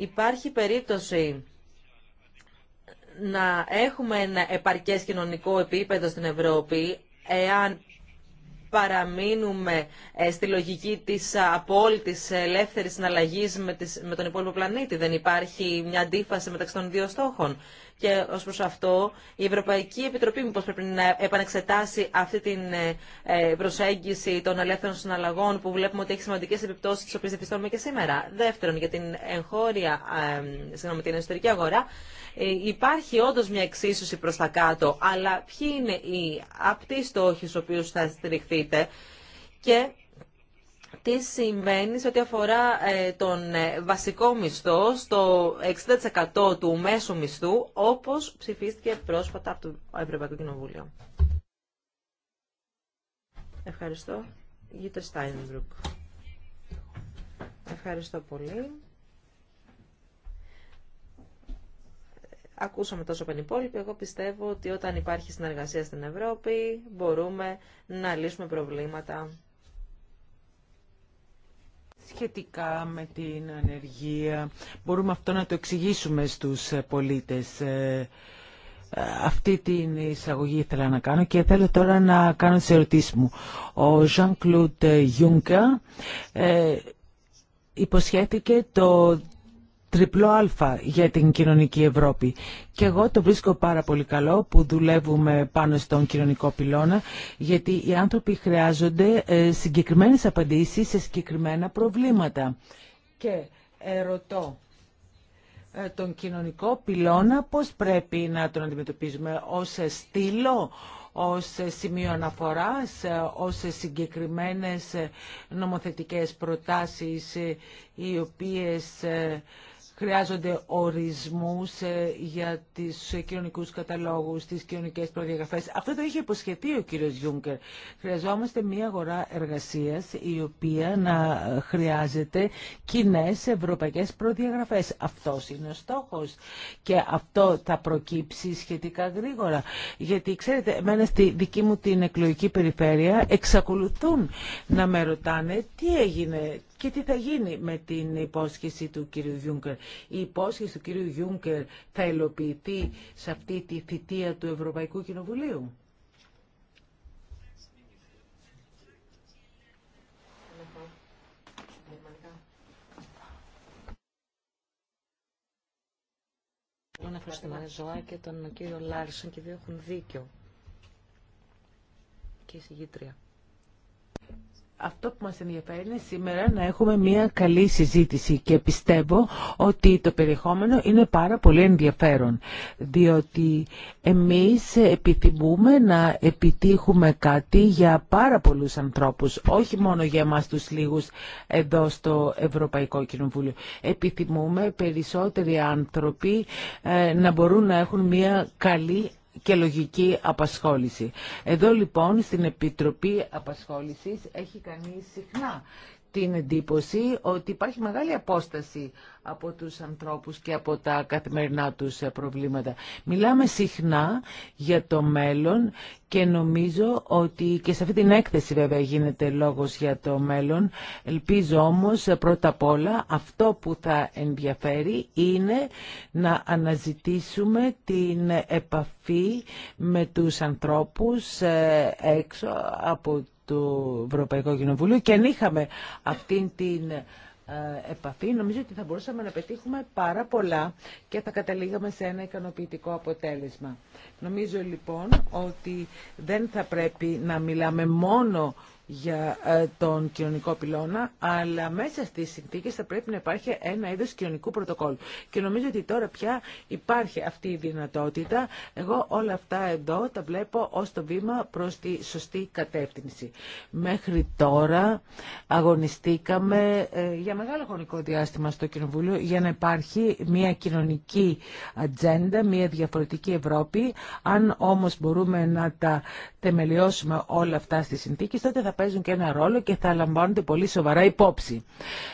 Υπάρχει περίπτωση να έχουμε ένα επαρκές κοινωνικό επίπεδο στην Ευρώπη εάν παραμείνουμε ε, στη λογική της ε, απόλυτης ελεύθερης συναλλαγής με τον υπόλοιπο πλανήτη. Δεν υπάρχει μια αντίφαση μεταξύ των δύο στόχων. Και ως προς αυτό η Ευρωπαϊκή Επιτροπή μήπως πρέπει να επανεξετάσει αυτή την ε, προσέγγιση των ελεύθερων συναλλαγών που βλέπουμε ότι έχει σημαντικές επιπτώσεις τις οποίες διαπιστώνουμε και σήμερα. Δεύτερον, για την εγχώρια, συγγνώμη, την εσωτερική αγορά, ε, υπάρχει όντω μια εξίσωση προ τα κάτω, αλλά ποιοι είναι οι απτοί στόχοι στους οποίου θα στηριχθείτε και τι συμβαίνει σε ό,τι αφορά ε, τον ε, βασικό μισθό στο 60% του μέσου μισθού, όπως ψηφίστηκε πρόσφατα από το Ευρωπαϊκό Κοινοβούλιο. Ευχαριστώ. Γιούτε Στάινμπρουκ. Ευχαριστώ πολύ. Ακούσαμε τόσο από Εγώ πιστεύω ότι όταν υπάρχει συνεργασία στην Ευρώπη μπορούμε να λύσουμε προβλήματα. Σχετικά με την ανεργία, μπορούμε αυτό να το εξηγήσουμε στους πολίτες. Ε, αυτή την εισαγωγή ήθελα να κάνω και θέλω τώρα να κάνω τις ερωτήσεις μου. Ο Jean-Claude Juncker ε, υποσχέθηκε το τριπλό αλφα για την κοινωνική Ευρώπη. Και εγώ το βρίσκω πάρα πολύ καλό που δουλεύουμε πάνω στον κοινωνικό πυλώνα, γιατί οι άνθρωποι χρειάζονται ε, συγκεκριμένες απαντήσεις σε συγκεκριμένα προβλήματα. Και ερωτώ ε, τον κοινωνικό πυλώνα πώς πρέπει να τον αντιμετωπίζουμε ως στήλο, ως σημείο αναφοράς, ως συγκεκριμένες νομοθετικές προτάσεις ε, οι οποίες χρειάζονται ορισμούς ε, για τις ε, κοινωνικούς καταλόγους, τις κοινωνικές προδιαγραφές. Αυτό το είχε υποσχεθεί ο κύριος Γιούγκερ. Χρειαζόμαστε μια αγορά εργασίας η οποία να ε, χρειάζεται κοινέ ευρωπαϊκές προδιαγραφές. Αυτός είναι ο στόχος και αυτό θα προκύψει σχετικά γρήγορα. Γιατί ξέρετε, εμένα στη δική μου την εκλογική περιφέρεια εξακολουθούν να με ρωτάνε τι έγινε, και τι θα γίνει με την υπόσχεση του κύριου Γιούγκερ η υπόσχεση του κύριου Γιούγκερ θα υλοποιηθεί σε αυτή τη θητεία του Ευρωπαϊκού Κοινοβουλίου. Θέλω να και τον κύριο Λάρισον και δύο έχουν δίκιο. Και η συγγήτρια αυτό που μας ενδιαφέρει είναι σήμερα να έχουμε μια καλή συζήτηση και πιστεύω ότι το περιεχόμενο είναι πάρα πολύ ενδιαφέρον διότι εμείς επιθυμούμε να επιτύχουμε κάτι για πάρα πολλούς ανθρώπους όχι μόνο για μας τους λίγους εδώ στο Ευρωπαϊκό Κοινοβούλιο επιθυμούμε περισσότεροι άνθρωποι ε, να μπορούν να έχουν μια καλή και λογική απασχόληση. Εδώ λοιπόν στην Επιτροπή Απασχόλησης έχει κανεί συχνά την εντύπωση ότι υπάρχει μεγάλη απόσταση από τους ανθρώπους και από τα καθημερινά τους ε, προβλήματα. Μιλάμε συχνά για το μέλλον και νομίζω ότι και σε αυτή την έκθεση βέβαια γίνεται λόγος για το μέλλον. Ελπίζω όμως ε, πρώτα απ' όλα αυτό που θα ενδιαφέρει είναι να αναζητήσουμε την επαφή με τους ανθρώπους ε, έξω από του Ευρωπαϊκού Κοινοβουλίου και αν είχαμε αυτή την ε, επαφή, νομίζω ότι θα μπορούσαμε να πετύχουμε πάρα πολλά και θα καταλήγαμε σε ένα ικανοποιητικό αποτέλεσμα. Νομίζω λοιπόν ότι δεν θα πρέπει να μιλάμε μόνο για ε, τον κοινωνικό πυλώνα, αλλά μέσα στις συνθήκες θα πρέπει να υπάρχει ένα είδος κοινωνικού πρωτοκόλλου. Και νομίζω ότι τώρα πια υπάρχει αυτή η δυνατότητα. Εγώ όλα αυτά εδώ τα βλέπω ως το βήμα προς τη σωστή κατεύθυνση. Μέχρι τώρα αγωνιστήκαμε ε, για μεγάλο χρονικό διάστημα στο Κοινοβούλιο για να υπάρχει μια κοινωνική ατζέντα, μια διαφορετική Ευρώπη. Αν όμως μπορούμε να τα θεμελιώσουμε όλα αυτά στι συνθήκε, τότε παίζουν και ένα ρόλο και θα λαμβάνονται πολύ σοβαρά υπόψη.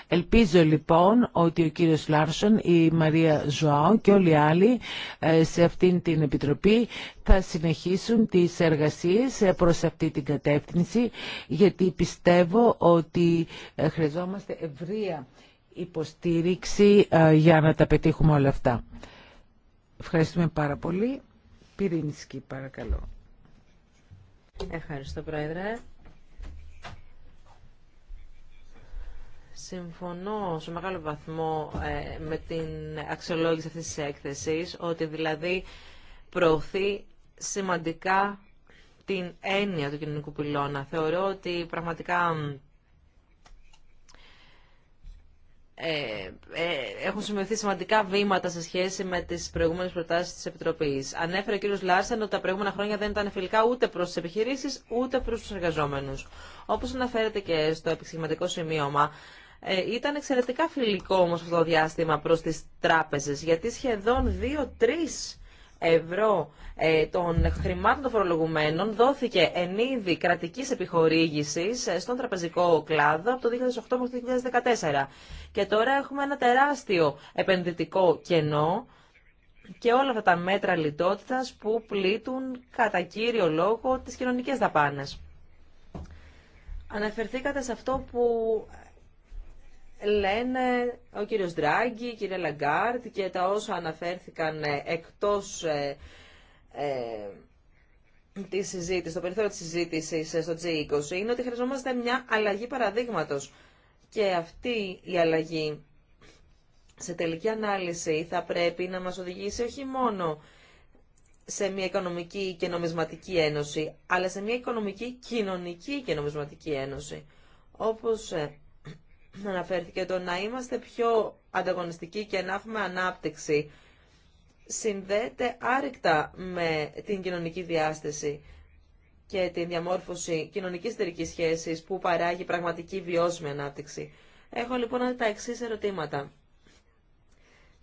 Ελπίζω λοιπόν ότι ο κύριος Λάρσον, η Μαρία Ζωάου και όλοι οι άλλοι ε, σε αυτήν την Επιτροπή θα συνεχίσουν τις εργασίες ε, προς αυτή την κατεύθυνση γιατί πιστεύω ότι ε, χρειαζόμαστε ευρεία υποστήριξη για να τα πετύχουμε όλα αυτά. Ευχαριστούμε πάρα πολύ. Πυρίνσκι, παρακαλώ. Ευχαριστώ, Πρόεδρε. Συμφωνώ σε μεγάλο βαθμό ε, με την αξιολόγηση αυτής της έκθεσης, ότι δηλαδή προωθεί σημαντικά την έννοια του κοινωνικού πυλώνα. Θεωρώ ότι πραγματικά ε, ε, έχουν σημειωθεί σημαντικά βήματα σε σχέση με τι προηγούμενε προτάσει τη Επιτροπή. Ανέφερε ο κ. Λάρσεν ότι τα προηγούμενα χρόνια δεν ήταν φιλικά ούτε προ τι επιχειρήσει ούτε προ του εργαζόμενου. Όπω αναφέρεται και στο επεξηγηματικό σημείωμα, ε, ήταν εξαιρετικά φιλικό όμως αυτό το διάστημα προς τις τράπεζες, γιατί σχεδόν 2-3 ευρώ ε, των χρημάτων των φορολογουμένων δόθηκε εν είδη κρατικής επιχορήγησης ε, στον τραπεζικό κλάδο από το 2008 μέχρι το 2014. Και τώρα έχουμε ένα τεράστιο επενδυτικό κενό και όλα αυτά τα μέτρα λιτότητας που πλήττουν κατά κύριο λόγο τις κοινωνικές δαπάνες. Αναφερθήκατε σε αυτό που λένε ο κύριος Δράγκη, η κυρία Λαγκάρτ και τα όσα αναφέρθηκαν ε, εκτός ε, ε, τη συζήτηση, στο περιθώριο της συζήτησης ε, στο G20 είναι ότι χρειαζόμαστε μια αλλαγή παραδείγματος και αυτή η αλλαγή σε τελική ανάλυση θα πρέπει να μας οδηγήσει όχι μόνο σε μια οικονομική και νομισματική ένωση, αλλά σε μια οικονομική, κοινωνική και νομισματική ένωση. Όπως ε, αναφέρθηκε το να είμαστε πιο ανταγωνιστικοί και να έχουμε ανάπτυξη συνδέεται άρρηκτα με την κοινωνική διάσταση και τη διαμόρφωση κοινωνικής εταιρικής σχέσης που παράγει πραγματική βιώσιμη ανάπτυξη. Έχω λοιπόν τα εξή ερωτήματα.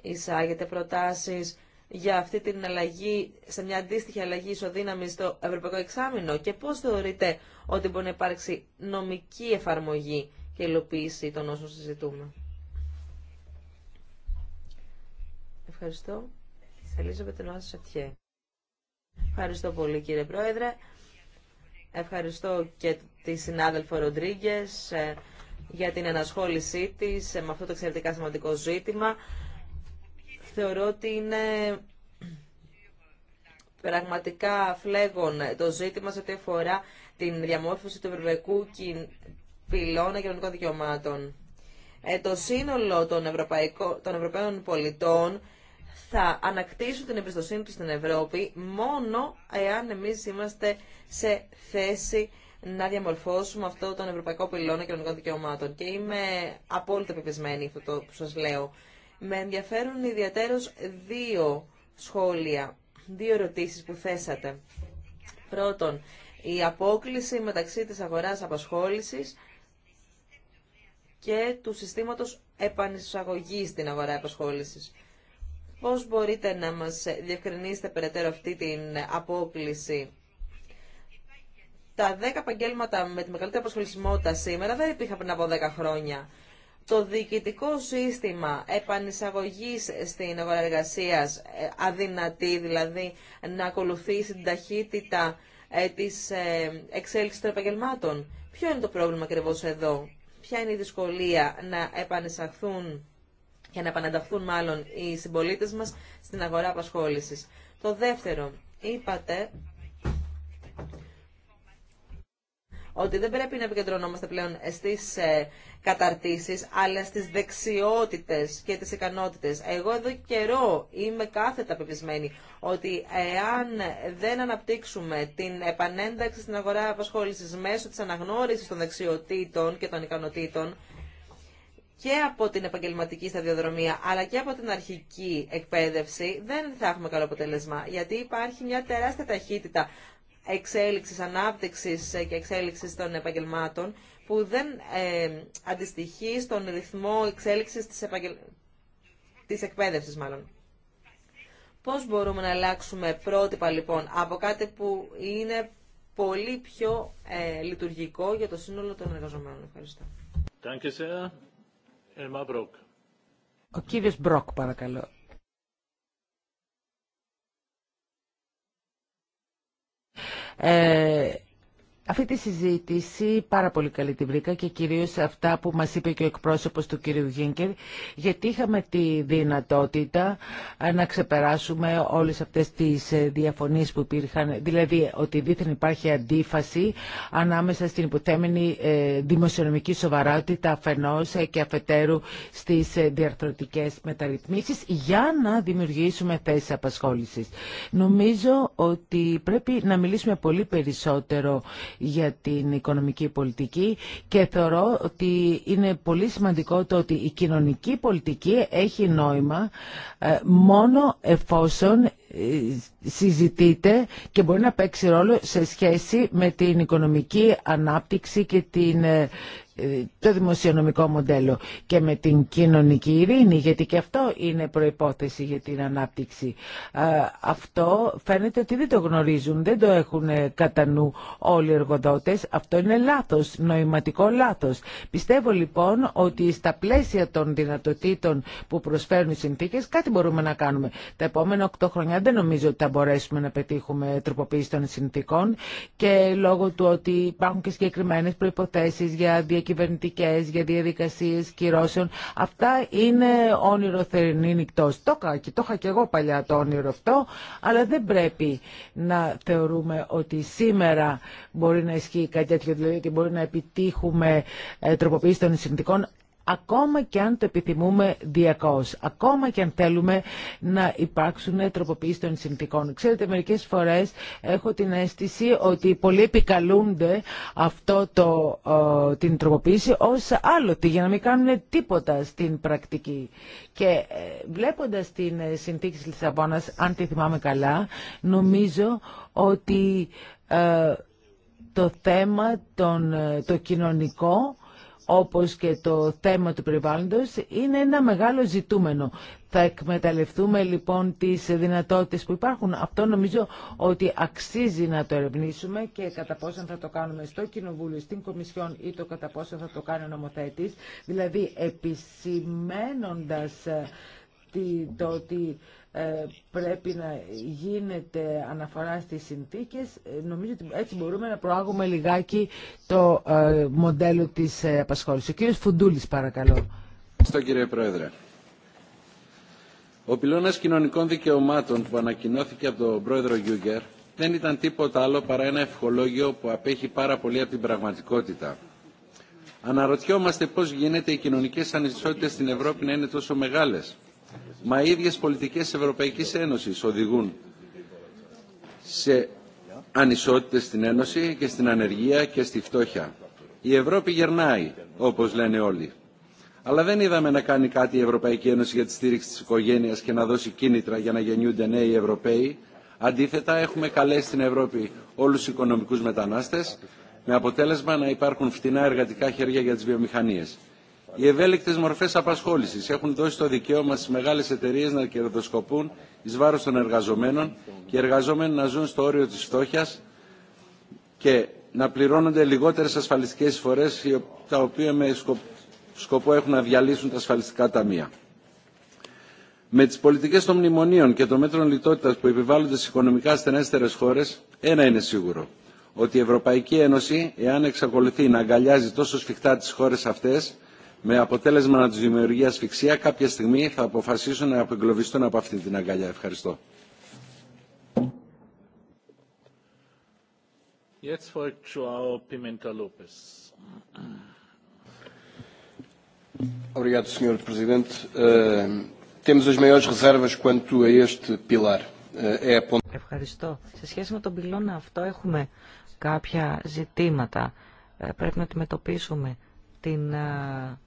Εισάγεται προτάσεις για αυτή την αλλαγή, σε μια αντίστοιχη αλλαγή ισοδύναμη στο Ευρωπαϊκό Εξάμεινο και πώς θεωρείτε ότι μπορεί να υπάρξει νομική εφαρμογή και υλοποίηση των όσων συζητούμε. Ευχαριστώ. Ελίζα Ευχαριστώ πολύ κύριε Πρόεδρε. Ευχαριστώ και τη συνάδελφο Ροντρίγκε ε, για την ενασχόλησή της ε, με αυτό το εξαιρετικά σημαντικό ζήτημα. Θεωρώ ότι είναι πραγματικά φλέγον το ζήτημα σε ό,τι αφορά την διαμόρφωση του ευρωπαϊκού πυλώνα κοινωνικών δικαιωμάτων. Ε, το σύνολο των, Ευρωπαϊκών, των Ευρωπαίων πολιτών θα ανακτήσουν την εμπιστοσύνη τους στην Ευρώπη μόνο εάν εμείς είμαστε σε θέση να διαμορφώσουμε αυτό τον Ευρωπαϊκό Πυλώνα Κοινωνικών Δικαιωμάτων. Και είμαι απόλυτα πεπισμένη αυτό το που σας λέω. Με ενδιαφέρουν ιδιαίτερως δύο σχόλια, δύο ερωτήσεις που θέσατε. Πρώτον, η απόκληση μεταξύ της αγοράς απασχόλησης και του συστήματος επανεισαγωγής στην αγορά επασχόλησης. Πώς μπορείτε να μας διευκρινίσετε περαιτέρω αυτή την απόκληση. Τα 10 επαγγέλματα με τη μεγαλύτερη απασχολησιμότητα σήμερα δεν υπήρχαν πριν από 10 χρόνια. Το διοικητικό σύστημα επανεισαγωγής στην αγορά εργασίας ε, αδυνατεί δηλαδή να ακολουθήσει την ταχύτητα ε, της ε, εξέλιξης των επαγγελμάτων. Ποιο είναι το πρόβλημα ακριβώ εδώ ποια είναι η δυσκολία να επανεσαχθούν και να επανανταχθούν μάλλον οι συμπολίτε μας στην αγορά απασχόληση. Το δεύτερο, είπατε ότι δεν πρέπει να επικεντρωνόμαστε πλέον στις ε, καταρτήσεις, αλλά στις δεξιότητες και τις ικανότητες. Εγώ εδώ καιρό είμαι κάθετα πεπισμένη ότι εάν δεν αναπτύξουμε την επανένταξη στην αγορά απασχόλησης μέσω της αναγνώρισης των δεξιοτήτων και των ικανοτήτων, και από την επαγγελματική σταδιοδρομία αλλά και από την αρχική εκπαίδευση δεν θα έχουμε καλό αποτέλεσμα γιατί υπάρχει μια τεράστια ταχύτητα εξέλιξης, ανάπτυξης ε, και εξέλιξης των επαγγελμάτων που δεν ε, αντιστοιχεί στον ρυθμό εξέλιξης της, επαγγελ... της εκπαίδευσης μάλλον. Πώς μπορούμε να αλλάξουμε πρότυπα λοιπόν από κάτι που είναι πολύ πιο ε, λειτουργικό για το σύνολο των εργαζομένων. Ευχαριστώ. Ο κύριος Μπροκ παρακαλώ. ε, αυτή τη συζήτηση πάρα πολύ καλή τη βρήκα και κυρίως αυτά που μας είπε και ο εκπρόσωπος του κυρίου Γίνκερ γιατί είχαμε τη δυνατότητα ε, να ξεπεράσουμε όλες αυτές τις ε, διαφωνίες που υπήρχαν δηλαδή ότι δίθεν υπάρχει αντίφαση ανάμεσα στην υποθέμενη ε, δημοσιονομική σοβαρότητα αφενός και αφετέρου στις διαρθρωτικές μεταρρυθμίσεις για να δημιουργήσουμε θέσεις απασχόλησης. Νομίζω ότι πρέπει να μιλήσουμε πολύ περισσότερο για την οικονομική πολιτική και θεωρώ ότι είναι πολύ σημαντικό το ότι η κοινωνική πολιτική έχει νόημα ε, μόνο εφόσον ε, συζητείται και μπορεί να παίξει ρόλο σε σχέση με την οικονομική ανάπτυξη και την ε, ε, το δημοσιονομικό μοντέλο και με την κοινωνική ειρήνη, γιατί και αυτό είναι προϋπόθεση για την ανάπτυξη. Αυτό φαίνεται ότι δεν το γνωρίζουν, δεν το έχουν ε, κατά νου όλοι οι εργοδότες. Αυτό είναι λάθος, νοηματικό λάθος. Πιστεύω λοιπόν ότι στα πλαίσια των δυνατοτήτων που προσφέρουν οι συνθήκες κάτι μπορούμε να κάνουμε. Τα επόμενα 8 χρόνια δεν νομίζω ότι θα μπορέσουμε να πετύχουμε τροποποίηση των συνθήκων και λόγω του ότι υπάρχουν και συγκεκριμένε προϋποθέσεις για διακοινωνία κυβερνητικέ, για διαδικασίε κυρώσεων. Αυτά είναι όνειρο θερινή νυχτό. Το, το είχα και εγώ παλιά το όνειρο αυτό, αλλά δεν πρέπει να θεωρούμε ότι σήμερα μπορεί να ισχύει κάτι τέτοιο, δηλαδή ότι μπορεί να επιτύχουμε ε, τροποποίηση των συνθήκων ακόμα και αν το επιθυμούμε διακώς, ακόμα και αν θέλουμε να υπάρξουν τροποποίηση των συνθήκων. Ξέρετε, μερικές φορές έχω την αίσθηση ότι πολλοί επικαλούνται αυτό το, την τροποποίηση ως άλλοτη για να μην κάνουν τίποτα στην πρακτική. Και ε, βλέποντας την ε, συνθήκη της Λισαβόνας, αν τη θυμάμαι καλά, νομίζω ότι ε, το θέμα, ε, το κοινωνικό, όπως και το θέμα του περιβάλλοντος είναι ένα μεγάλο ζητούμενο. Θα εκμεταλλευτούμε λοιπόν τις δυνατότητες που υπάρχουν. Αυτό νομίζω ότι αξίζει να το ερευνήσουμε και κατά πόσο θα το κάνουμε στο Κοινοβούλιο, στην Κομισιόν ή το κατά πόσο θα το κάνει ο νομοθέτης. Δηλαδή επισημένοντας ε, το ότι ε, πρέπει να γίνεται αναφορά στις συνθήκες. Ε, νομίζω ότι έτσι μπορούμε να προάγουμε λιγάκι το ε, μοντέλο της απασχόλησης. Ο κύριος Φουντούλης παρακαλώ. Ευχαριστώ κύριε Πρόεδρε. Ο πυλώνας κοινωνικών δικαιωμάτων που ανακοινώθηκε από τον πρόεδρο Γιούγκερ δεν ήταν τίποτα άλλο παρά ένα ευχολόγιο που απέχει πάρα πολύ από την πραγματικότητα. Αναρωτιόμαστε πώς γίνεται οι κοινωνικές ανισότητες στην Ευρώπη να είναι τόσο μεγάλες Μα οι ίδιες πολιτικές της Ευρωπαϊκής Ένωσης οδηγούν σε ανισότητες στην Ένωση και στην ανεργία και στη φτώχεια. Η Ευρώπη γερνάει, όπως λένε όλοι. Αλλά δεν είδαμε να κάνει κάτι η Ευρωπαϊκή Ένωση για τη στήριξη της οικογένειας και να δώσει κίνητρα για να γεννιούνται νέοι Ευρωπαίοι. Αντίθετα, έχουμε καλέσει στην Ευρώπη όλους τους οικονομικούς μετανάστες, με αποτέλεσμα να υπάρχουν φτηνά εργατικά χέρια για τις βιομηχανίες. Οι ευέλικτε μορφέ απασχόληση έχουν δώσει το δικαίωμα στι μεγάλε εταιρείε να κερδοσκοπούν ει βάρο των εργαζομένων και οι εργαζόμενοι να ζουν στο όριο τη φτώχεια και να πληρώνονται λιγότερε ασφαλιστικέ εισφορέ, τα οποία με σκοπό έχουν να διαλύσουν τα ασφαλιστικά ταμεία. Με τι πολιτικέ των μνημονίων και των μέτρων λιτότητα που επιβάλλονται στι οικονομικά ασθενέστερε χώρε, ένα είναι σίγουρο. Ότι η Ευρωπαϊκή Ένωση, εάν εξακολουθεί να αγκαλιάζει τόσο σφιχτά τι χώρε αυτέ, με αποτέλεσμα να του δημιουργεί ασφυξία, κάποια στιγμή θα αποφασίσουν να απεγκλωβιστούν από αυτή την αγκαλιά. Ευχαριστώ. Obrigado, Sr. Presidente. Eh, temos as maiores reservas quanto eh, Ευχαριστώ. Σε σχέση με τον πυλώνα αυτό έχουμε κάποια ζητήματα. Ε, πρέπει να αντιμετωπίσουμε την ε,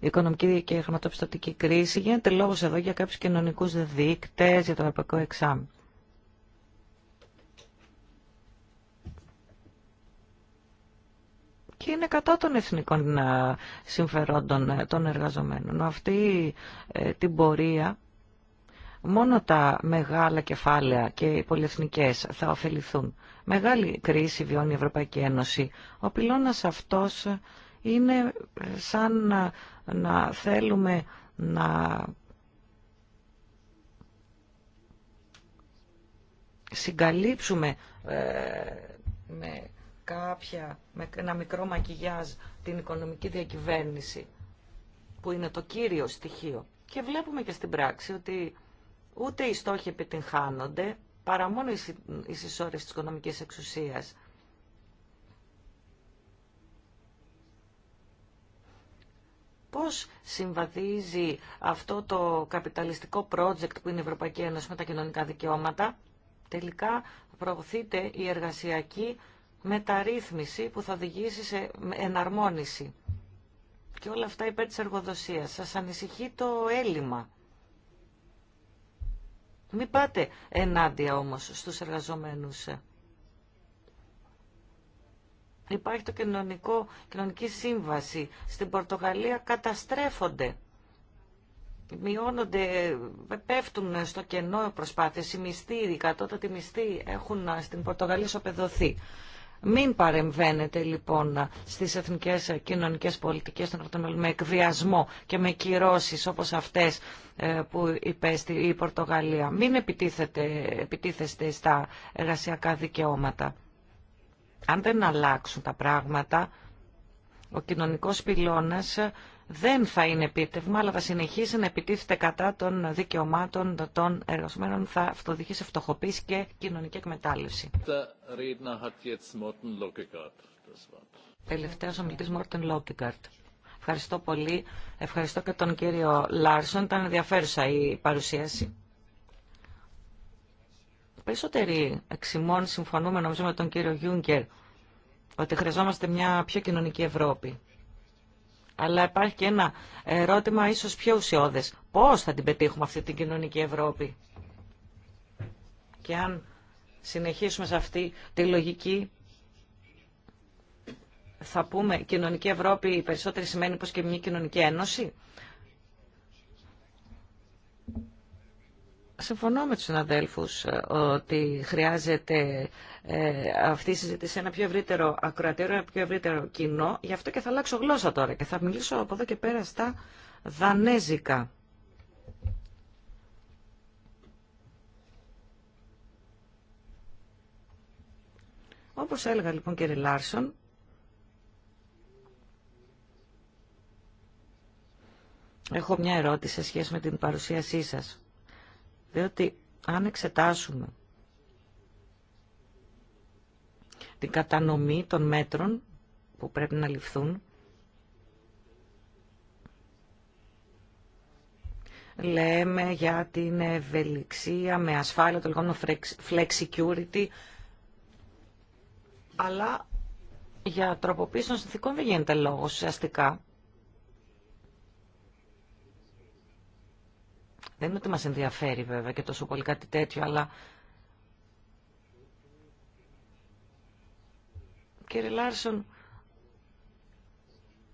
η οικονομική και η χρηματοπιστωτική κρίση, γίνεται λόγο εδώ για κάποιου κοινωνικού δείκτες, για το ευρωπαϊκό εξάμεινο. και είναι κατά των εθνικών ε, συμφερόντων ε, των εργαζομένων. Αυτή ε, την πορεία μόνο τα μεγάλα κεφάλαια και οι πολυεθνικές θα ωφεληθούν. Μεγάλη κρίση βιώνει η Ευρωπαϊκή Ένωση. Ο πυλώνας αυτός είναι σαν να, θέλουμε να συγκαλύψουμε ε, με κάποια, με ένα μικρό μακιγιάζ την οικονομική διακυβέρνηση που είναι το κύριο στοιχείο. Και βλέπουμε και στην πράξη ότι ούτε οι στόχοι επιτυγχάνονται παρά μόνο οι συσσόρες της οικονομικής εξουσίας. Πώς συμβαδίζει αυτό το καπιταλιστικό project που είναι η Ευρωπαϊκή Ένωση με τα κοινωνικά δικαιώματα. Τελικά προωθείται η εργασιακή μεταρρύθμιση που θα οδηγήσει σε εναρμόνιση. Και όλα αυτά υπέρ της εργοδοσίας. Σας ανησυχεί το έλλειμμα. Μην πάτε ενάντια όμως στους εργαζομένους υπάρχει το κοινωνικό, κοινωνική σύμβαση. Στην Πορτογαλία καταστρέφονται. Μειώνονται, πέφτουν στο κενό προσπάθειες, οι μισθοί, κατώτατοι μισθοί έχουν στην Πορτογαλία σοπεδωθεί. Μην παρεμβαίνετε λοιπόν στις εθνικές κοινωνικές πολιτικές των κρατών με εκβιασμό και με κυρώσεις όπως αυτές ε, που υπέστη η Πορτογαλία. Μην επιτίθεστε στα εργασιακά δικαιώματα αν δεν αλλάξουν τα πράγματα, ο κοινωνικός πυλώνας δεν θα είναι επίτευγμα, αλλά θα συνεχίσει να επιτίθεται κατά των δικαιωμάτων των εργαζομένων, θα αυτοδηγεί σε φτωχοποίηση και κοινωνική εκμετάλλευση. Τελευταίο ομιλητή Μόρτεν Λόκεγκαρτ. Ευχαριστώ πολύ. Ευχαριστώ και τον κύριο Λάρσον. Ήταν ενδιαφέρουσα η παρουσίαση περισσότεροι εξημών συμφωνούμε νομίζω με τον κύριο Γιούγκερ ότι χρειαζόμαστε μια πιο κοινωνική Ευρώπη. Αλλά υπάρχει και ένα ερώτημα ίσως πιο ουσιώδες. Πώς θα την πετύχουμε αυτή την κοινωνική Ευρώπη. Και αν συνεχίσουμε σε αυτή τη λογική θα πούμε κοινωνική Ευρώπη περισσότερη σημαίνει πως και μια κοινωνική ένωση. Συμφωνώ με τους συναδέλφους ε, ότι χρειάζεται ε, αυτή η συζήτηση σε ένα πιο ευρύτερο ακροατήριο, ένα πιο ευρύτερο κοινό. Γι' αυτό και θα αλλάξω γλώσσα τώρα και θα μιλήσω από εδώ και πέρα στα δανέζικα. Όπως έλεγα λοιπόν κύριε Λάρσον, έχω μια ερώτηση σε σχέση με την παρουσίασή σας. Διότι αν εξετάσουμε την κατανομή των μέτρων που πρέπει να ληφθούν, λέμε για την ευελιξία με ασφάλεια, το λεγόμενο flex security, αλλά για τροποποίηση των συνθήκων δεν γίνεται λόγος ουσιαστικά. Δεν είναι ότι μας ενδιαφέρει βέβαια και τόσο πολύ κάτι τέτοιο, αλλά... Κύριε Λάρσον,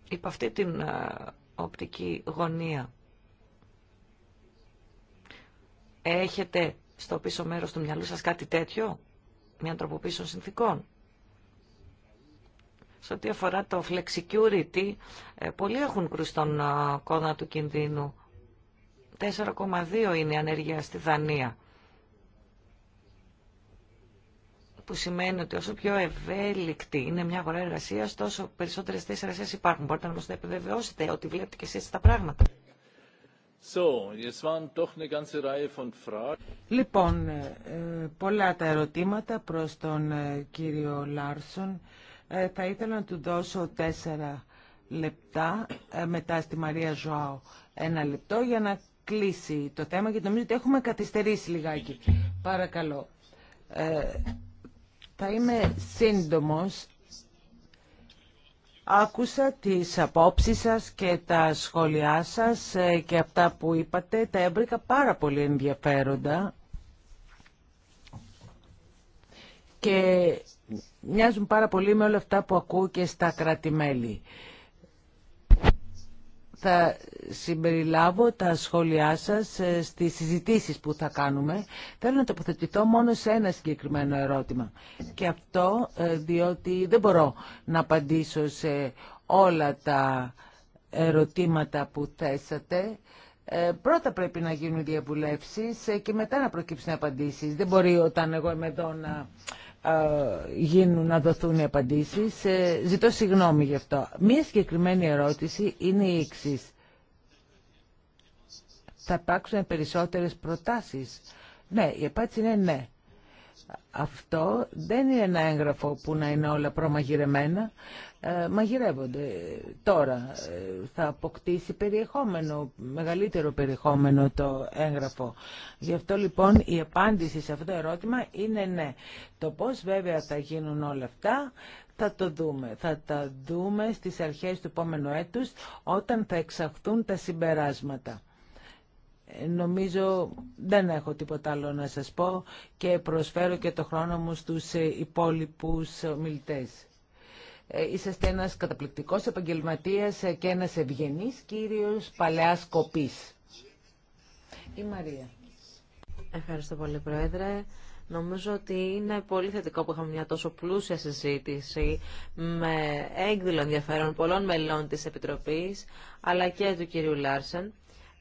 υπ' αυτή την ε, οπτική γωνία έχετε στο πίσω μέρος του μυαλού σας κάτι τέτοιο, μια τροποποίηση συνθήκων. Σε ό,τι αφορά το flexicurity, ε, πολλοί έχουν κρουστόν τον ε, κόδωνα του κινδύνου 4,2 είναι η ανεργία στη Δανία. Που σημαίνει ότι όσο πιο ευέλικτη είναι μια αγορά εργασία, τόσο περισσότερε θέσει εργασία υπάρχουν. Μπορείτε να μα το επιβεβαιώσετε ότι βλέπετε και εσεί τα πράγματα. Λοιπόν, πολλά τα ερωτήματα προς τον ε, κύριο Λάρσον. Ε, θα ήθελα να του δώσω τέσσερα λεπτά, ε, μετά στη Μαρία Ζωάου ένα λεπτό για να κλείσει το θέμα γιατί νομίζω ότι έχουμε καθυστερήσει λιγάκι. Παρακαλώ. Ε, θα είμαι σύντομος. Άκουσα τις απόψεις σας και τα σχόλιά σας ε, και αυτά που είπατε. Τα έβρικα πάρα πολύ ενδιαφέροντα. Και μοιάζουν πάρα πολύ με όλα αυτά που ακούω και στα κρατη θα συμπεριλάβω τα σχόλιά σας ε, στις συζητήσεις που θα κάνουμε. Θέλω να τοποθετηθώ μόνο σε ένα συγκεκριμένο ερώτημα. Και αυτό ε, διότι δεν μπορώ να απαντήσω σε όλα τα ερωτήματα που θέσατε. Ε, πρώτα πρέπει να γίνουν διαβουλευσει ε, και μετά να προκύψουν απαντήσει. Δεν μπορεί όταν εγώ είμαι εδώ να ε, γίνουν, να δοθούν οι απαντήσεις. Ζητώ συγγνώμη γι' αυτό. Μία συγκεκριμένη ερώτηση είναι η εξή. Θα υπάρξουν περισσότερες προτάσεις. Ναι, η απάντηση είναι ναι. Αυτό δεν είναι ένα έγγραφο που να είναι όλα προμαγειρεμένα. Ε, μαγειρεύονται. Τώρα ε, θα αποκτήσει περιεχόμενο, μεγαλύτερο περιεχόμενο το έγγραφο. Γι' αυτό λοιπόν η απάντηση σε αυτό το ερώτημα είναι ναι. Το πώς βέβαια θα γίνουν όλα αυτά θα το δούμε. Θα τα δούμε στις αρχές του επόμενου έτους όταν θα εξαχθούν τα συμπεράσματα. Νομίζω δεν έχω τίποτα άλλο να σας πω και προσφέρω και το χρόνο μου στους ε, υπόλοιπους μιλητές. Ε, είσαστε ένας καταπληκτικός επαγγελματίας ε, και ένας ευγενής κύριος παλαιάς κοπής. Η Μαρία. Ευχαριστώ πολύ, Πρόεδρε. Νομίζω ότι είναι πολύ θετικό που είχαμε μια τόσο πλούσια συζήτηση με έγκυλο ενδιαφέρον πολλών μελών της Επιτροπής, αλλά και του κυρίου Λάρσεν.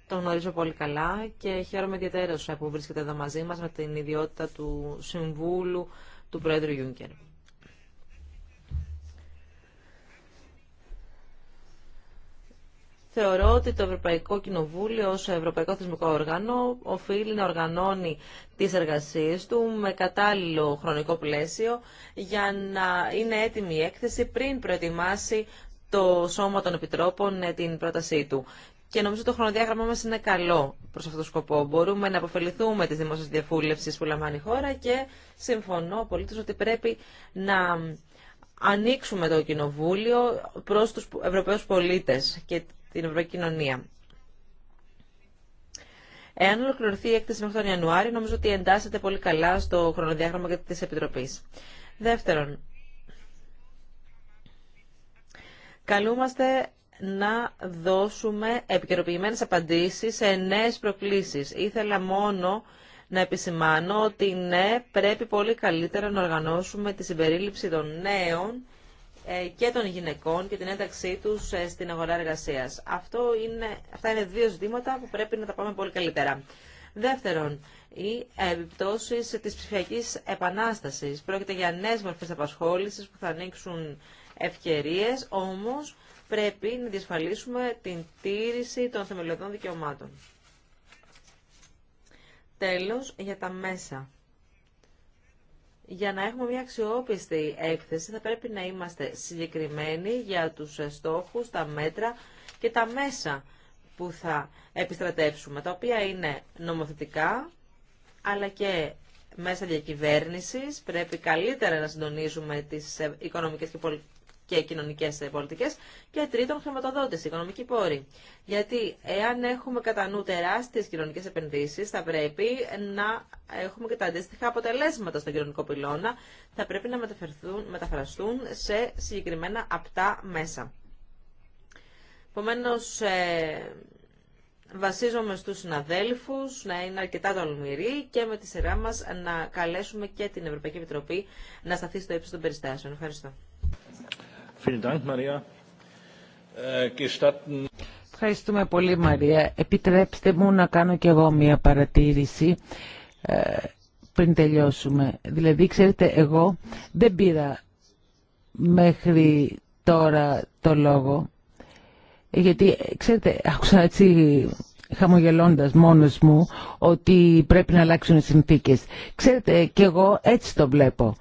Τον γνωρίζω πολύ καλά και χαίρομαι ιδιαίτερα που βρίσκεται εδώ μαζί μας με την ιδιότητα του Συμβούλου του Πρόεδρου Γιούνκερ. Θεωρώ ότι το Ευρωπαϊκό Κοινοβούλιο ως Ευρωπαϊκό Θεσμικό Όργανο οφείλει να οργανώνει τις εργασίες του με κατάλληλο χρονικό πλαίσιο για να είναι έτοιμη η έκθεση πριν προετοιμάσει το Σώμα των Επιτρόπων ε, την πρότασή του. Και νομίζω το χρονοδιάγραμμά μας είναι καλό προς αυτόν τον σκοπό. Μπορούμε να αποφεληθούμε τις δημόσιες διαφούλευσεις που λαμβάνει η χώρα και συμφωνώ απολύτως ότι πρέπει να ανοίξουμε το Κοινοβούλιο προς τους Ευρωπαίους πολίτες και την Ευρωπαϊκή Εάν ολοκληρωθεί η έκθεση μέχρι τον Ιανουάριο, νομίζω ότι εντάσσεται πολύ καλά στο χρονοδιάγραμμα τη Επιτροπή. Δεύτερον, καλούμαστε να δώσουμε επικαιροποιημένε απαντήσει σε νέε προκλήσει. Ήθελα μόνο να επισημάνω ότι ναι, πρέπει πολύ καλύτερα να οργανώσουμε τη συμπερίληψη των νέων ε, και των γυναικών και την ένταξή του ε, στην αγορά εργασία. είναι, αυτά είναι δύο ζητήματα που πρέπει να τα πάμε πολύ καλύτερα. Δεύτερον, οι επιπτώσει της ψηφιακή επανάστασης. Πρόκειται για νέες μορφές απασχόλησης που θα ανοίξουν ευκαιρίες, όμως πρέπει να διασφαλίσουμε την τήρηση των θεμελιωδών δικαιωμάτων. Τέλος, για τα μέσα για να έχουμε μια αξιόπιστη έκθεση θα πρέπει να είμαστε συγκεκριμένοι για τους στόχους, τα μέτρα και τα μέσα που θα επιστρατεύσουμε, τα οποία είναι νομοθετικά, αλλά και μέσα διακυβέρνησης. Πρέπει καλύτερα να συντονίζουμε τις ε, οικονομικές και και κοινωνικέ πολιτικέ. Και τρίτον, χρηματοδότηση, οικονομική πόρη. Γιατί εάν έχουμε κατά νου τεράστιε κοινωνικέ επενδύσει, θα πρέπει να έχουμε και τα αντίστοιχα αποτελέσματα στον κοινωνικό πυλώνα. Θα πρέπει να μεταφραστούν σε συγκεκριμένα απτά μέσα. Επομένω, ε, βασίζομαι στους συναδέλφους να είναι αρκετά τολμηροί και με τη σειρά μας να καλέσουμε και την Ευρωπαϊκή Επιτροπή να σταθεί στο ύψος των περιστάσεων. Ευχαριστώ. Äh, Ευχαριστούμε πολύ Μαρία. Επιτρέψτε μου να κάνω κι εγώ μία παρατήρηση ε, πριν τελειώσουμε. Δηλαδή, ξέρετε, εγώ δεν πήρα μέχρι τώρα το λόγο, γιατί, ξέρετε, άκουσα έτσι χαμογελώντας μόνος μου ότι πρέπει να αλλάξουν οι συνθήκες. Ξέρετε, κι εγώ έτσι το βλέπω.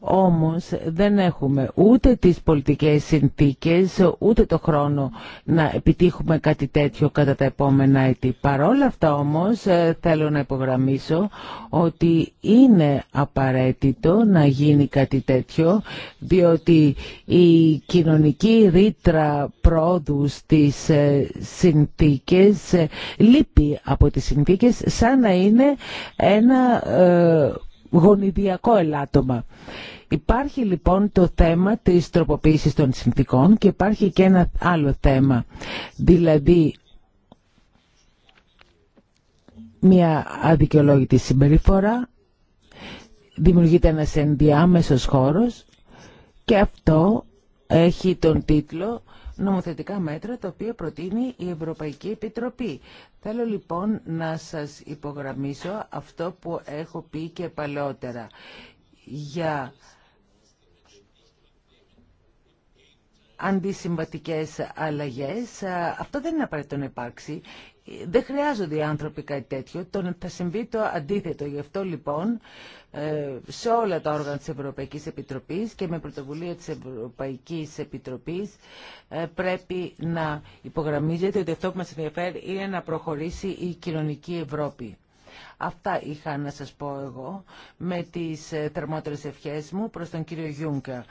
Όμως δεν έχουμε ούτε τις πολιτικές συνθήκες, ούτε το χρόνο να επιτύχουμε κάτι τέτοιο κατά τα επόμενα έτη. Παρόλα αυτά όμως ε, θέλω να υπογραμμίσω ότι είναι απαραίτητο να γίνει κάτι τέτοιο, διότι η κοινωνική ρήτρα πρόοδου στις ε, συνθήκες ε, λείπει από τις συνθήκες σαν να είναι ένα γονιδιακό ελάττωμα. Υπάρχει λοιπόν το θέμα της τροποποίησης των συνθήκων και υπάρχει και ένα άλλο θέμα. Δηλαδή μια αδικαιολόγητη συμπεριφορά, δημιουργείται ένας ενδιάμεσος χώρος και αυτό έχει τον τίτλο νομοθετικά μέτρα τα οποία προτείνει η Ευρωπαϊκή Επιτροπή. Θέλω λοιπόν να σας υπογραμμίσω αυτό που έχω πει και παλαιότερα. Για αντισυμβατικές αλλαγές, αυτό δεν είναι απαραίτητο να υπάρξει. Δεν χρειάζονται οι άνθρωποι κάτι τέτοιο, θα συμβεί το αντίθετο. Γι' αυτό λοιπόν ε, σε όλα τα όργανα της Ευρωπαϊκής Επιτροπής και με πρωτοβουλία της Ευρωπαϊκής Επιτροπής ε, πρέπει να υπογραμμίζεται ότι αυτό που μας ενδιαφέρει είναι να προχωρήσει η κοινωνική Ευρώπη. Αυτά είχα να σας πω εγώ με τις ε, θερμότερες ευχές μου προς τον κύριο Γιούγκα.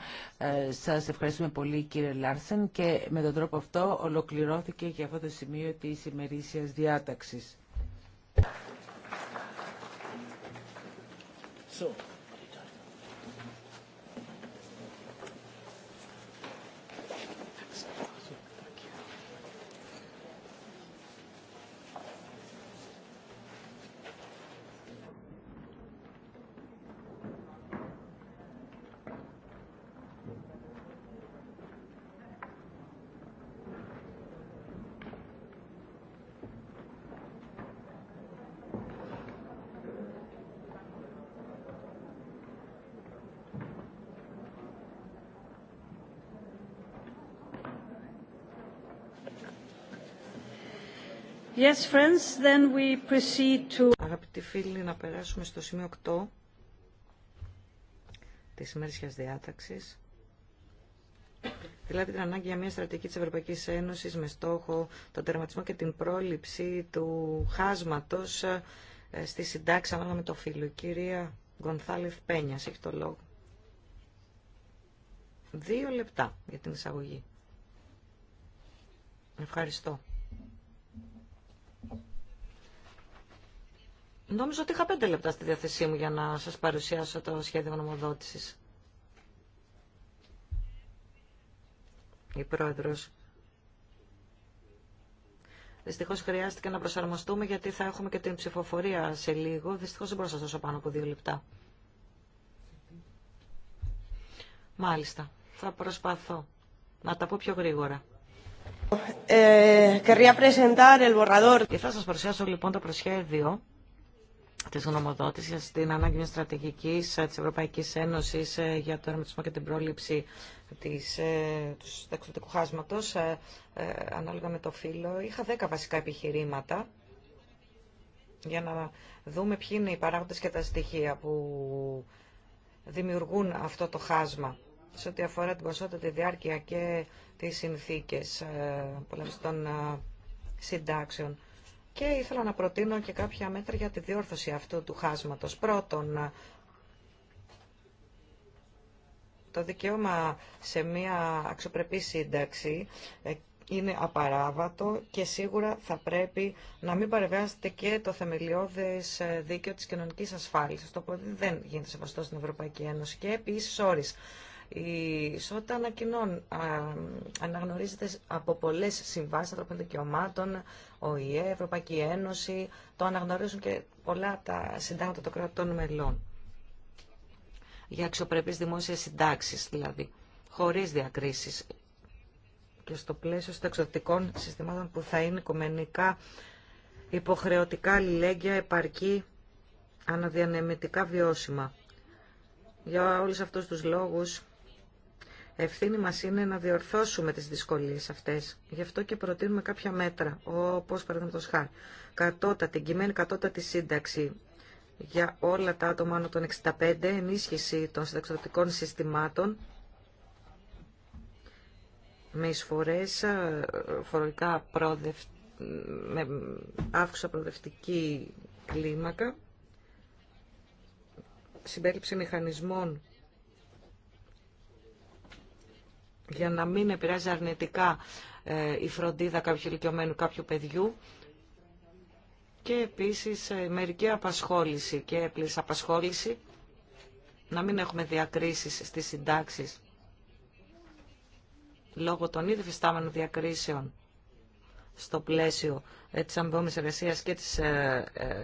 σας ευχαριστούμε πολύ κύριε Λάρσεν και με τον τρόπο αυτό ολοκληρώθηκε και αυτό το σημείο της ημερήσιας διάταξης. So. Yes, friends, then we proceed to... Αγαπητοί φίλοι, να περάσουμε στο σημείο 8 της ημέρησιας διάταξης. Δηλαδή την ανάγκη για μια στρατηγική της Ευρωπαϊκής Ένωσης με στόχο τον τερματισμό και την πρόληψη του χάσματος ε, στη συντάξη ανάλογα με το φίλο. Η κυρία Γκονθάλεφ Πένιας έχει το λόγο. Δύο λεπτά για την εισαγωγή. Ευχαριστώ. Νόμιζα ότι είχα πέντε λεπτά στη διάθεσή μου για να σας παρουσιάσω το σχέδιο νομοδότησης Η πρόεδρος. Δυστυχώ χρειάστηκε να προσαρμοστούμε γιατί θα έχουμε και την ψηφοφορία σε λίγο. Δυστυχώ δεν μπορώ να σα δώσω πάνω από δύο λεπτά. Μάλιστα. Θα προσπαθώ να τα πω πιο γρήγορα. Ε, και θα σας παρουσιάσω λοιπόν το προσχέδιο της γνωμοδότησης στην ανάγκη μιας στρατηγικής ε, της Ευρωπαϊκής Ένωσης ε, για το ερματισμό και την πρόληψη της, του συνταξιδοτικού χάσματος ανάλογα με το φύλλο. Είχα δέκα βασικά επιχειρήματα για να δούμε ποιοι είναι οι παράγοντες και τα στοιχεία που δημιουργούν αυτό το χάσμα σε ό,τι αφορά την ποσότητα, τη διάρκεια και τις συνθήκες ε, των ε, συντάξεων. Και ήθελα να προτείνω και κάποια μέτρα για τη διόρθωση αυτού του χάσματος. Πρώτον, ε, το δικαίωμα σε μια αξιοπρεπή σύνταξη είναι απαράβατο και σίγουρα θα πρέπει να μην παρεμβάζεται και το θεμελιώδες δίκαιο της κοινωνικής ασφάλισης, το οποίο δεν γίνεται σεβαστό στην Ευρωπαϊκή Ένωση και επίσης όρις η ισότητα ανακοινών αναγνωρίζεται από πολλές συμβάσεις ανθρωπίνων δικαιωμάτων, ΟΗΕ, Ευρωπαϊκή Ένωση, το αναγνωρίζουν και πολλά τα συντάγματα των κρατών μελών για αξιοπρεπείς δημόσιες συντάξεις, δηλαδή, χωρίς διακρίσεις και στο πλαίσιο εξωτικών συστημάτων που θα είναι οικουμενικά υποχρεωτικά αλληλέγγυα, επαρκή, αναδιανεμητικά βιώσιμα. Για όλους αυτούς τους λόγους Ευθύνη μας είναι να διορθώσουμε τις δυσκολίες αυτές. Γι' αυτό και προτείνουμε κάποια μέτρα, όπως παραδείγματος χάρη, κατώτατη, εγκυμένη κατώτατη σύνταξη για όλα τα άτομα άνω των 65, ενίσχυση των συνταξιδοτικών συστημάτων, με εισφορές φορολογικά πρόδευ... με αύξηση προοδευτική κλίμακα, συμπέριψη μηχανισμών για να μην επηρεάζει αρνητικά ε, η φροντίδα κάποιου ηλικιωμένου κάποιου παιδιού και επίσης ε, μερική απασχόληση και έπλης απασχόληση, να μην έχουμε διακρίσεις στις συντάξεις λόγω των ήδη φυστάμενων διακρίσεων στο πλαίσιο ε, της αμοιβόμενης εργασίας και της ε, ε,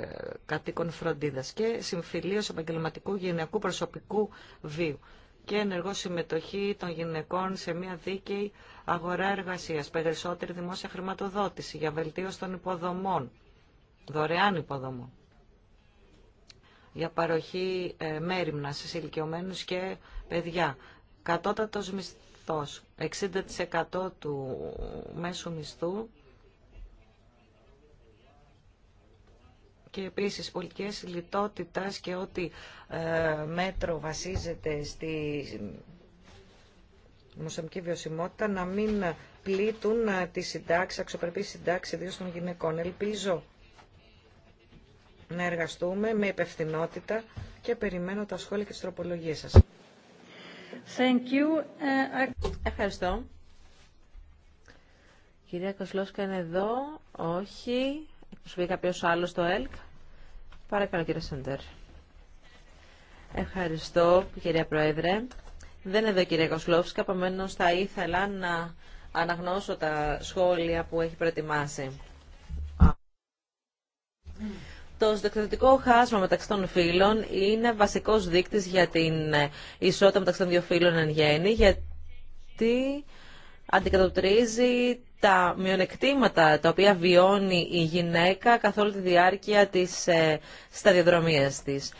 κατοίκων φροντίδας και συμφιλίως επαγγελματικού γενιακού προσωπικού βίου και ενεργό συμμετοχή των γυναικών σε μια δίκαιη αγορά εργασία, περισσότερη δημόσια χρηματοδότηση για βελτίωση των υποδομών, δωρεάν υποδομών, για παροχή ε, σε ηλικιωμένου και παιδιά. Κατώτατο μισθό, 60% του μέσου μισθού και επίσης πολιτικές λιτότητας και ό,τι ε, μέτρο βασίζεται στη δημοσιονομική βιωσιμότητα να μην πλήττουν ε, τη συντάξη, αξιοπρεπή συντάξη ιδίως των γυναικών. Ελπίζω να εργαστούμε με υπευθυνότητα και περιμένω τα σχόλια και τις τροπολογίες σας. Thank you. Ε, Ευχαριστώ. Κυρία Κοσλόσκα είναι εδώ. Όχι. Σου πει κάποιο άλλο το ΕΛΚ. Παρακαλώ κύριε Σεντέρ. Ευχαριστώ κυρία Πρόεδρε. Δεν είναι εδώ κυρία Κοσλόφσκα, επομένω θα ήθελα να αναγνώσω τα σχόλια που έχει προετοιμάσει. Το συντεκτικό χάσμα μεταξύ των φύλων είναι βασικός δείκτης για την ισότητα μεταξύ των δύο φύλων εν γέννη, γιατί αντικατοπτρίζει τα μειονεκτήματα τα οποία βιώνει η γυναίκα καθ' όλη τη διάρκεια της ε, σταδιοδρομίας της.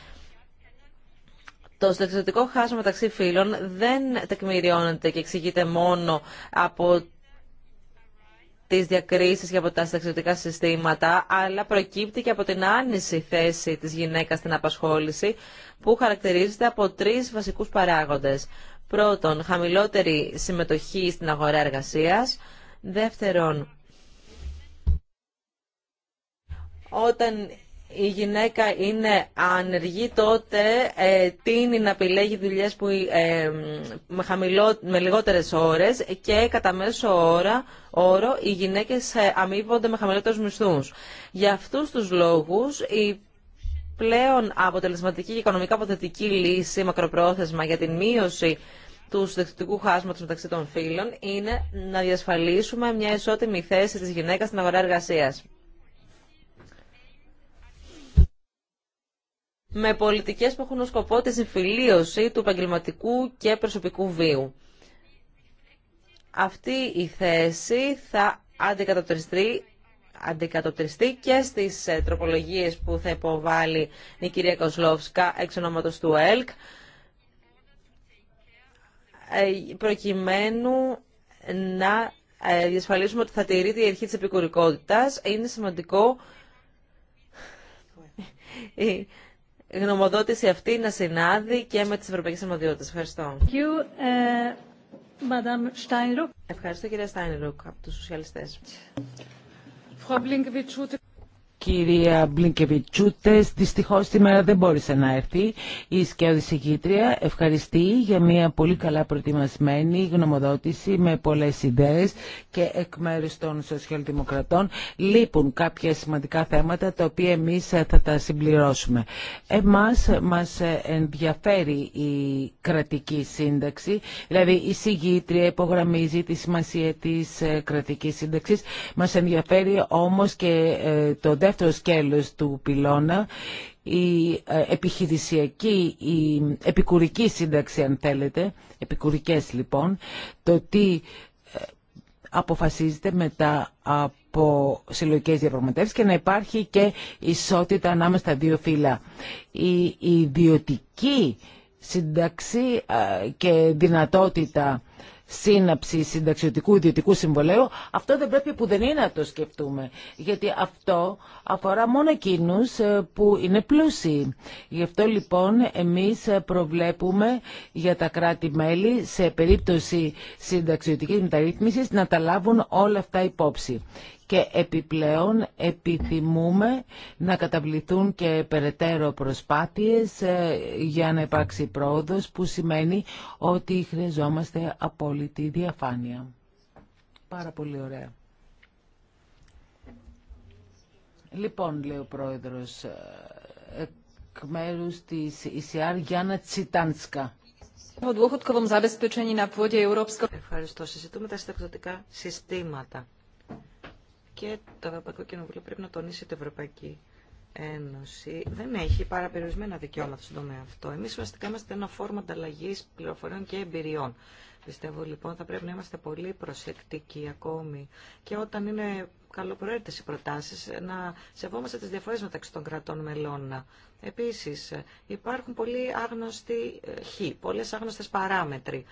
Το στεξιωτικό χάσμα μεταξύ φύλων δεν τεκμηριώνεται και εξηγείται μόνο από τις διακρίσεις και από τα στεξιωτικά συστήματα, αλλά προκύπτει και από την άνηση θέση της γυναίκας στην απασχόληση, που χαρακτηρίζεται από τρεις βασικούς παράγοντες. Πρώτον, χαμηλότερη συμμετοχή στην αγορά εργασίας. Δεύτερον, όταν η γυναίκα είναι ανεργή τότε ε, τίνει να επιλέγει δουλειές που, ε, με, χαμηλό, ώρες και κατά μέσο ώρα, όρο οι γυναίκες ε, αμείβονται με χαμηλότερους μισθούς. Για αυτούς τους λόγους πλέον αποτελεσματική και οικονομικά αποθετική λύση μακροπρόθεσμα για την μείωση του συνδεκτικού χάσματος μεταξύ των φύλων είναι να διασφαλίσουμε μια ισότιμη θέση της γυναίκας στην αγορά εργασίας. με πολιτικές που έχουν ως σκοπό τη συμφιλίωση του επαγγελματικού και προσωπικού βίου. Αυτή η θέση θα αντικατοπτριστεί αντικατοπτριστεί και στι ε, τροπολογίε που θα υποβάλει η κυρία Κοσλόφσκα εξ ονόματο του ΕΛΚ ε, προκειμένου να ε, διασφαλίσουμε ότι θα τηρείται η αρχή της επικουρικότητας. Είναι σημαντικό η γνωμοδότηση αυτή να συνάδει και με τις ευρωπαϊκές αρμοδιότητε. Ευχαριστώ. Ευχαριστώ κυρία Στάινρουκ από τους Σοσιαλιστές. Ευχαριστώ κυρία Μπλίνκεβιτσούτε. Δυστυχώ σήμερα δεν μπόρεσε να έρθει. Η Σκέωδη Συγκήτρια ευχαριστεί για μια πολύ καλά προετοιμασμένη γνωμοδότηση με πολλέ ιδέε και εκ μέρου των σοσιαλδημοκρατών. Λείπουν κάποια σημαντικά θέματα τα οποία εμεί θα τα συμπληρώσουμε. Εμά μα ενδιαφέρει η κρατική σύνταξη, δηλαδή η Συγκήτρια υπογραμμίζει τη σημασία τη κρατική σύνταξη. Μα ενδιαφέρει όμω και ε, το δεύτερο δεύτερο σκέλος του πυλώνα, η ε, επιχειρησιακή, η επικουρική σύνταξη αν θέλετε, επικουρικές λοιπόν, το τι ε, αποφασίζεται μετά από συλλογικές διαπραγματεύσεις και να υπάρχει και ισότητα ανάμεσα στα δύο φύλλα. Η ιδιωτική σύνταξη ε, και δυνατότητα σύναψη συνταξιωτικού ιδιωτικού συμβολέου, αυτό δεν πρέπει που δεν είναι να το σκεφτούμε. Γιατί αυτό αφορά μόνο εκείνου ε, που είναι πλούσιοι. Γι' αυτό λοιπόν εμείς προβλέπουμε για τα κράτη-μέλη σε περίπτωση συνταξιωτικής μεταρρύθμισης να τα λάβουν όλα αυτά υπόψη και επιπλέον επιθυμούμε να καταβληθούν και περαιτέρω προσπάθειες ε, για να υπάρξει πρόοδος που σημαίνει ότι χρειαζόμαστε απόλυτη διαφάνεια. Πάρα πολύ ωραία. Λοιπόν, λέει ο Πρόεδρος, ε, εκ μέρους της ΙΣΙΑΡ Γιάννα Τσιτάνσκα. Ευχαριστώ. Συζητούμε τα συνταξιδοτικά συστήματα και το Ευρωπαϊκό Κοινοβούλιο πρέπει να τονίσει την Ευρωπαϊκή Ένωση. Δεν έχει παρά περιορισμένα δικαιώματα στον τομέα αυτό. Εμεί ουσιαστικά είμαστε ένα φόρμα ανταλλαγή πληροφοριών και εμπειριών. Πιστεύω λοιπόν θα πρέπει να είμαστε πολύ προσεκτικοί ακόμη και όταν είναι καλοπροαίρετε οι προτάσει να σεβόμαστε τι διαφορέ μεταξύ των κρατών μελών. Επίση υπάρχουν πολύ άγνωστοι ε, χ, πολλέ άγνωστε παράμετροι.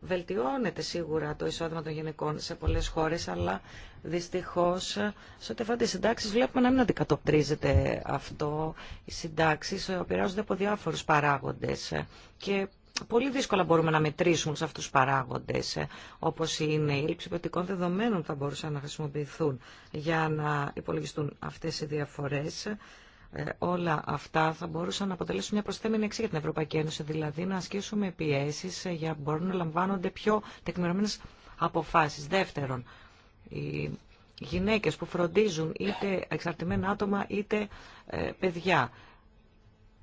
Βελτιώνεται σίγουρα το εισόδημα των γυναικών σε πολλέ χώρε, αλλά δυστυχώ σε ό,τι αφορά τι συντάξει βλέπουμε να μην αντικατοπτρίζεται αυτό. Οι συντάξει επηρεάζονται από διάφορου παράγοντε και πολύ δύσκολα μπορούμε να μετρήσουμε σε αυτού του παράγοντε, όπω είναι η λήψη ποιοτικών δεδομένων που θα μπορούσαν να χρησιμοποιηθούν για να υπολογιστούν αυτέ οι διαφορέ ε, όλα αυτά θα μπορούσαν να αποτελέσουν μια προσθέμενη εξή για την Ευρωπαϊκή Ένωση, δηλαδή να ασκήσουμε πιέσει ε, για να μπορούν να λαμβάνονται πιο τεκμηρωμένε αποφάσει. Δεύτερον, οι γυναίκε που φροντίζουν είτε εξαρτημένα άτομα είτε ε, παιδιά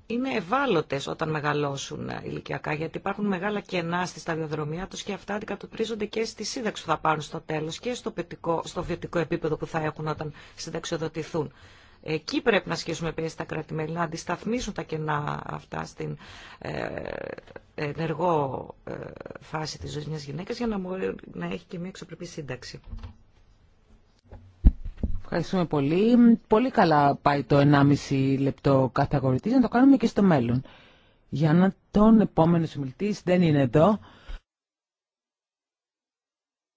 είναι ευάλωτε όταν μεγαλώσουν ηλικιακά, γιατί υπάρχουν μεγάλα κενά στη σταδιοδρομία του και αυτά αντικατοπτρίζονται και στη σύνταξη που θα πάρουν στο τέλο και στο, στο βιωτικό επίπεδο που θα έχουν όταν συνταξιοδοτηθούν. Εκεί πρέπει να σχέσουμε πίεση τα κράτη-μέλη, να αντισταθμίσουν τα κενά αυτά στην ε, ενεργό ε, φάση της ζωής μιας γυναίκας για να, μπορεί, να έχει και μια εξωπρεπή σύνταξη. Ευχαριστούμε πολύ. Πολύ καλά πάει το 1,5 λεπτό κάθε Να το κάνουμε και στο μέλλον. Για να τον επόμενο συμμιλητής δεν είναι εδώ.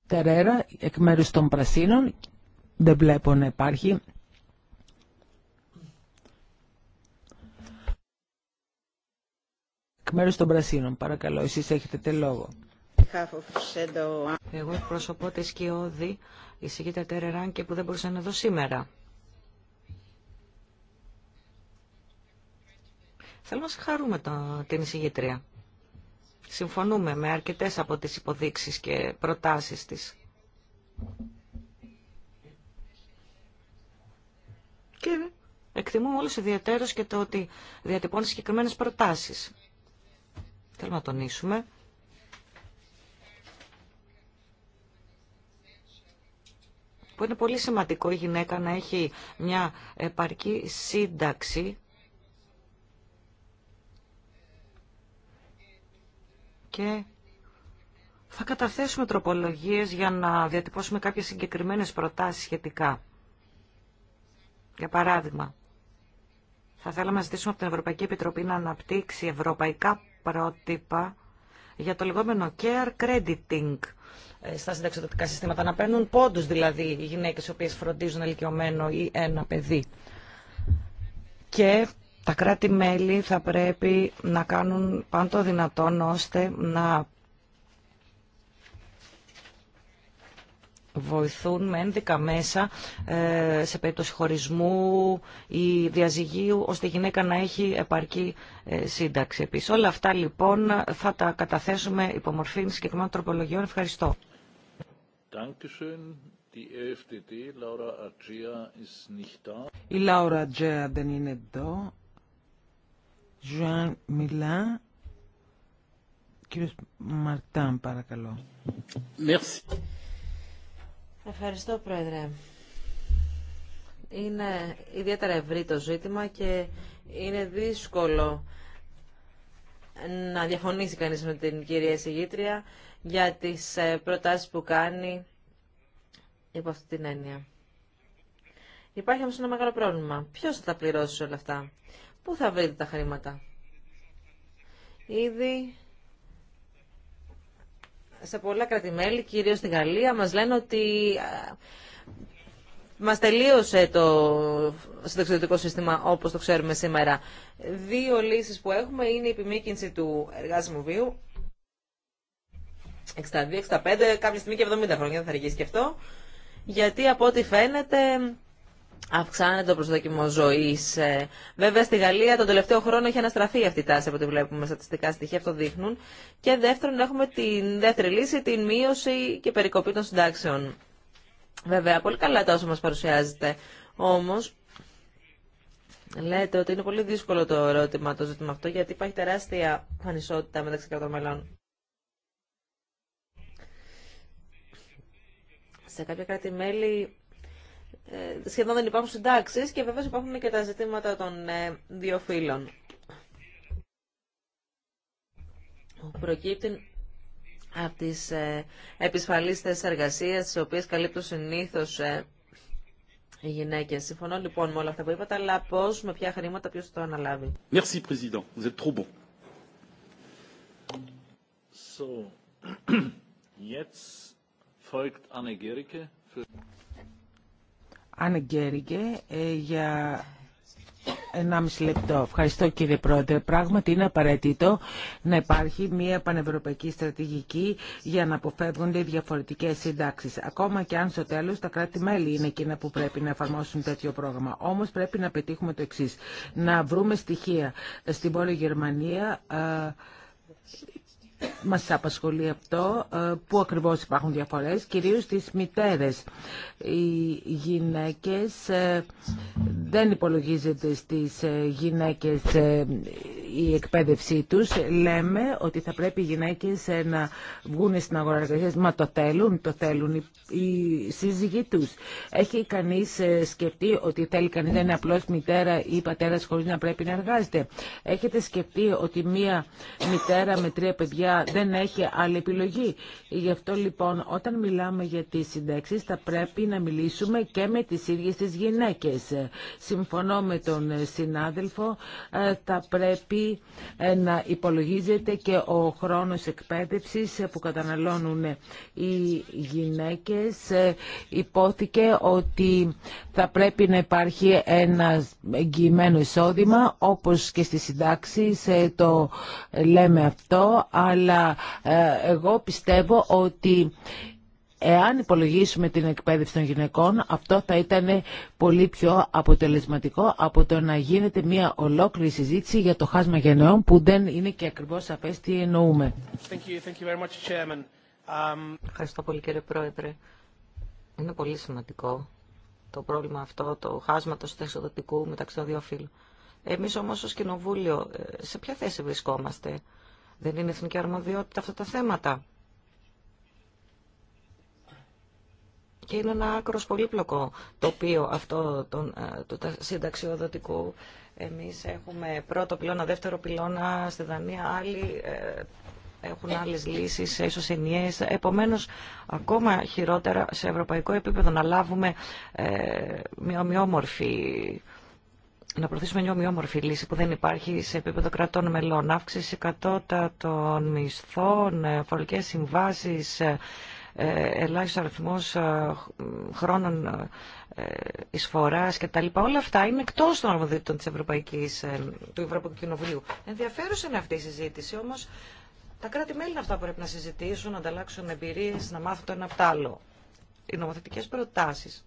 Τερέρα, εκ μέρου των Πρασίνων, δεν βλέπω να υπάρχει. Εκ μέρους των Πρασίνων, παρακαλώ, εσείς έχετε τε λόγο. Εγώ εκπροσωπώ τη Σκιώδη, η Σιγήτα Τερεράν και που δεν μπορούσε να εδώ σήμερα. Θέλω να συγχαρούμε τα την εισηγήτρια. Συμφωνούμε με αρκετές από τις υποδείξεις και προτάσεις της. Και εκτιμούμε όλους ιδιαίτερως και το ότι διατυπώνει συγκεκριμένες προτάσεις. Θέλω να τονίσουμε που είναι πολύ σημαντικό η γυναίκα να έχει μια επαρκή σύνταξη και θα καταθέσουμε τροπολογίες για να διατυπώσουμε κάποιες συγκεκριμένες προτάσεις σχετικά. Για παράδειγμα, θα θέλαμε να ζητήσουμε από την Ευρωπαϊκή Επιτροπή να αναπτύξει ευρωπαϊκά πρότυπα για το λεγόμενο care crediting ε, στα συνταξιδοτικά συστήματα. Να παίρνουν πόντους δηλαδή οι γυναίκες οι οποίες φροντίζουν ηλικιωμένο ή ένα παιδί. Και τα κράτη-μέλη θα πρέπει να κάνουν πάντο δυνατόν ώστε να βοηθούν με ένδικα μέσα ε, σε περίπτωση χωρισμού ή διαζυγίου, ώστε η γυναίκα να έχει επαρκή ε, σύνταξη επίσης. Όλα αυτά λοιπόν θα τα καταθέσουμε υπομορφή συγκεκριμένων τροπολογιών. Ευχαριστώ. Η Λάουρα Ατζέα δεν είναι εδώ. Ζωάν Μιλά. Κύριος Μαρτάν, παρακαλώ. Ευχαριστώ, Πρόεδρε. Είναι ιδιαίτερα ευρύ το ζήτημα και είναι δύσκολο να διαφωνήσει κανείς με την κυρία Συγήτρια για τις ε, προτάσεις που κάνει υπό αυτή την έννοια. Υπάρχει όμως ένα μεγάλο πρόβλημα. Ποιος θα τα πληρώσει όλα αυτά. Πού θα βρείτε τα χρήματα. Ήδη σε πολλά κρατημέλη, κυρίως στη Γαλλία, μας λένε ότι μας τελείωσε το συνταξιδοτικό σύστημα όπως το ξέρουμε σήμερα. Δύο λύσεις που έχουμε είναι η επιμήκυνση του εργάσιμου βίου, 62, 65, κάποια στιγμή και 70 χρόνια θα αργήσει και αυτό, γιατί από ό,τι φαίνεται αυξάνεται το προσδόκιμο ζωή. Ε. Βέβαια, στη Γαλλία τον τελευταίο χρόνο έχει αναστραφεί αυτή η τάση από ό,τι βλέπουμε. Στατιστικά στοιχεία αυτό δείχνουν. Και δεύτερον, έχουμε την δεύτερη λύση, την μείωση και περικοπή των συντάξεων. Βέβαια, πολύ καλά τα όσα μα παρουσιάζεται. Όμω, λέτε ότι είναι πολύ δύσκολο το ερώτημα, το ζήτημα αυτό, γιατί υπάρχει τεράστια ανισότητα μεταξύ κρατών μελών. Σε κάποια κράτη-μέλη ε, σχεδόν δεν υπάρχουν συντάξει και βεβαίω υπάρχουν και τα ζητήματα των ε, δύο φύλων. Προκύπτει από τις ε, εργασίες, θέσει εργασία, τις οποίες καλύπτουν συνήθως ε, οι γυναίκε. Συμφωνώ λοιπόν με όλα αυτά που είπατε, αλλά πώ με ποια χρήματα, ποιο το αναλάβει ε, για 1,5 λεπτό. Ευχαριστώ κύριε Πρόεδρε. Πράγματι είναι απαραίτητο να υπάρχει μια πανευρωπαϊκή στρατηγική για να αποφεύγονται διαφορετικέ συντάξει. Ακόμα και αν στο τέλο τα κράτη-μέλη είναι εκείνα που πρέπει να εφαρμόσουν τέτοιο πρόγραμμα. Όμω πρέπει να πετύχουμε το εξή. Να βρούμε στοιχεία. Στην πόλη Γερμανία ε, μας απασχολεί αυτό, ε, πού ακριβώς υπάρχουν διαφορές, κυρίως στις μητέρες. Οι γυναίκες ε, δεν υπολογίζεται στις ε, γυναίκες η εκπαίδευσή τους. Λέμε ότι θα πρέπει οι γυναίκες να βγουν στην αγορά εργασίας. Μα το θέλουν, το θέλουν οι σύζυγοι τους. Έχει κανείς σκεφτεί ότι θέλει κανείς να είναι απλώς μητέρα ή πατέρας χωρίς να πρέπει να εργάζεται. Έχετε σκεφτεί ότι μία μητέρα με τρία παιδιά δεν έχει άλλη επιλογή. Γι' αυτό λοιπόν όταν μιλάμε για τις συντάξεις θα πρέπει να μιλήσουμε και με τις ίδιες τις γυναίκες. Συμφωνώ με τον συνάδελφο, ε, θα πρέπει ε, να υπολογίζεται και ο χρόνος εκπαίδευσης που καταναλώνουν οι γυναίκες. Ε, υπόθηκε ότι θα πρέπει να υπάρχει ένα εγγυημένο εισόδημα όπως και στις συντάξεις το λέμε αυτό, αλλά ε, εγώ πιστεύω ότι Εάν υπολογίσουμε την εκπαίδευση των γυναικών, αυτό θα ήταν πολύ πιο αποτελεσματικό από το να γίνεται μια ολόκληρη συζήτηση για το χάσμα γενναιών που δεν είναι και ακριβώς σαφές τι εννοούμε. Thank you, thank you very much, um, Ευχαριστώ πολύ κύριε Πρόεδρε. Είναι πολύ σημαντικό το πρόβλημα αυτό, το χάσμα του εξοδοτικού μεταξύ των δύο φύλων. Εμείς όμως ως Κοινοβούλιο, ε, σε ποια θέση βρισκόμαστε δεν είναι εθνική αρμοδιότητα αυτά τα θέματα. Και είναι ένα άκρος πολύπλοκο τοπίο αυτό του ε, το, το συνταξιοδοτικού. Εμείς έχουμε πρώτο πυλώνα, δεύτερο πυλώνα στη Δανία, άλλοι ε, έχουν άλλες λύσεις, ίσως ενιαίες. Επομένως, ακόμα χειρότερα σε ευρωπαϊκό επίπεδο να λάβουμε ε, μια ομοιόμορφη να προωθήσουμε μια ομοιόμορφη λύση που δεν υπάρχει σε επίπεδο κρατών μελών. Αύξηση κατώτα των μισθών, ε, φορολογικές συμβάσεις, ε, ε, ελάχιστο αριθμό χρόνων εισφορά κτλ. Όλα αυτά είναι εκτό των αρμοδιότητων της Ευρωπαϊκής, του Ευρωπαϊκού Κοινοβουλίου. Ενδιαφέρουσα είναι αυτή η συζήτηση, όμως τα κράτη-μέλη είναι αυτά που πρέπει να συζητήσουν, να ανταλλάξουν εμπειρίες, να μάθουν το ένα από το άλλο. Οι νομοθετικές προτάσεις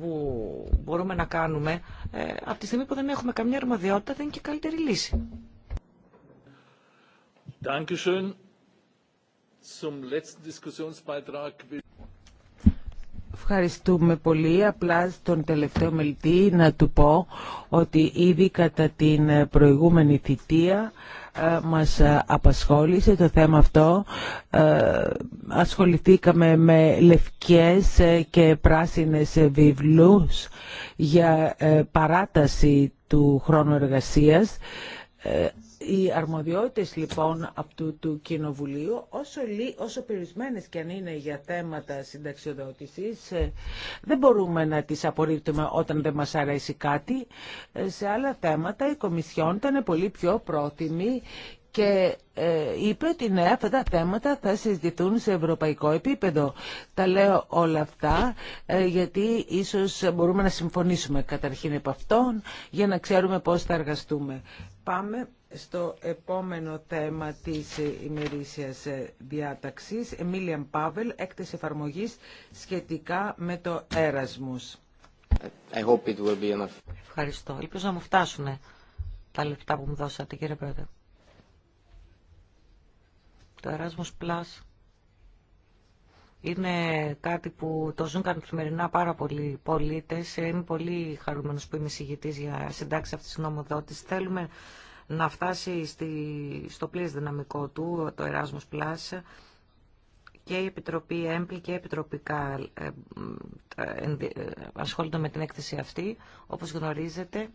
που μπορούμε να κάνουμε, ε, από τη στιγμή που δεν έχουμε καμιά αρμοδιότητα, δεν είναι και καλύτερη λύση. Ευχαριστούμε πολύ. Απλά στον τελευταίο μελητή να του πω ότι ήδη κατά την προηγούμενη θητεία ε, μας ε, απασχόλησε το θέμα αυτό. Ε, ασχοληθήκαμε με λευκές και πράσινες βιβλούς για παράταση του χρόνου εργασίας οι αρμοδιότητες λοιπόν αυτού του Κοινοβουλίου, όσο, λι, όσο περισμένες και αν είναι για θέματα συνταξιοδότησης, ε, δεν μπορούμε να τις απορρίπτουμε όταν δεν μας αρέσει κάτι. Ε, σε άλλα θέματα η Κομισιόν ήταν πολύ πιο πρόθυμη και ε, είπε ότι ναι, αυτά τα θέματα θα συζητηθούν σε ευρωπαϊκό επίπεδο. Τα λέω όλα αυτά γιατί ίσως μπορούμε να συμφωνήσουμε καταρχήν επ' αυτών για να ξέρουμε πώς θα εργαστούμε. Πάμε στο επόμενο θέμα της ημερήσιας διάταξης, Εμίλιαν Πάβελ, έκθεση εφαρμογής σχετικά με το Erasmus. Ευχαριστώ. Ελπίζω να μου φτάσουν τα λεπτά που μου δώσατε, κύριε Πρόεδρε. Το Erasmus Plus είναι κάτι που το ζουν καθημερινά πάρα πολλοί πολίτες. Είμαι πολύ χαρούμενος που είμαι συγγητής για συντάξει αυτής της νομοδότησης. Θέλουμε να φτάσει στο πλήρες δυναμικό του, το Erasmus Plus, και η Επιτροπή ΕΜΠΛ και Επιτροπικά ε, ε, ε, ασχολούνται με την έκθεση αυτή. Όπως γνωρίζετε,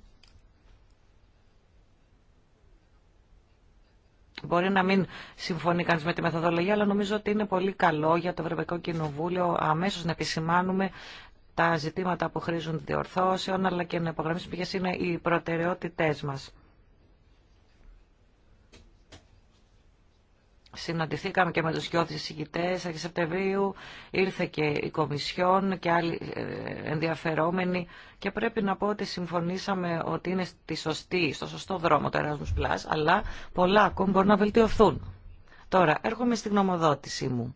Μπορεί να μην συμφωνεί κανεί με τη μεθοδολογία, αλλά νομίζω ότι είναι πολύ καλό για το Ευρωπαϊκό Κοινοβούλιο αμέσως να επισημάνουμε τα ζητήματα που χρήζουν διορθώσεων, αλλά και να υπογραμμίσουμε ποιε είναι οι προτεραιότητές μα. Συναντηθήκαμε και με τους σκιώδεις συγκητές. Αρχή Σεπτεμβρίου ήρθε και η Κομισιόν και άλλοι ε, ενδιαφερόμενοι και πρέπει να πω ότι συμφωνήσαμε ότι είναι στη σωστή, στο σωστό δρόμο το Erasmus Plus, αλλά πολλά ακόμη μπορούν να βελτιωθούν. Τώρα, έρχομαι στη γνωμοδότησή μου.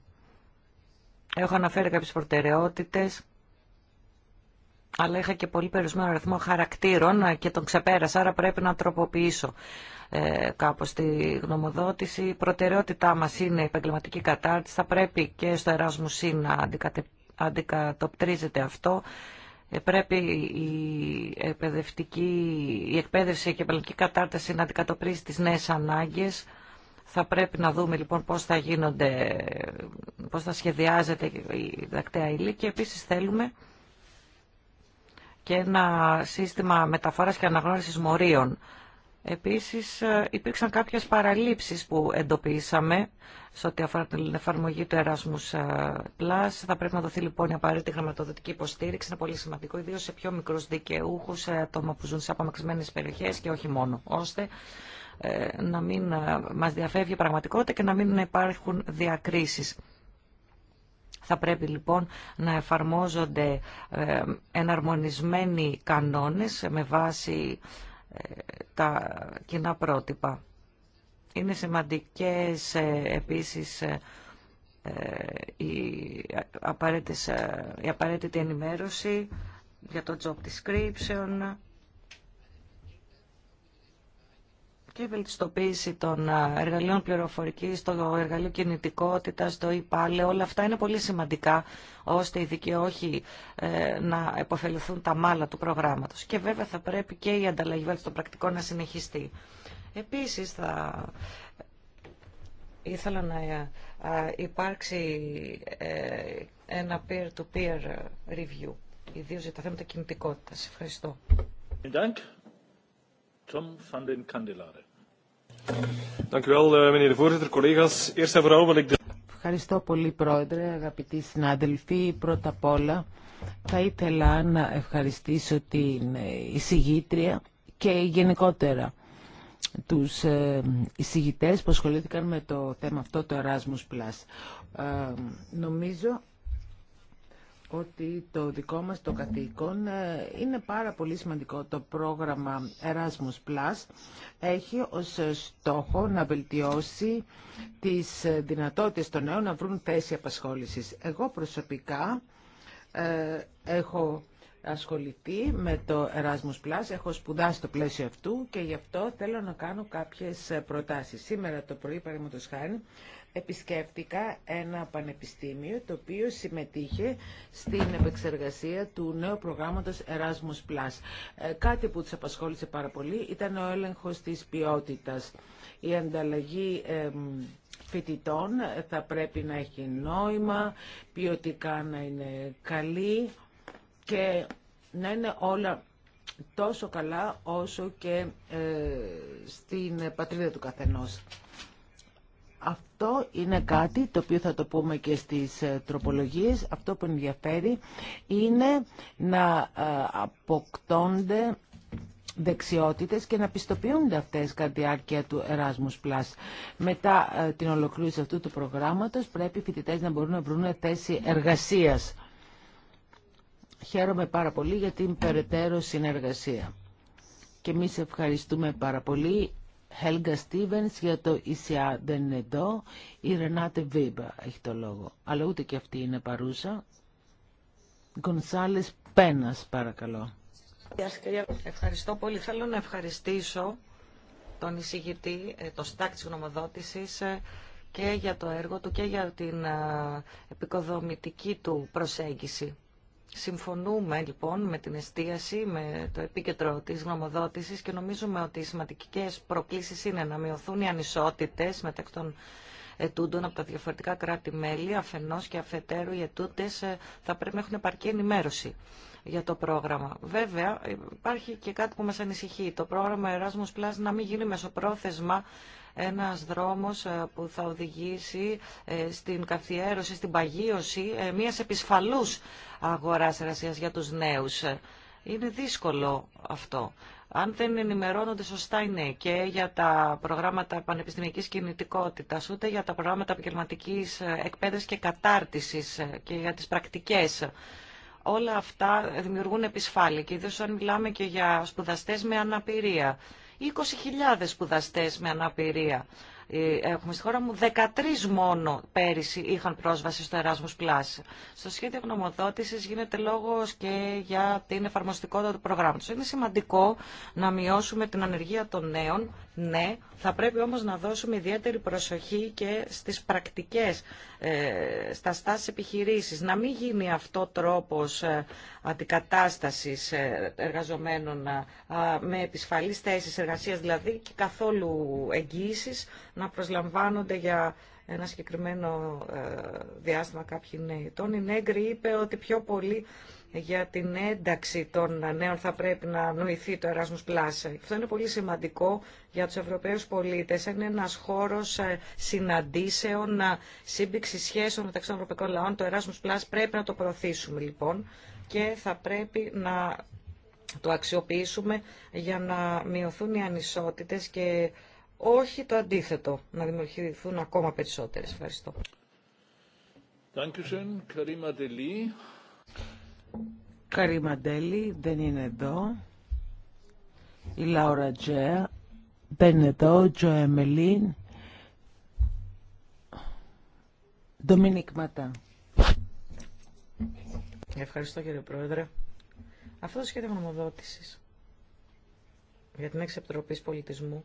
Έχω αναφέρει κάποιες προτεραιότητες αλλά είχα και πολύ περισσότερο αριθμό χαρακτήρων και τον ξεπέρασα, άρα πρέπει να τροποποιήσω ε, κάπως τη γνωμοδότηση. Η προτεραιότητά μας είναι η επαγγελματική κατάρτιση, θα πρέπει και στο Εράσμου να αντικατε... αντικατοπτρίζεται αυτό. Ε, πρέπει η, η εκπαίδευση και η επαγγελματική κατάρτιση να αντικατοπτρίζει τις νέες ανάγκες. Θα πρέπει να δούμε λοιπόν πώς θα γίνονται, πώς θα σχεδιάζεται η δακτέα ύλη και επίσης θέλουμε και ένα σύστημα μεταφοράς και αναγνώρισης μορίων. Επίσης ε, υπήρξαν κάποιες παραλήψεις που εντοπίσαμε σε ό,τι αφορά την εφαρμογή του Erasmus ε, Plus. Θα πρέπει να δοθεί λοιπόν η απαραίτητη χρηματοδοτική υποστήριξη. Είναι πολύ σημαντικό, ιδίω σε πιο μικρούς δικαιούχους, σε άτομα που ζουν σε απομακρυσμένες περιοχές και όχι μόνο, ώστε ε, να μην μας διαφεύγει η πραγματικότητα και να μην υπάρχουν διακρίσεις. Θα πρέπει λοιπόν να εφαρμόζονται ε, εναρμονισμένοι κανόνες με βάση ε, τα κοινά πρότυπα. Είναι σημαντικές ε, επίσης η, η απαραίτητη ενημέρωση για το job description, και η βελτιστοποίηση των ε, εργαλείων πληροφορικής, το εργαλείο κινητικότητα, το υπάλληλο. όλα αυτά είναι πολύ σημαντικά ώστε οι δικαιώχοι ε, να επωφεληθούν τα μάλα του προγράμματος. Και βέβαια θα πρέπει και η ανταλλαγή των πρακτικών να συνεχιστεί. Επίσης θα ήθελα να ε, υπάρξει ένα peer-to-peer review, ιδίως για τα θέματα κινητικότητας. Ευχαριστώ. Tom van den Ευχαριστώ πολύ πρόεδρε, αγαπητοί συνάδελφοι. Πρώτα απ' όλα θα ήθελα να ευχαριστήσω την ε, εισηγήτρια και γενικότερα τους ε, εισηγητές που ασχολήθηκαν με το θέμα αυτό, το Erasmus+. Ε, νομίζω ότι το δικό μας το καθήκον ε, είναι πάρα πολύ σημαντικό. Το πρόγραμμα Erasmus Plus έχει ως στόχο να βελτιώσει τις δυνατότητες των νέων να βρουν θέση απασχόλησης. Εγώ προσωπικά ε, έχω ασχοληθεί με το Erasmus Plus, έχω σπουδάσει το πλαίσιο αυτού και γι' αυτό θέλω να κάνω κάποιες προτάσεις. Σήμερα το πρωί, παραδείγματος χάρη, επισκέφτηκα ένα πανεπιστήμιο το οποίο συμμετείχε στην επεξεργασία του νέου προγράμματος Erasmus+. Ε, κάτι που τους απασχόλησε πάρα πολύ ήταν ο έλεγχος της ποιότητας. Η ανταλλαγή φοιτητών θα πρέπει να έχει νόημα, ποιοτικά να είναι καλή και να είναι όλα τόσο καλά όσο και ε, στην πατρίδα του καθενός. Αυτό είναι κάτι το οποίο θα το πούμε και στις ε, τροπολογίες. Αυτό που ενδιαφέρει είναι να ε, αποκτώνται δεξιότητες και να πιστοποιούνται αυτές κατά τη διάρκεια του Erasmus Plus. Μετά ε, την ολοκλήρωση αυτού του προγράμματος πρέπει οι φοιτητές να μπορούν να βρουν θέση εργασίας. Χαίρομαι πάρα πολύ για την περαιτέρω συνεργασία. Και εμεί ευχαριστούμε πάρα πολύ Helga Stevens για το ισιά δεν είναι εδώ. Η Ρενάτε Βίμπα έχει το λόγο. Αλλά ούτε και αυτή είναι παρούσα. Γκονσάλες Πένας παρακαλώ. Ευχαριστώ πολύ. Θέλω να ευχαριστήσω τον εισηγητή, ε, το στάκ της γνωμοδότησης ε, και για το έργο του και για την ε, επικοδομητική του προσέγγιση. Συμφωνούμε λοιπόν με την εστίαση, με το επίκεντρο της γνωμοδότησης και νομίζουμε ότι οι σημαντικές προκλήσεις είναι να μειωθούν οι ανισότητες μεταξύ των ετούντων από τα διαφορετικά κράτη-μέλη, αφενός και αφετέρου οι ετούντες ε, θα πρέπει να έχουν επαρκή ενημέρωση για το πρόγραμμα. Βέβαια, υπάρχει και κάτι που μας ανησυχεί. Το πρόγραμμα Erasmus Plus να μην γίνει μεσοπρόθεσμα ένας δρόμος ε, που θα οδηγήσει ε, στην καθιέρωση, στην παγίωση ε, μιας επισφαλούς αγοράς εργασίας για τους νέους. Είναι δύσκολο αυτό. Αν δεν ενημερώνονται σωστά οι νέοι και για τα προγράμματα πανεπιστημιακής κινητικότητας, ούτε για τα προγράμματα επαγγελματική εκπαίδευσης και κατάρτισης και για τις πρακτικές, όλα αυτά δημιουργούν επισφάλεια και ιδίως αν μιλάμε και για σπουδαστές με αναπηρία. 20.000 σπουδαστέ με αναπηρία. Ε, έχουμε στη χώρα μου. 13 μόνο πέρυσι είχαν πρόσβαση στο Erasmus Plus. Στο σχέδιο γνωμοδότηση γίνεται λόγο και για την εφαρμοστικότητα του προγράμματο. Είναι σημαντικό να μειώσουμε την ανεργία των νέων. Ναι, θα πρέπει όμω να δώσουμε ιδιαίτερη προσοχή και στι πρακτικέ, ε, στα στάσει επιχειρήσει. Να μην γίνει αυτό τρόπο ε, αντικατάσταση εργαζομένων με επισφαλεί θέσει εργασία δηλαδή και καθόλου εγγύηση να προσλαμβάνονται για ένα συγκεκριμένο ε, διάστημα κάποιοι νέοι. Τον Νέγκρι είπε ότι πιο πολύ για την ένταξη των νέων θα πρέπει να νοηθεί το Erasmus Plus. Αυτό είναι πολύ σημαντικό για τους Ευρωπαίους πολίτες. Είναι ένας χώρος ε, συναντήσεων, ε, σύμπηξη σχέσεων μεταξύ των Ευρωπαϊκών λαών. Το Erasmus Plus πρέπει να το προωθήσουμε λοιπόν και θα πρέπει να το αξιοποιήσουμε για να μειωθούν οι ανισότητες και όχι το αντίθετο, να δημιουργηθούν ακόμα περισσότερες. Ευχαριστώ. Καρή δεν είναι εδώ. Η Λάουρα Τζέα δεν είναι εδώ. Τζο Εμελίν. Ντομινίκ Ματά. Ευχαριστώ κύριε Πρόεδρε. Αυτό το σχέδιο γνωμοδότησης για την έξι Πολιτισμού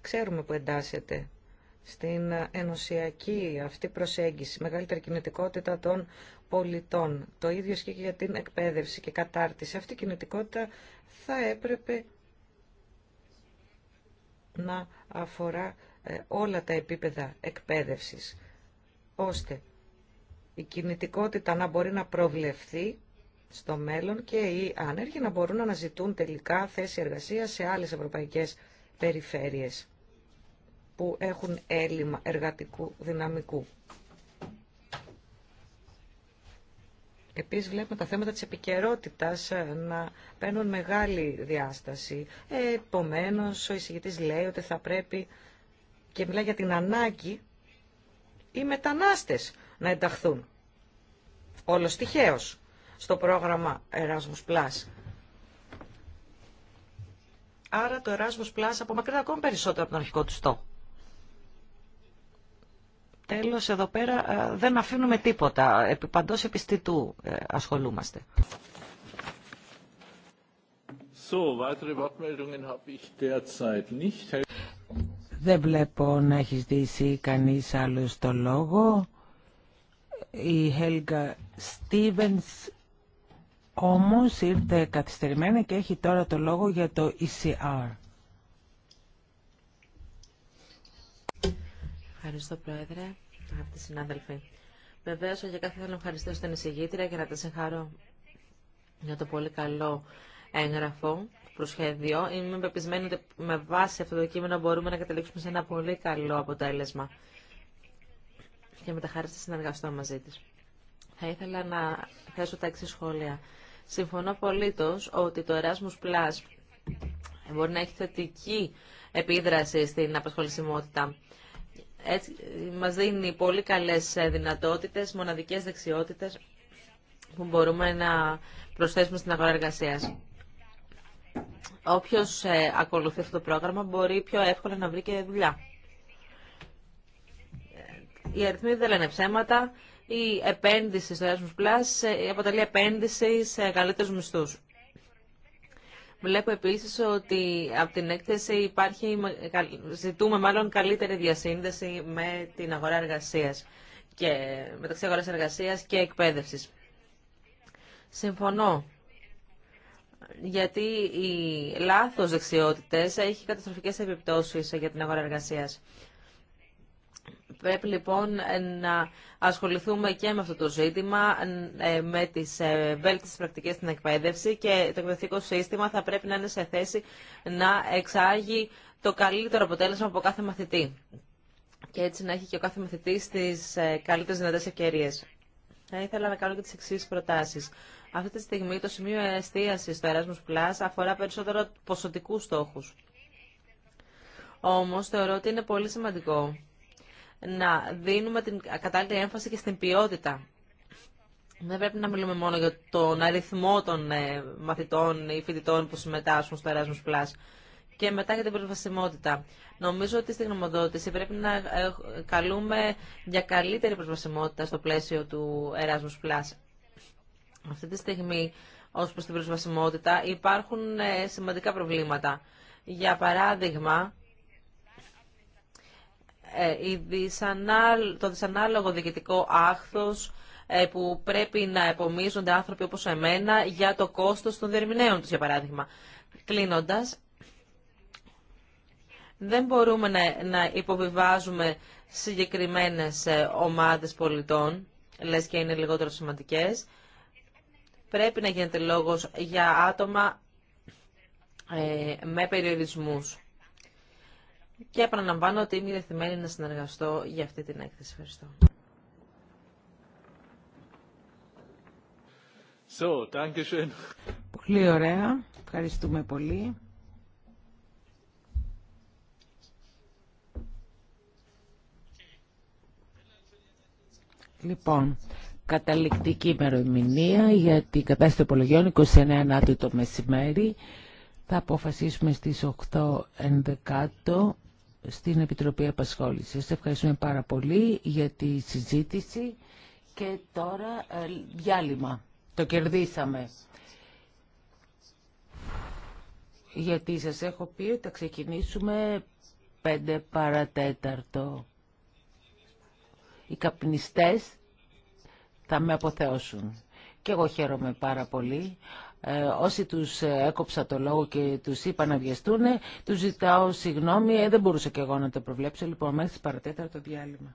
Ξέρουμε που εντάσσεται στην ενωσιακή αυτή προσέγγιση, μεγαλύτερη κινητικότητα των πολιτών. Το ίδιο ισχύει για την εκπαίδευση και κατάρτιση. Αυτή η κινητικότητα θα έπρεπε να αφορά ε, όλα τα επίπεδα εκπαίδευσης, ώστε η κινητικότητα να μπορεί να προβλεφθεί στο μέλλον και οι άνεργοι να μπορούν να αναζητούν τελικά θέση εργασία σε άλλες ευρωπαϊκές περιφέρειες που έχουν έλλειμμα εργατικού δυναμικού. Επίσης βλέπουμε τα θέματα της επικαιρότητα ε, να παίρνουν μεγάλη διάσταση. Ε, επομένως, ο εισηγητής λέει ότι θα πρέπει και μιλάει για την ανάγκη οι μετανάστες να ενταχθούν. Όλος τυχαίως στο πρόγραμμα Erasmus Plus. Άρα το Erasmus Plus απομακρύνει ακόμη περισσότερο από τον αρχικό του στόχο. Τέλος, εδώ πέρα ε, δεν αφήνουμε τίποτα. Επί παντός επιστητού ε, ασχολούμαστε. Δεν βλέπω να έχει δει κανείς άλλος το λόγο. Η Helga Stevens όμως ήρθε καθυστερημένα και έχει τώρα το λόγο για το ECR. Ευχαριστώ, Πρόεδρε. Αγαπητοί συνάδελφοι. Βεβαίω, για κάθε θέλω να ευχαριστήσω την εισηγήτρια και να τη συγχαρώ για το πολύ καλό έγγραφο προσχέδιο. Είμαι πεπισμένη ότι με βάση αυτό το κείμενο μπορούμε να καταλήξουμε σε ένα πολύ καλό αποτέλεσμα και με τα χάρη συνεργαστώ μαζί της. Θα ήθελα να θέσω τα εξή σχόλια. Συμφωνώ απολύτως ότι το Erasmus Plus μπορεί να έχει θετική επίδραση στην απασχολησιμότητα. Έτσι, μας δίνει πολύ καλές δυνατότητες, μοναδικές δεξιότητες που μπορούμε να προσθέσουμε στην αγορά εργασίας. Όποιος ε, ακολουθεί αυτό το πρόγραμμα μπορεί πιο εύκολα να βρει και δουλειά. Ε, οι αριθμοί δεν λένε ψέματα η επένδυση στο Erasmus Plus ε, αποτελεί επένδυση σε καλύτερους μισθούς. Βλέπω επίσης ότι από την έκθεση υπάρχει, ζητούμε μάλλον καλύτερη διασύνδεση με την αγορά εργασίας και μεταξύ αγοράς εργασίας και εκπαίδευσης. Συμφωνώ γιατί οι λάθος δεξιότητες έχει καταστροφικές επιπτώσεις για την αγορά εργασίας πρέπει λοιπόν να ασχοληθούμε και με αυτό το ζήτημα, ε, με τις ε, βέλτιστες πρακτικές στην εκπαίδευση και το εκπαιδευτικό σύστημα θα πρέπει να είναι σε θέση να εξάγει το καλύτερο αποτέλεσμα από κάθε μαθητή. Και έτσι να έχει και ο κάθε μαθητή τις ε, καλύτερε δυνατέ. ευκαιρίε. Θα ήθελα να κάνω και τι εξή προτάσει. Αυτή τη στιγμή το σημείο εστίαση στο Erasmus Plus αφορά περισσότερο ποσοτικούς στόχου. Όμως θεωρώ ότι είναι πολύ σημαντικό να δίνουμε την κατάλληλη έμφαση και στην ποιότητα. Δεν πρέπει να μιλούμε μόνο για τον αριθμό των ε, μαθητών ή φοιτητών που συμμετάσχουν στο Erasmus Plus. Και μετά για την προσβασιμότητα. Νομίζω ότι στην γνωμοδότηση πρέπει να ε, καλούμε για καλύτερη προσβασιμότητα στο πλαίσιο του Erasmus Plus. Αυτή τη στιγμή, ω προ την προσβασιμότητα, υπάρχουν ε, σημαντικά προβλήματα. Για παράδειγμα, ε, το δυσανάλογο διοικητικό άχθος ε, που πρέπει να επομίζονται άνθρωποι όπως εμένα για το κόστος των διερμηνέων τους, για παράδειγμα. Κλείνοντας, δεν μπορούμε να υποβιβάζουμε συγκεκριμένες ε, ομάδες πολιτών, λες και είναι λιγότερο σημαντικές. Πρέπει να γίνεται λόγος για άτομα με περιορισμούς και επαναλαμβάνω ότι είμαι διεθυμένη να συνεργαστώ για αυτή την έκθεση. Ευχαριστώ. So, πολύ ωραία. Ευχαριστούμε πολύ. Λοιπόν, καταληκτική ημερομηνία για την κατάσταση υπολογιών 29 Ανάτου το μεσημέρι. Θα αποφασίσουμε στις 8.11 στην Επιτροπή Απασχόληση. Σας ευχαριστούμε πάρα πολύ για τη συζήτηση και τώρα ε, διάλειμμα. Το κερδίσαμε. Γιατί σας έχω πει ότι θα ξεκινήσουμε 5 παρατέταρτο. Οι καπνιστές θα με αποθεώσουν. Και εγώ χαίρομαι πάρα πολύ. Ε, όσοι τους έκοψα το λόγο και τους είπα να βιαστούν, τους ζητάω συγγνώμη, ε, δεν μπορούσα και εγώ να το προβλέψω, λοιπόν μέχρι τις παρατέταρτο διάλειμμα.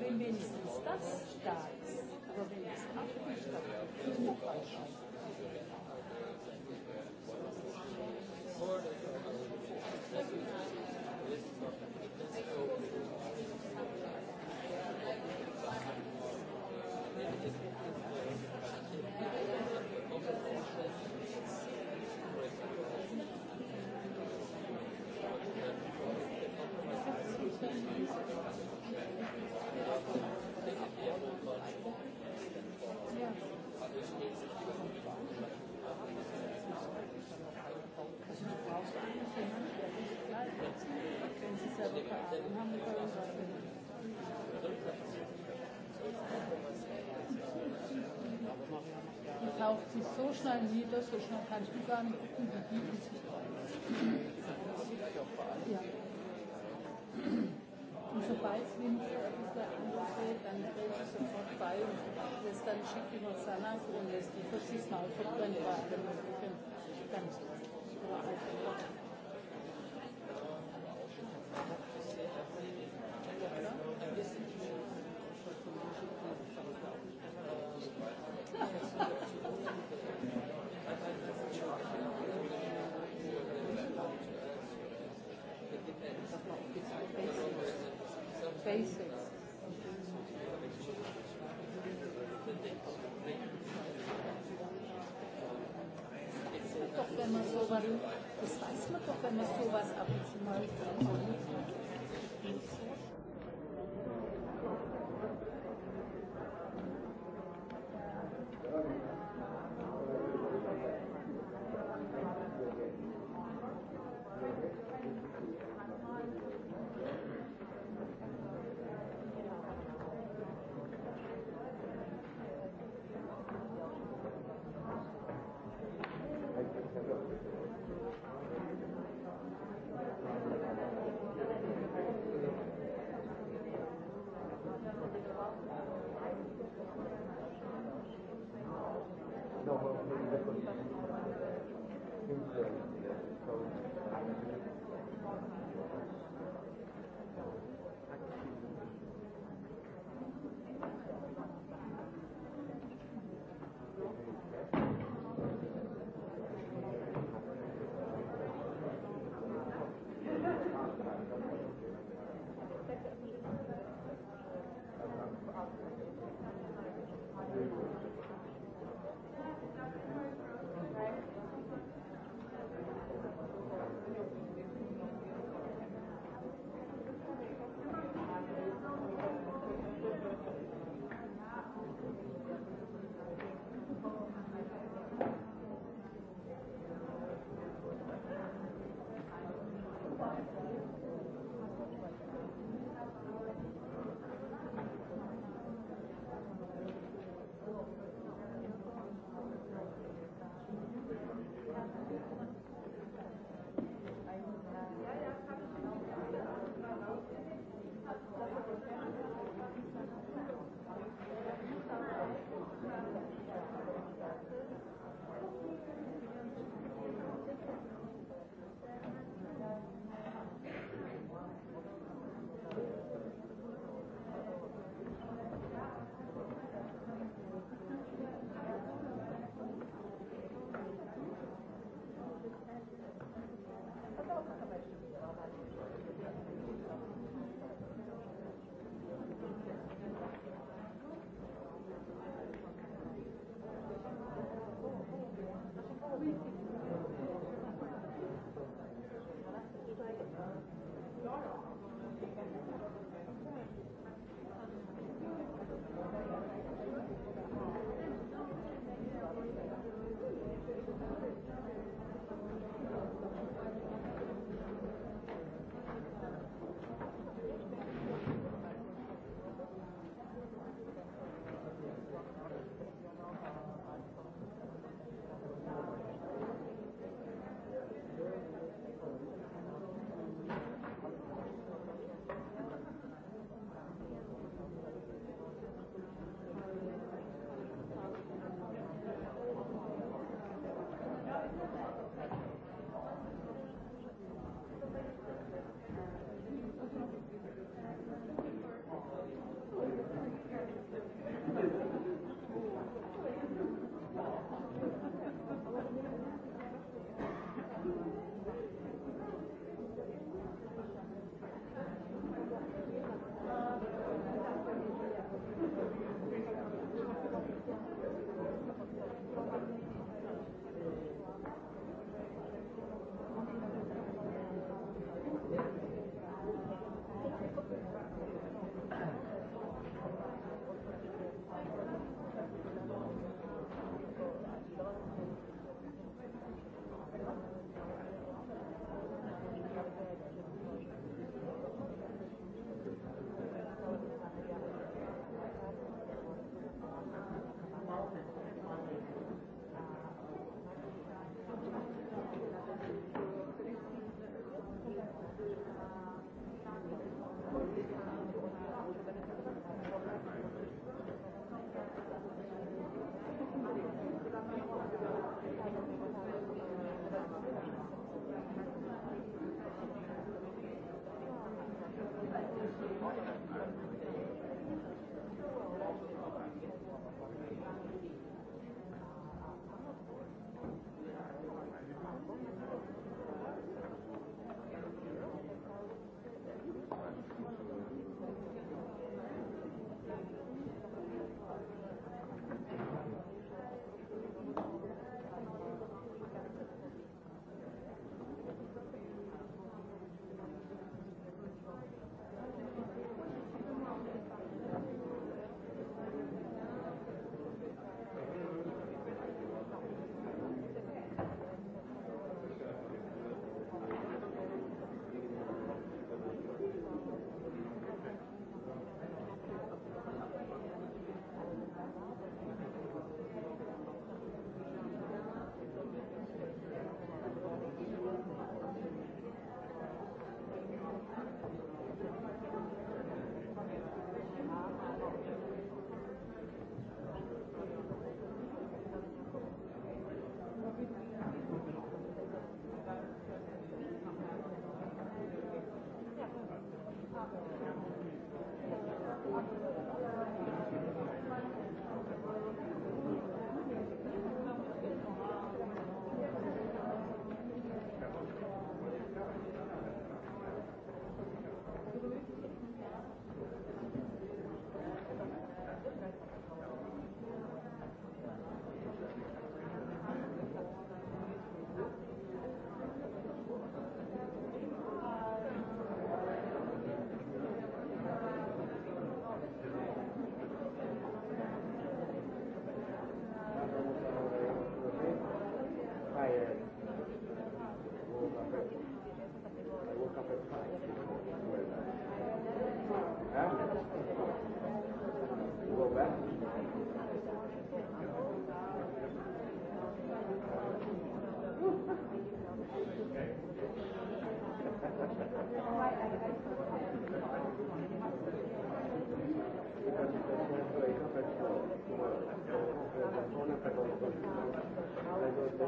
wenigstens das aber wenn și finanța în acum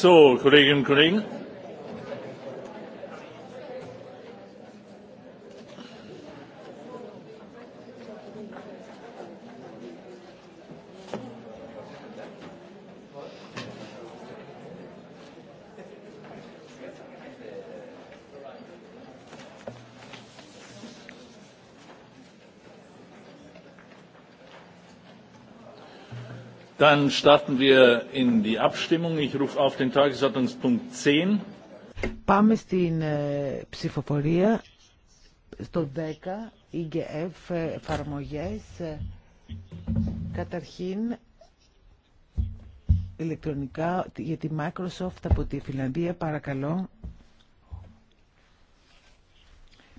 So, Kolleginnen und Kollegen. Dann starten wir in die Abstimmung. Ich rufe auf den Tagesordnungspunkt 10. Πάμε στην ε, ψηφοφορία στο 10 EGF ε, εφαρμογές ε, καταρχήν ηλεκτρονικά για τη Microsoft από τη Φιλανδία παρακαλώ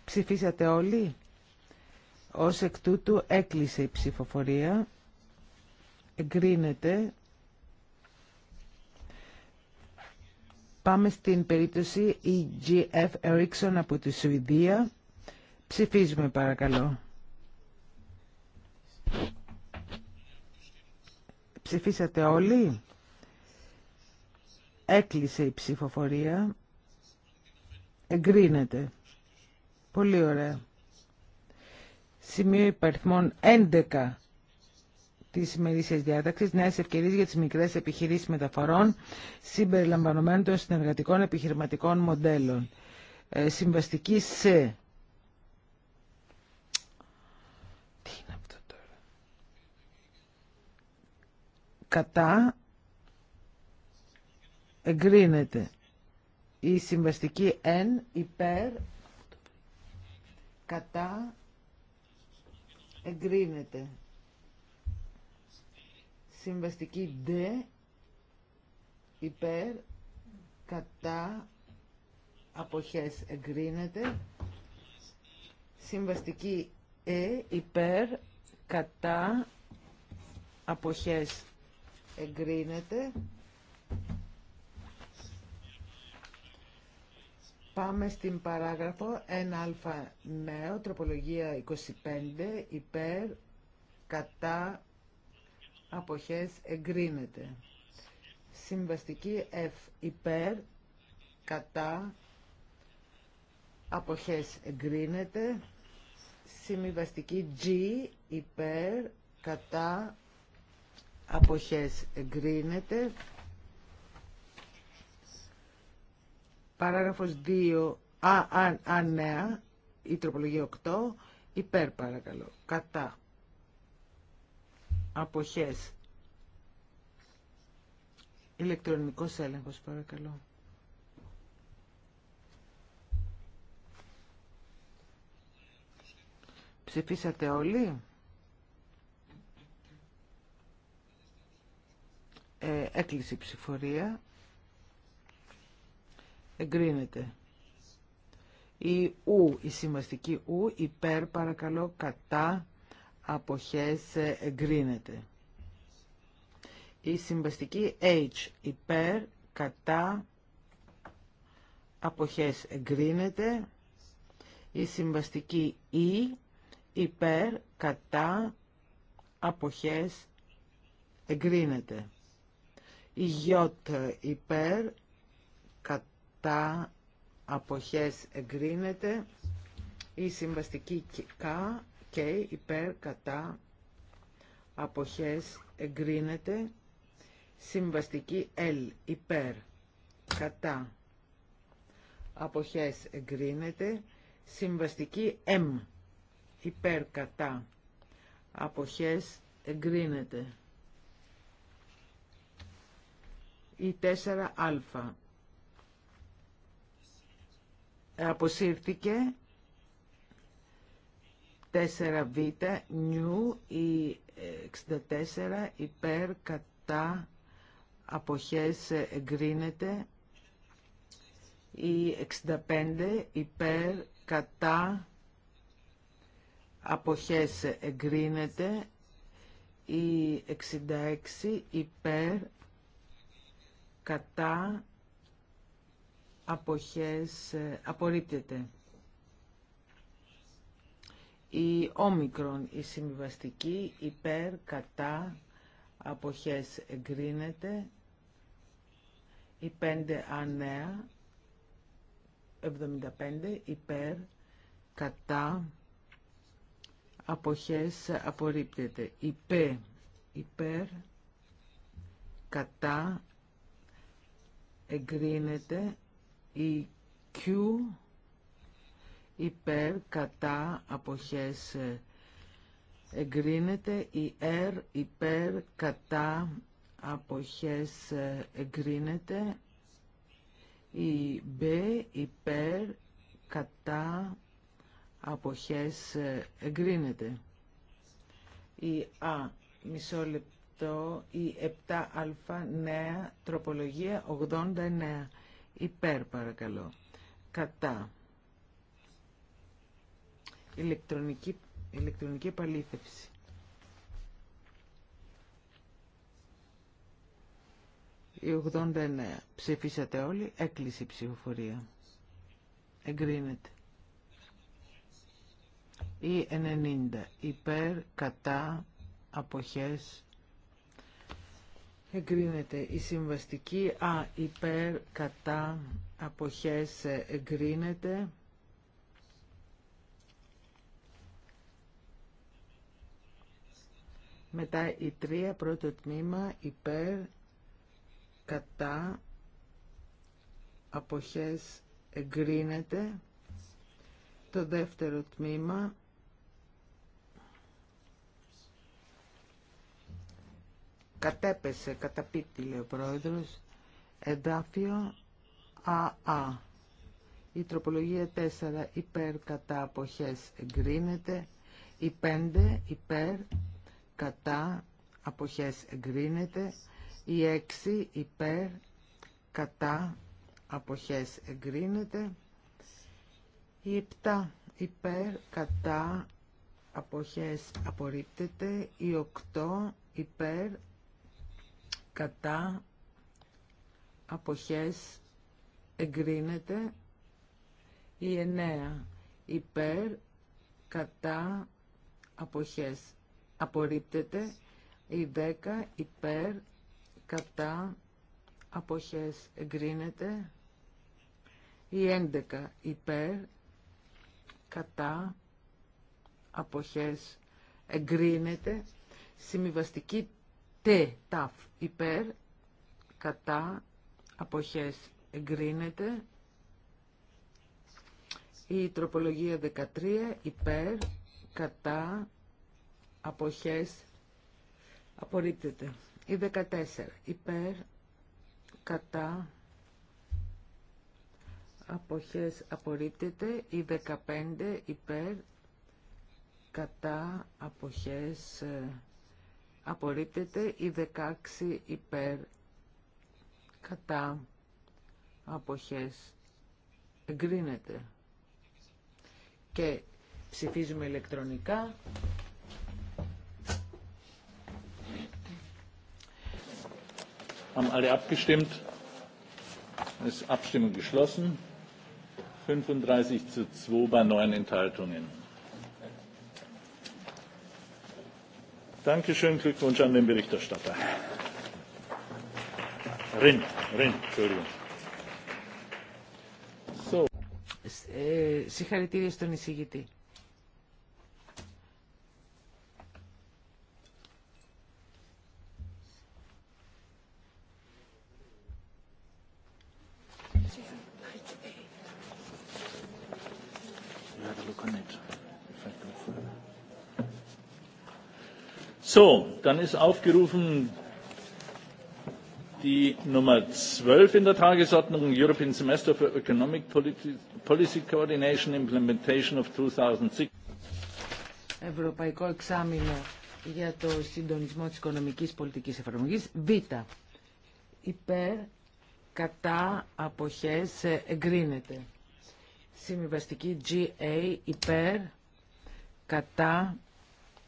ψηφίσατε όλοι ως εκ τούτου έκλεισε η ψηφοφορία εγκρίνεται. Πάμε στην περίπτωση EGF Ericsson από τη Σουηδία. Ψηφίζουμε παρακαλώ. Ψηφίσατε όλοι. Έκλεισε η ψηφοφορία. Εγκρίνεται. Πολύ ωραία. Σημείο υπαριθμών 11 Τη ημερήσια διάταξη νέε ευκαιρίε για τις μικρές επιχειρήσεις μεταφορών συμπεριλαμβανομένων των συνεργατικών επιχειρηματικών μοντέλων. Ε, συμβαστική σε... αυτό τώρα... Κατά εγκρίνεται η συμβαστική εν υπέρ κατά εγκρίνεται. Συμβαστική Δ υπέρ κατά αποχές εγκρίνεται. Συμβαστική Ε υπέρ κατά αποχές εγκρίνεται. Πάμε στην παράγραφο 1α νέο, τροπολογία 25, υπέρ, κατά, αποχές εγκρίνεται. Συμβαστική F υπέρ, κατά, αποχές εγκρίνεται. Συμβαστική G υπέρ, κατά, αποχές εγκρίνεται. Παράγραφος 2, α, α, α νέα, η τροπολογία 8, υπέρ παρακαλώ, κατά, αποχές. Ηλεκτρονικός έλεγχος, παρακαλώ. Ψηφίσατε όλοι. Ε, έκλεισε η ψηφορία. Εγκρίνεται. Η ου, η σημαστική ου, υπέρ παρακαλώ, κατά αποχές εγκρίνεται. Η συμβαστική H υπέρ κατά αποχές εγκρίνεται. Η συμβαστική E υπέρ κατά αποχές εγκρίνεται. Η J υπέρ κατά αποχές εγκρίνεται. Η συμβαστική K K υπέρ κατά αποχές εγκρίνεται. Συμβαστική L υπέρ κατά αποχές εγκρίνεται. Συμβαστική M υπέρ κατά αποχές εγκρίνεται. Η 4α αποσύρθηκε 4β, νιου, η 64 ε, υπέρ κατά αποχές ε, εγκρίνεται, η 65 υπέρ κατά αποχές ε, εγκρίνεται, η 66 υπέρ κατά αποχές απορρίπτεται. Η όμικρον, η συμβιβαστική, υπέρ, κατά, αποχές εγκρίνεται. Η 5 ανέα, 75, υπέρ, κατά, αποχές απορρίπτεται. Η π, υπέρ, κατά, εγκρίνεται. Η Q, υπέρ, κατά, αποχές ε, εγκρίνεται. Η R υπέρ, κατά, αποχές ε, εγκρίνεται. Η B υπέρ, κατά, αποχές ε, εγκρίνεται. Η Α, μισό λεπτό, η 7α νέα τροπολογία 89. Υπέρ παρακαλώ. Κατά ηλεκτρονική, ηλεκτρονική επαλήθευση. Η 89. Ψηφίσατε όλοι. Έκλεισε η ψηφοφορία. Εγκρίνεται. Η 90. Υπέρ, κατά, αποχές. Εγκρίνεται. Η συμβαστική. Α, υπέρ, κατά, αποχές. Εγκρίνεται. Μετά η τρία πρώτο τμήμα υπέρ κατά αποχές εγκρίνεται. Το δεύτερο τμήμα κατέπεσε, καταπίτη λέει ο πρόεδρος, εδάφιο ΑΑ. Η τροπολογία 4 υπέρ κατά αποχές εγκρίνεται. Η 5 υπέρ κατά αποχές εγκρίνεται η έξι υπέρ κατά αποχές εγκρίνεται η επτά υπέρ κατά αποχές απορρίπτεται η οκτώ υπέρ κατά αποχές εγκρίνεται η εννέα υπέρ κατά αποχές απορρίπτεται η 10 υπέρ κατά αποχές εγκρίνεται η 11 υπέρ κατά αποχές εγκρίνεται συμβιβαστική τε ταφ υπέρ κατά αποχές εγκρίνεται η τροπολογία 13 υπέρ κατά αποχές απορρίπτεται. Η 14 υπέρ κατά αποχές απορρίπτεται. Η 15 υπέρ κατά αποχές ε, απορρίπτεται. Η 16 υπέρ κατά αποχές εγκρίνεται. Και ψηφίζουμε ηλεκτρονικά Haben alle abgestimmt? Ist Abstimmung geschlossen. 35 zu 2 bei 9 Enthaltungen. Dankeschön, Glückwunsch an den Berichterstatter. Rin, Rin, Entschuldigung. So. στον εισηγητή. Dann ist aufgerufen die Nummer 12 in der Tagesordnung, European Semester for Economic Policy Coordination Implementation of 2006. Ευρωπαϊκό εξάμεινο για το συντονισμό της οικονομικής πολιτικής εφαρμογής. Β. Υπέρ, κατά, αποχές, εγκρίνεται. Συμβιβαστική GA, υπέρ, κατά,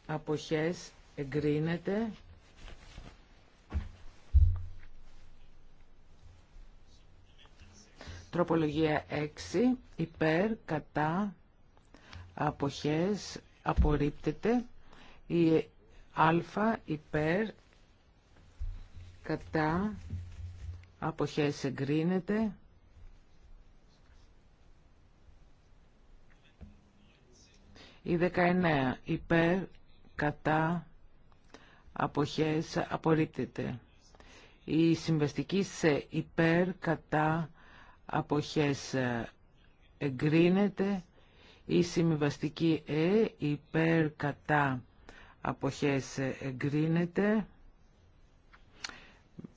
αποχές, εγκρίνεται. Τροπολογία 6, υπέρ, κατά, αποχές, απορρίπτεται. Η α, υπέρ, κατά, αποχές, εγκρίνεται. Η 19, υπέρ, κατά, αποχές απορρίπτεται. Η συμβαστική σε υπέρ κατά αποχές εγκρίνεται. Η συμβαστική ε υπέρ κατά αποχές εγκρίνεται.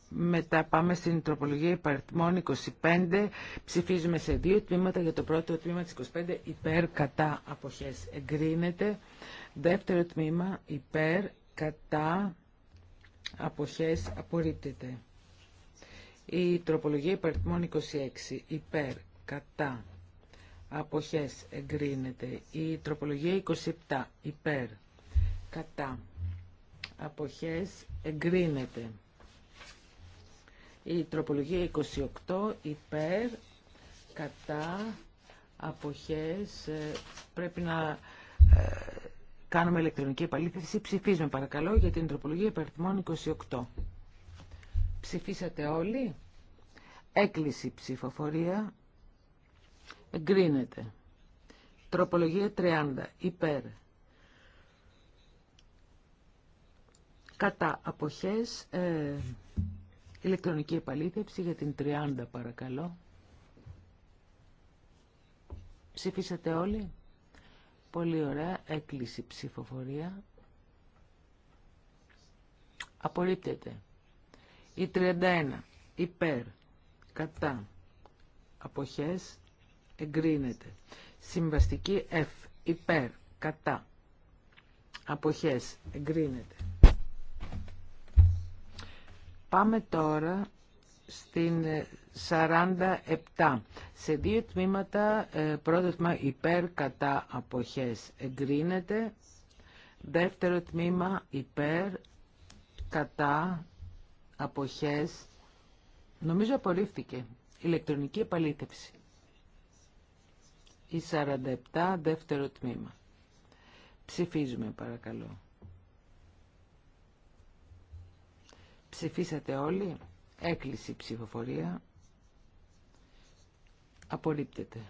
Μετά πάμε στην τροπολογία υπαριθμών 25. Ψηφίζουμε σε δύο τμήματα. Για το πρώτο τμήμα της 25 υπέρ κατά αποχές εγκρίνεται. Δεύτερο τμήμα υπέρ κατά αποχές απορρίπτεται. Η τροπολογία υπαριθμών 26 υπέρ κατά αποχές εγκρίνεται. Η τροπολογία 27 υπέρ κατά αποχές εγκρίνεται. Η τροπολογία 28 υπέρ κατά αποχές ε, πρέπει να ε, Κάνουμε ηλεκτρονική επαλήθευση. Ψηφίζουμε παρακαλώ για την τροπολογία υπαριθμών 28. Ψηφίσατε όλοι. Έκλειση ψηφοφορία. Εγκρίνεται. Τροπολογία 30. Υπέρ. Κατά αποχές, ε, ηλεκτρονική επαλήθευση για την 30 παρακαλώ. Ψηφίσατε όλοι. Πολύ ωραία. Έκλεισε ψηφοφορία. Απορρίπτεται. Η 31. Υπέρ. Κατά. Αποχές. Εγκρίνεται. Συμβαστική F. Υπέρ. Κατά. Αποχές. Εγκρίνεται. Πάμε τώρα στην 47. Ε, Σε δύο τμήματα, ε, πρώτο τμήμα υπέρ κατά αποχές εγκρίνεται, δεύτερο τμήμα υπέρ κατά αποχές, νομίζω απορρίφθηκε, ηλεκτρονική επαλήθευση. Η 47, δεύτερο τμήμα. Ψηφίζουμε παρακαλώ. Ψηφίσατε όλοι. Έκλεισε ψηφοφορία. Απορρίπτεται.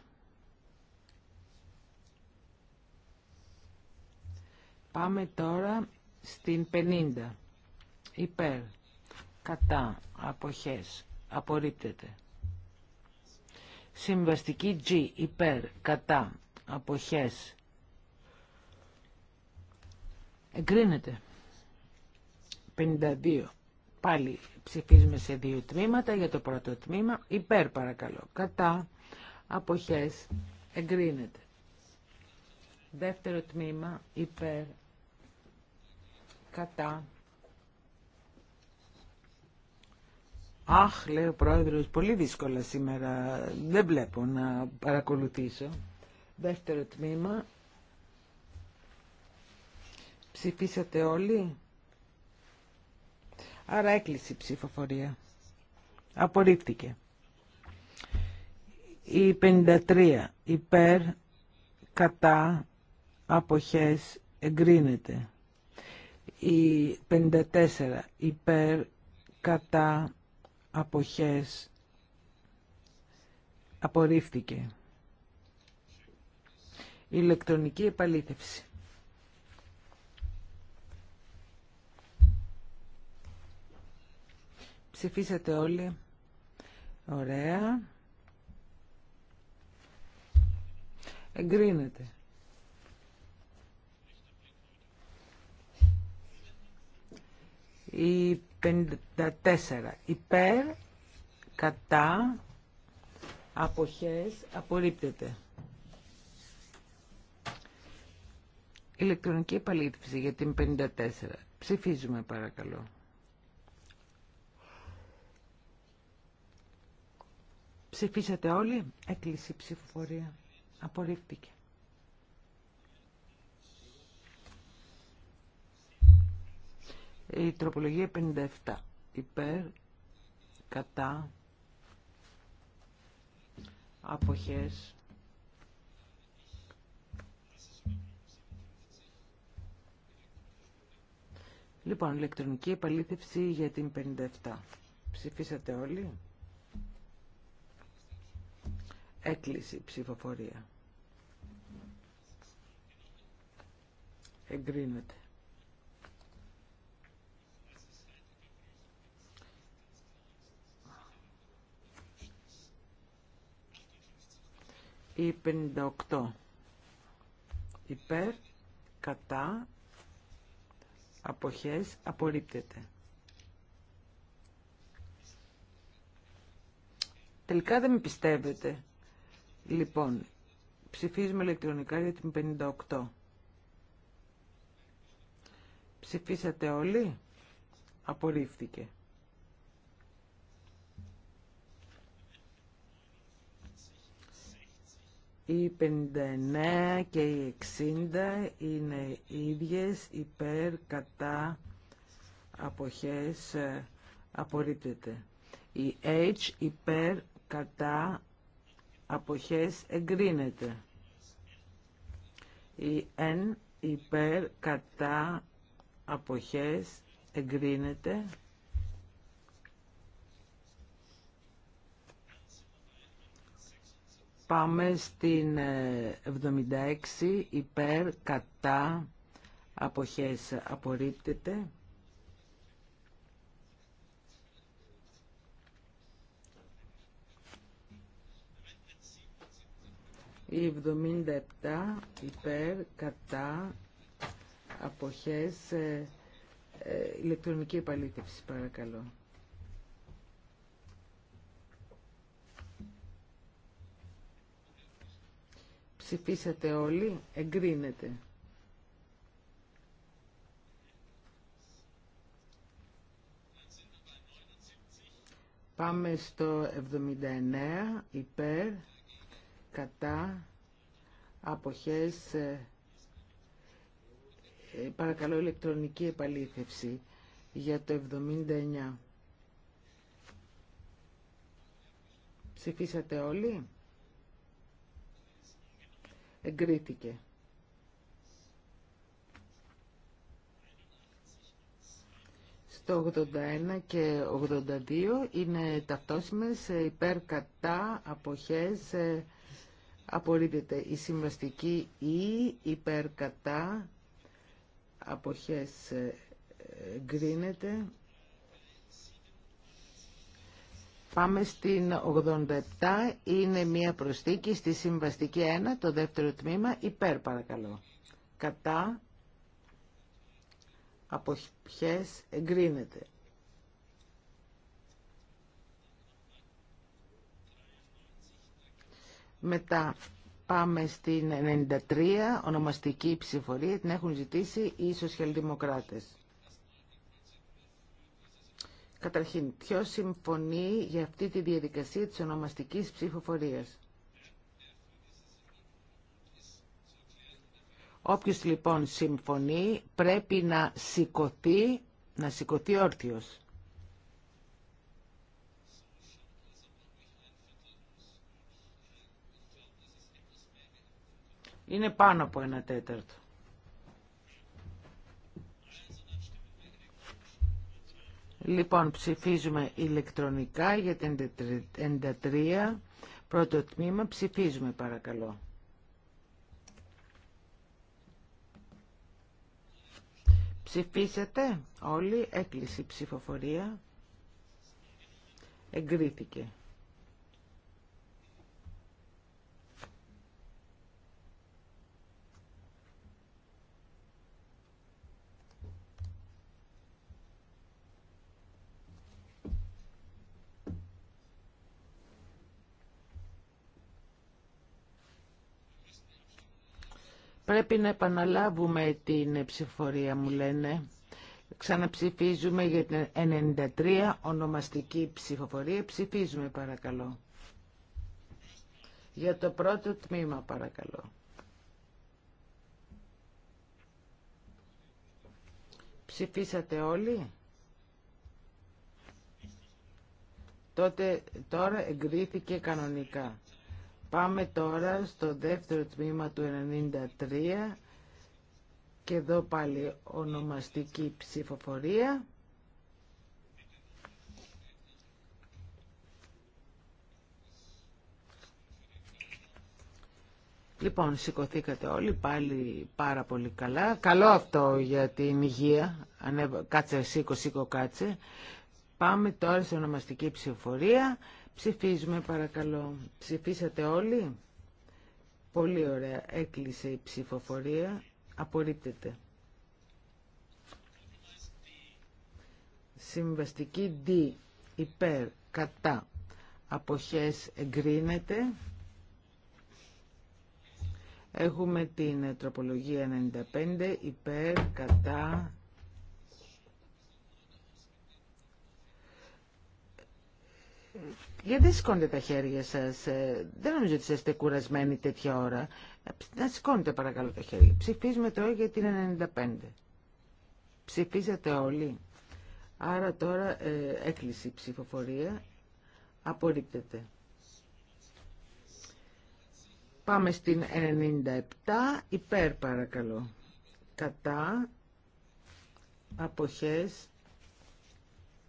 Πάμε τώρα στην 50. Υπέρ. Κατά. Αποχές. Απορρίπτεται. Συμβαστική G. Υπέρ. Κατά. Αποχές. Εγκρίνεται. 52. Πάλι Ψηφίζουμε σε δύο τμήματα. Για το πρώτο τμήμα υπέρ παρακαλώ. Κατά αποχές εγκρίνεται. Δεύτερο τμήμα υπέρ κατά. Αχ, λέει ο πρόεδρος, πολύ δύσκολα σήμερα. Δεν βλέπω να παρακολουθήσω. Δεύτερο τμήμα. Ψηφίσατε όλοι. Άρα έκλεισε η ψηφοφορία. Απορρίφθηκε. Η 53 υπέρ, κατά, αποχές, εγκρίνεται. Η 54 υπέρ, κατά, αποχές, απορρίφθηκε. Η ηλεκτρονική επαλήθευση. Ψηφίσατε όλοι. Ωραία. Εγκρίνεται. Η 54. Υπέρ, κατά, αποχές, απορρίπτεται. Ηλεκτρονική επαλήθευση για την 54. Ψηφίζουμε παρακαλώ. Ψηφίσατε όλοι. Έκλεισε η ψηφοφορία. Απορρίφθηκε. Η τροπολογία 57. Υπέρ, κατά, αποχές. Λοιπόν, ηλεκτρονική επαλήθευση για την 57. Ψηφίσατε όλοι. Έκλεισε η ψηφοφορία. Εγκρίνεται. ή 58 υπέρ, κατά, αποχές, απορρίπτεται. Τελικά δεν με πιστεύετε. Λοιπόν, ψηφίζουμε ηλεκτρονικά για την 58. Ψηφίσατε όλοι. Απορρίφθηκε. Οι 59 και οι 60 είναι ίδιες υπέρ κατά αποχές ε, απορρίπτεται. Η H υπέρ κατά αποχές εγκρίνεται. Η εν υπέρ κατά αποχές εγκρίνεται. Πάμε στην 76 ε, υπέρ κατά αποχές απορρίπτεται. Η 77 υπέρ, κατά, αποχές, ε, ε, ηλεκτρονική επαλήθευση παρακαλώ. Ψηφίσατε όλοι, εγκρίνεται. Πάμε στο 79, υπέρ, κατά αποχές ε, ε, παρακαλώ ηλεκτρονική επαλήθευση για το 79 ψηφίσατε όλοι εγκρίθηκε στο 81 και 82 είναι ταυτόσιμες ε, υπέρ κατά αποχές απορρίπτεται η συμβαστική ή e, υπερκατά αποχές ε, γκρίνεται Πάμε στην 87, είναι μία προσθήκη στη συμβαστική 1, το δεύτερο τμήμα, υπέρ παρακαλώ. Κατά, αποχές εγκρίνεται. Μετά πάμε στην 93, ονομαστική ψηφορία, την έχουν ζητήσει οι σοσιαλδημοκράτες. Καταρχήν, ποιο συμφωνεί για αυτή τη διαδικασία της ονομαστικής ψηφοφορίας. Όποιος λοιπόν συμφωνεί πρέπει να σηκωθεί, να σηκωθεί όρθιος. είναι πάνω από ένα τέταρτο. Λοιπόν, ψηφίζουμε ηλεκτρονικά για την 93, πρώτο τμήμα, ψηφίζουμε παρακαλώ. Ψηφίσατε όλοι, έκλεισε η ψηφοφορία, εγκρίθηκε. Πρέπει να επαναλάβουμε την ψηφοφορία, μου λένε. Ξαναψηφίζουμε για την 93 ονομαστική ψηφοφορία. Ψηφίζουμε, παρακαλώ. Για το πρώτο τμήμα, παρακαλώ. Ψηφίσατε όλοι. Τότε τώρα εγκρίθηκε κανονικά. Πάμε τώρα στο δεύτερο τμήμα του 93 και εδώ πάλι ονομαστική ψηφοφορία. Λοιπόν, σηκωθήκατε όλοι πάλι πάρα πολύ καλά. Καλό αυτό για την υγεία. Κάτσε, σήκω, σήκω, κάτσε. Πάμε τώρα στην ονομαστική ψηφοφορία. Ψηφίζουμε παρακαλώ. Ψηφίσατε όλοι. Πολύ ωραία. Έκλεισε η ψηφοφορία. Απορρίπτεται. Συμβαστική D. Υπέρ. Κατά. Αποχές εγκρίνεται. Έχουμε την τροπολογία 95. Υπέρ. Κατά. Γιατί σηκώνετε τα χέρια σας. Ε, δεν νομίζω ότι είστε κουρασμένοι τέτοια ώρα. Ε, να σηκώνετε παρακαλώ τα χέρια. Ψηφίζουμε τώρα για την 95. Ψηφίζετε όλοι. Άρα τώρα ε, έκλεισε η ψηφοφορία. Απορρίπτεται. Πάμε στην 97. Υπέρ παρακαλώ. Κατά. Αποχές.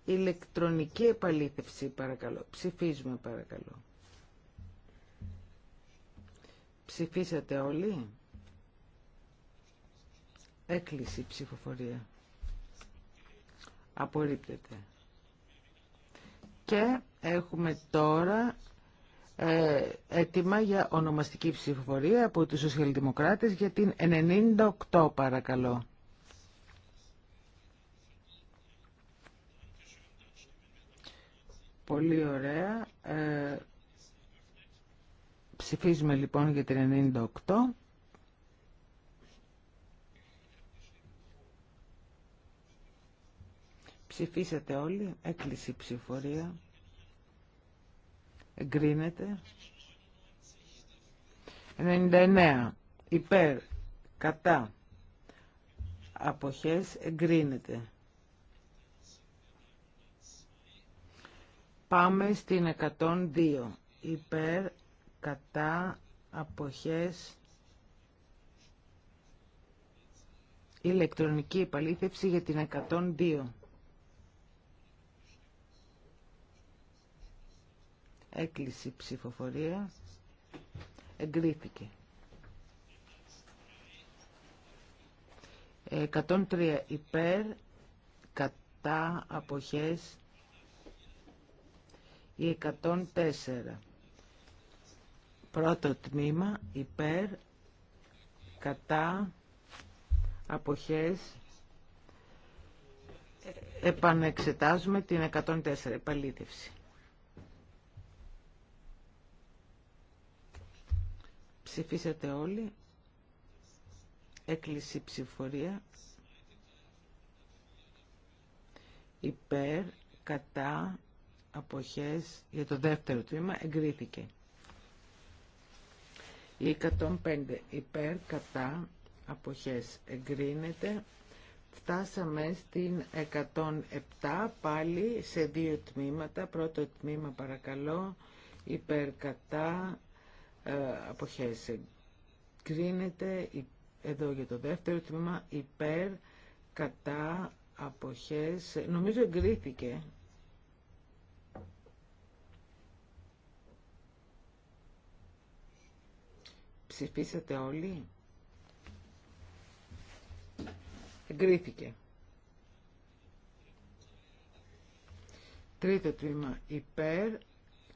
Ηλεκτρονική επαλήθευση παρακαλώ. Ψηφίζουμε παρακαλώ. Ψηφίσατε όλοι. Έκλεισε η ψηφοφορία. Απορρίπτεται. Και έχουμε τώρα ε, έτοιμα για ονομαστική ψηφοφορία από τους σοσιαλδημοκράτες για την 98 παρακαλώ. Πολύ ωραία. Ε, ψηφίζουμε λοιπόν για την 98. Ψηφίσατε όλοι. Έκλεισε η ψηφορία. Εγκρίνεται. 99. Υπέρ. Κατά. Αποχές εγκρίνεται. Πάμε στην 102. Υπέρ, κατά, αποχές, ηλεκτρονική επαλήθευση για την 102. Έκλεισε η ψηφοφορία. Εγκρίθηκε. 103 υπέρ, κατά, αποχές, η 104. Πρώτο τμήμα υπέρ, κατά, αποχές. Επανεξετάζουμε την 104 επαλήθευση. Ψηφίσατε όλοι. Έκλειση ψηφορία. Υπέρ, κατά, αποχές για το δεύτερο τμήμα εγκρίθηκε. Η 105 υπέρ κατά αποχές εγκρίνεται. Φτάσαμε στην 107 πάλι σε δύο τμήματα. Πρώτο τμήμα παρακαλώ υπέρ κατά ε, αποχές εγκρίνεται. Εδώ για το δεύτερο τμήμα υπέρ κατά αποχές. Νομίζω εγκρίθηκε Ψηφίσατε όλοι. Εγκρίθηκε. Τρίτο τμήμα υπέρ,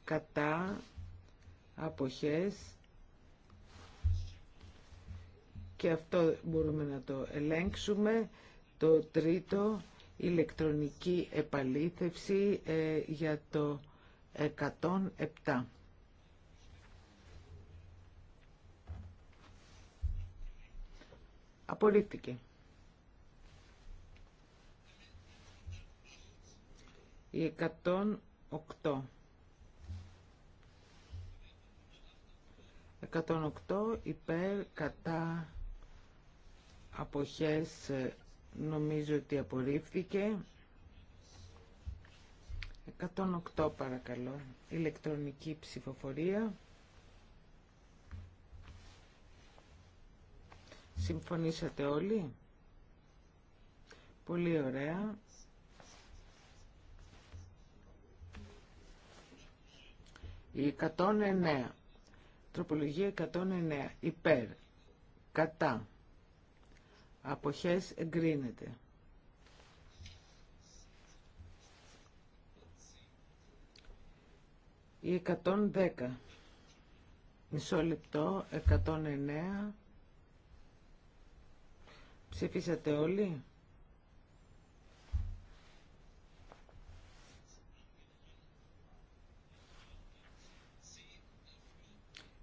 κατά, αποχές και αυτό μπορούμε να το ελέγξουμε. Το τρίτο, ηλεκτρονική επαλήθευση ε, για το 107. Απορρίφθηκε. Η 108. 108 υπέρ κατά αποχές νομίζω ότι απορρίφθηκε. 108 παρακαλώ. Ηλεκτρονική ψηφοφορία. Συμφωνήσατε όλοι. Πολύ ωραία. Η 109. Τροπολογία 109. Υπέρ. Κατά. Αποχές εγκρίνεται. Η 110. Μισό λεπτό. 109. Ψηφίσατε όλοι.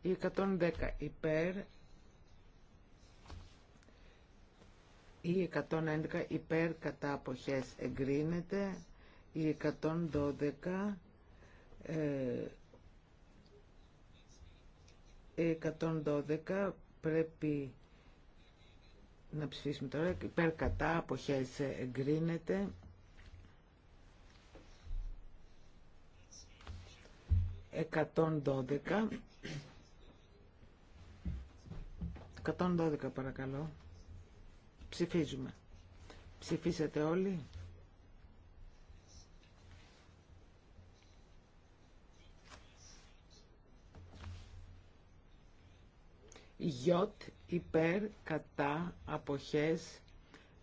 Η 110 υπέρ, η 111 υπέρ κατά αποχές εγκρίνεται, η 112 ε, 112 πρέπει να ψηφίσουμε τώρα. Υπέρ κατά αποχές ε, εγκρίνεται. Εκατόν δώδεκα. 112 παρακαλώ. Ψηφίζουμε. Ψηφίσατε όλοι. Γιώτ υπέρ, κατά, αποχές,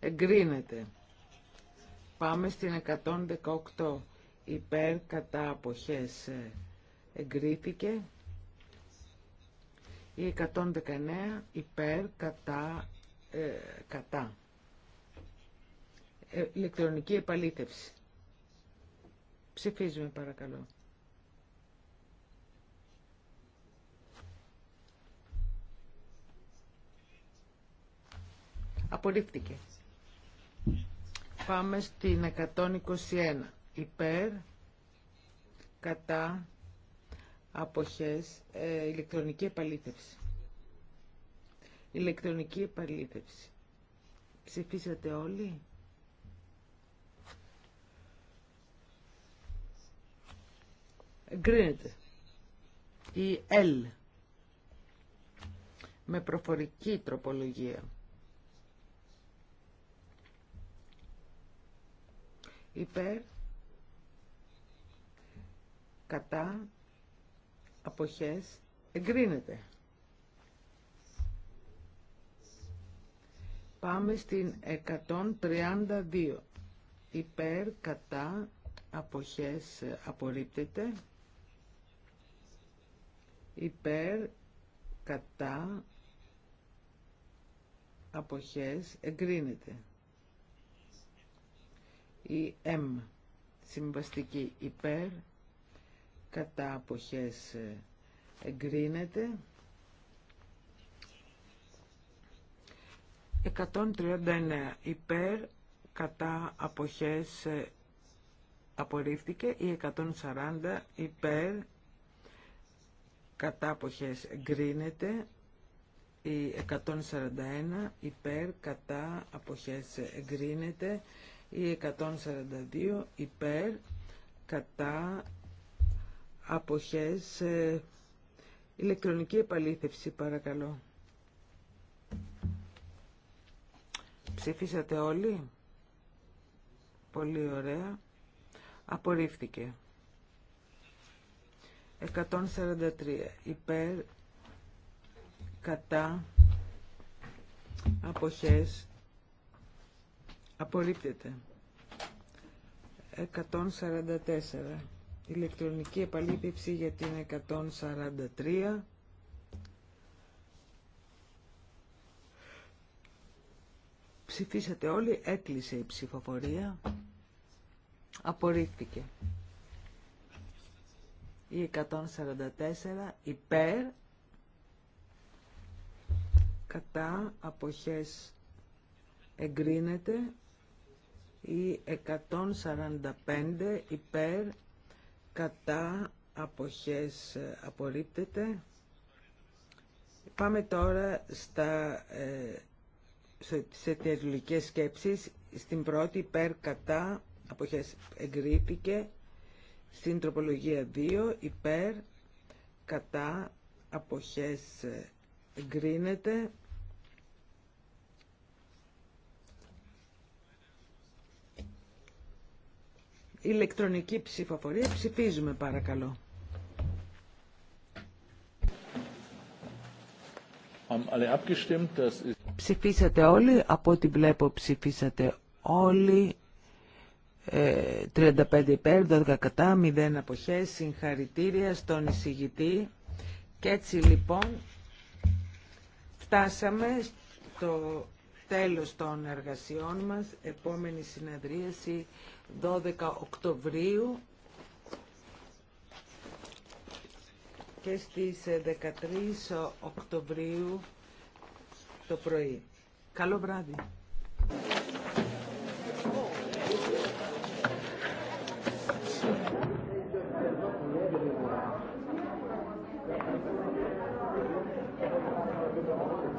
εγκρίνεται. Πάμε στην 118. Υπέρ, κατά, αποχές, ε, εγκρίθηκε. Η 119 υπέρ, κατά, ε, κατά. Ε, ηλεκτρονική επαλήθευση. Ψηφίζουμε παρακαλώ. Απορρίφθηκε. Πάμε στην 121. Υπέρ, κατά, αποχές, ε, ηλεκτρονική επαλήθευση. Ηλεκτρονική επαλήθευση. Ψηφίσατε όλοι. Εγκρίνεται. Η L. Με προφορική τροπολογία. υπέρ κατά αποχές εγκρίνεται. Πάμε στην 132. Υπέρ, κατά, αποχές απορρίπτεται. Υπέρ, κατά, αποχές εγκρίνεται. Η M συμβαστική υπέρ κατά αποχές ε, εγκρίνεται 139 υπέρ κατά αποχές ε, απορρίφθηκε ή 140 υπέρ κατά αποχές εγκρίνεται η 141 υπέρ κατά αποχές εγκρίνεται ή 142 υπέρ κατά αποχές ε, ηλεκτρονική επαλήθευση παρακαλώ. Ψήφισατε όλοι. Πολύ ωραία. Απορρίφθηκε. 143 υπέρ κατά αποχές Απορρίπτεται. 144. Ηλεκτρονική επαλήθευση για την 143. Ψηφίσατε όλοι, έκλεισε η ψηφοφορία. Απορρίφθηκε. Η 144 υπέρ, κατά, αποχές εγκρίνεται ή 145 υπέρ κατά αποχές απορρίπτεται. Πάμε τώρα στα, ε, σε σκέψεις. Στην πρώτη υπέρ κατά αποχές εγκρίθηκε. Στην τροπολογία 2 υπέρ κατά αποχές εγκρίνεται. ηλεκτρονική ψηφοφορία. Ψηφίζουμε παρακαλώ. Ψηφίσατε όλοι, από ό,τι βλέπω ψηφίσατε όλοι. 35 ε, υπέρ, 12 κατά, 0 αποχές, συγχαρητήρια στον εισηγητή. Και έτσι λοιπόν φτάσαμε στο τέλος των εργασιών μας, επόμενη συνεδρίαση 12 Οκτωβρίου και στις 13 ε, Οκτωβρίου το πρωί. Καλό βράδυ.